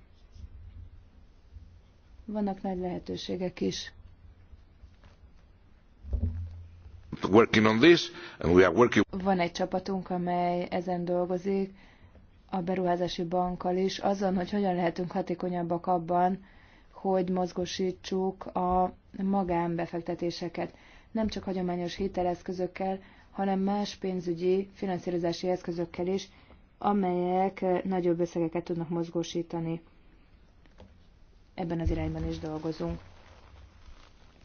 Vannak nagy lehetőségek is. Working on this, and we are working... Van egy csapatunk, amely ezen dolgozik a beruházási bankkal is azon, hogy hogyan lehetünk hatékonyabbak abban, hogy mozgosítsuk a magánbefektetéseket. Nem csak hagyományos hiteleszközökkel, hanem más pénzügyi finanszírozási eszközökkel is, amelyek nagyobb összegeket tudnak mozgósítani. Ebben az irányban is dolgozunk.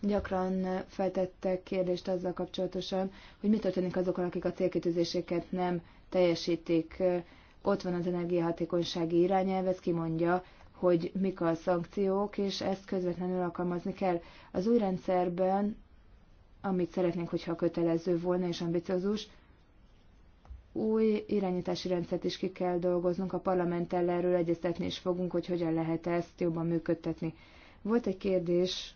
Gyakran feltettek kérdést azzal kapcsolatosan, hogy mi történik azokkal, akik a célkitűzéseket nem teljesítik. Ott van az energiahatékonysági irányelv, ez kimondja, hogy mik a szankciók, és ezt közvetlenül alkalmazni kell. Az új rendszerben, amit szeretnénk, hogyha kötelező volna és ambiciózus, új irányítási rendszert is ki kell dolgoznunk, a parlamenttel erről egyeztetni is fogunk, hogy hogyan lehet ezt jobban működtetni. Volt egy kérdés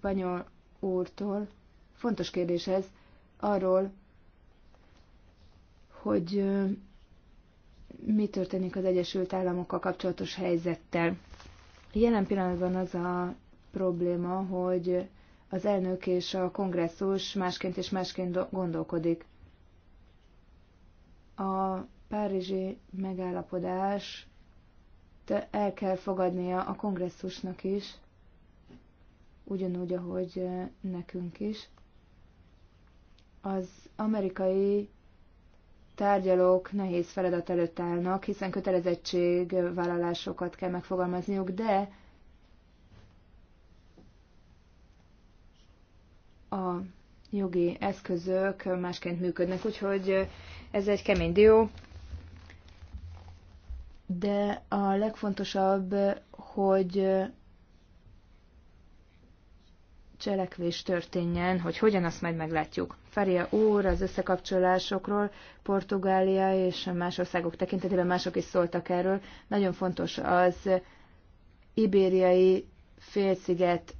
Panyol úrtól, fontos kérdés ez, arról, hogy mi történik az Egyesült Államokkal kapcsolatos helyzettel. Jelen pillanatban az a probléma, hogy az elnök és a kongresszus másként és másként gondolkodik. A párizsi megállapodás el kell fogadnia a kongresszusnak is, ugyanúgy, ahogy nekünk is. Az amerikai tárgyalók nehéz feladat előtt állnak, hiszen kötelezettségvállalásokat kell megfogalmazniuk, de a jogi eszközök másként működnek, úgyhogy ez egy kemény dió. De a legfontosabb, hogy cselekvés történjen, hogy hogyan azt majd meglátjuk. Faria úr az összekapcsolásokról, Portugália és más országok tekintetében mások is szóltak erről. Nagyon fontos az ibériai félsziget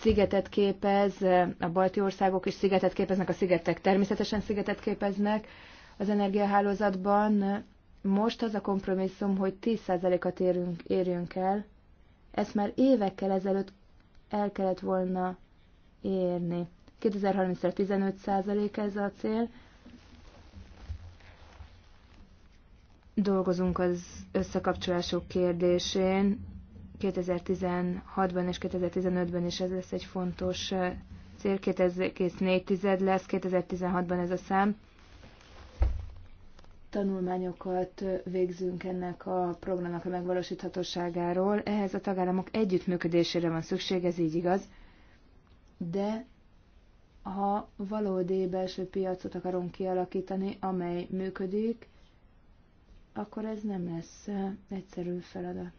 szigetet képez, a balti országok is szigetet képeznek, a szigetek természetesen szigetet képeznek az energiahálózatban. Most az a kompromisszum, hogy 10%-at érünk, érjünk el. Ezt már évekkel ezelőtt el kellett volna érni. 2030-ra 15% ez a cél. Dolgozunk az összekapcsolások kérdésén. 2016-ban és 2015-ben is ez lesz egy fontos eh, cél. 2,4 lesz, 2016-ban ez a szám tanulmányokat végzünk ennek a programnak a megvalósíthatóságáról. Ehhez a tagállamok együttműködésére van szükség, ez így igaz. De ha valódi belső piacot akarunk kialakítani, amely működik, akkor ez nem lesz egyszerű feladat.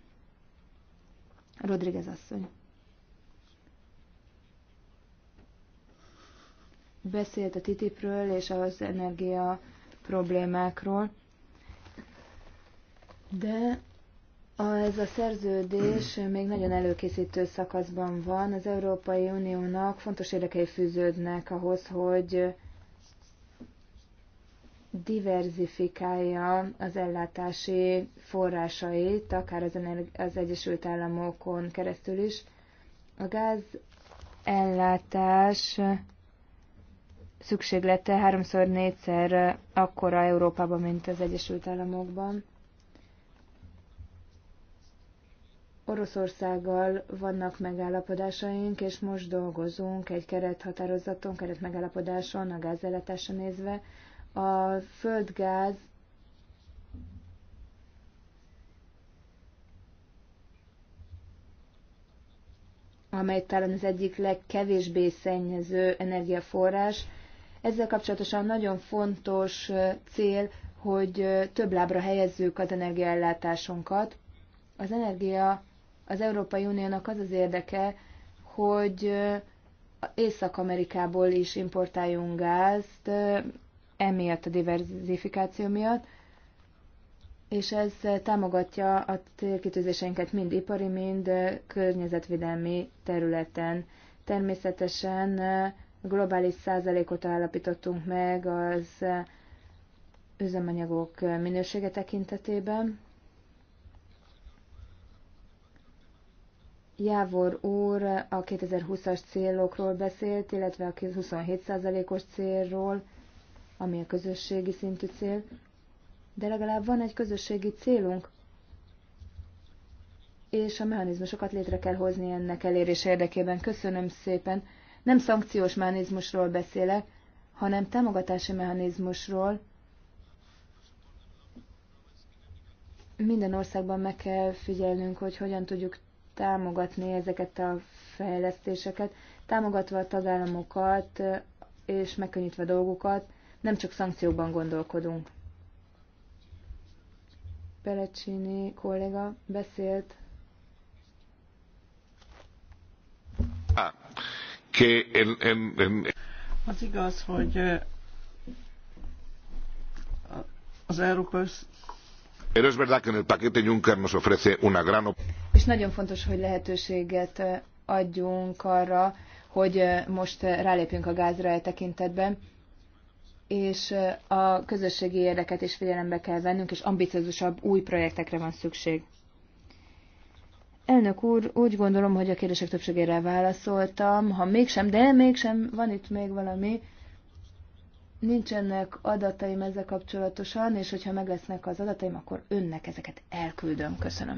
Rodriguez asszony. Beszélt a TTIP-ről és az energia problémákról, de ez a szerződés még nagyon előkészítő szakaszban van. Az Európai Uniónak fontos érdekei fűződnek ahhoz, hogy diverzifikálja az ellátási forrásait, akár az, az Egyesült Államokon keresztül is. A gáz ellátás szükséglete háromszor, négyszer akkora Európában, mint az Egyesült Államokban. Oroszországgal vannak megállapodásaink, és most dolgozunk egy kerethatározaton, keretmegállapodáson a gázellátásra nézve. A földgáz amely talán az egyik legkevésbé szennyező energiaforrás, ezzel kapcsolatosan nagyon fontos cél, hogy több lábra helyezzük az energiaellátásunkat. Az energia az Európai Uniónak az az érdeke, hogy Észak-Amerikából is importáljunk gázt, emiatt a diversifikáció miatt, és ez támogatja a célkitűzéseinket mind ipari, mind környezetvédelmi területen. Természetesen globális százalékot állapítottunk meg az üzemanyagok minősége tekintetében. Jávor úr a 2020-as célokról beszélt, illetve a 27%-os célról, ami a közösségi szintű cél, de legalább van egy közösségi célunk, és a mechanizmusokat létre kell hozni ennek elérés érdekében. Köszönöm szépen! Nem szankciós mechanizmusról beszélek, hanem támogatási mechanizmusról. Minden országban meg kell figyelnünk, hogy hogyan tudjuk támogatni ezeket a fejlesztéseket, támogatva a tagállamokat és megkönnyítve dolgokat, nem csak szankciókban gondolkodunk. Pelecsini kolléga beszélt. Ah que en, en, en... Az igaz, hogy az Európa Pero es verdad que en el paquete Juncker nos ofrece una gran És nagyon fontos, hogy lehetőséget adjunk arra, hogy most rálépjünk a gázra e tekintetben, és a közösségi érdeket is figyelembe kell vennünk, és ambiciózusabb új projektekre van szükség. Elnök úr, úgy gondolom, hogy a kérdések többségére válaszoltam. Ha mégsem, de mégsem, van itt még valami. Nincsenek adataim ezzel kapcsolatosan, és hogyha meg lesznek az adataim, akkor önnek ezeket elküldöm. Köszönöm.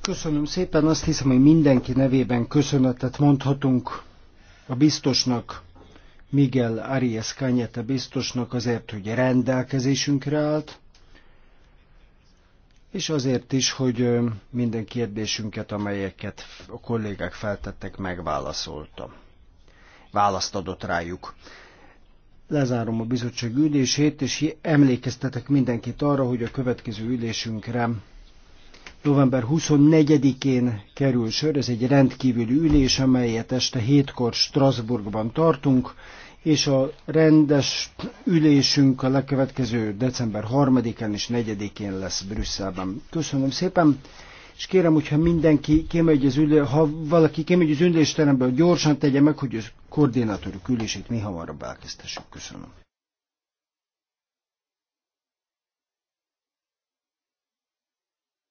Köszönöm szépen, azt hiszem, hogy mindenki nevében köszönetet mondhatunk a biztosnak, Miguel Arias Kanyete biztosnak azért, hogy rendelkezésünkre állt, és azért is, hogy minden kérdésünket, amelyeket a kollégák feltettek, megválaszolta. Választ adott rájuk. Lezárom a bizottság ülését, és emlékeztetek mindenkit arra, hogy a következő ülésünkre november 24-én kerül sör. Ez egy rendkívüli ülés, amelyet este 7-kor Strasbourgban tartunk, és a rendes ülésünk a lekövetkező december 3-án és 4-én lesz Brüsszelben. Köszönöm szépen, és kérem, hogyha mindenki kimegy az ülő, ha valaki kimegy az ülésteremből, gyorsan tegye meg, hogy a koordinátorok ülését mi hamarabb elkezdhessük. Köszönöm.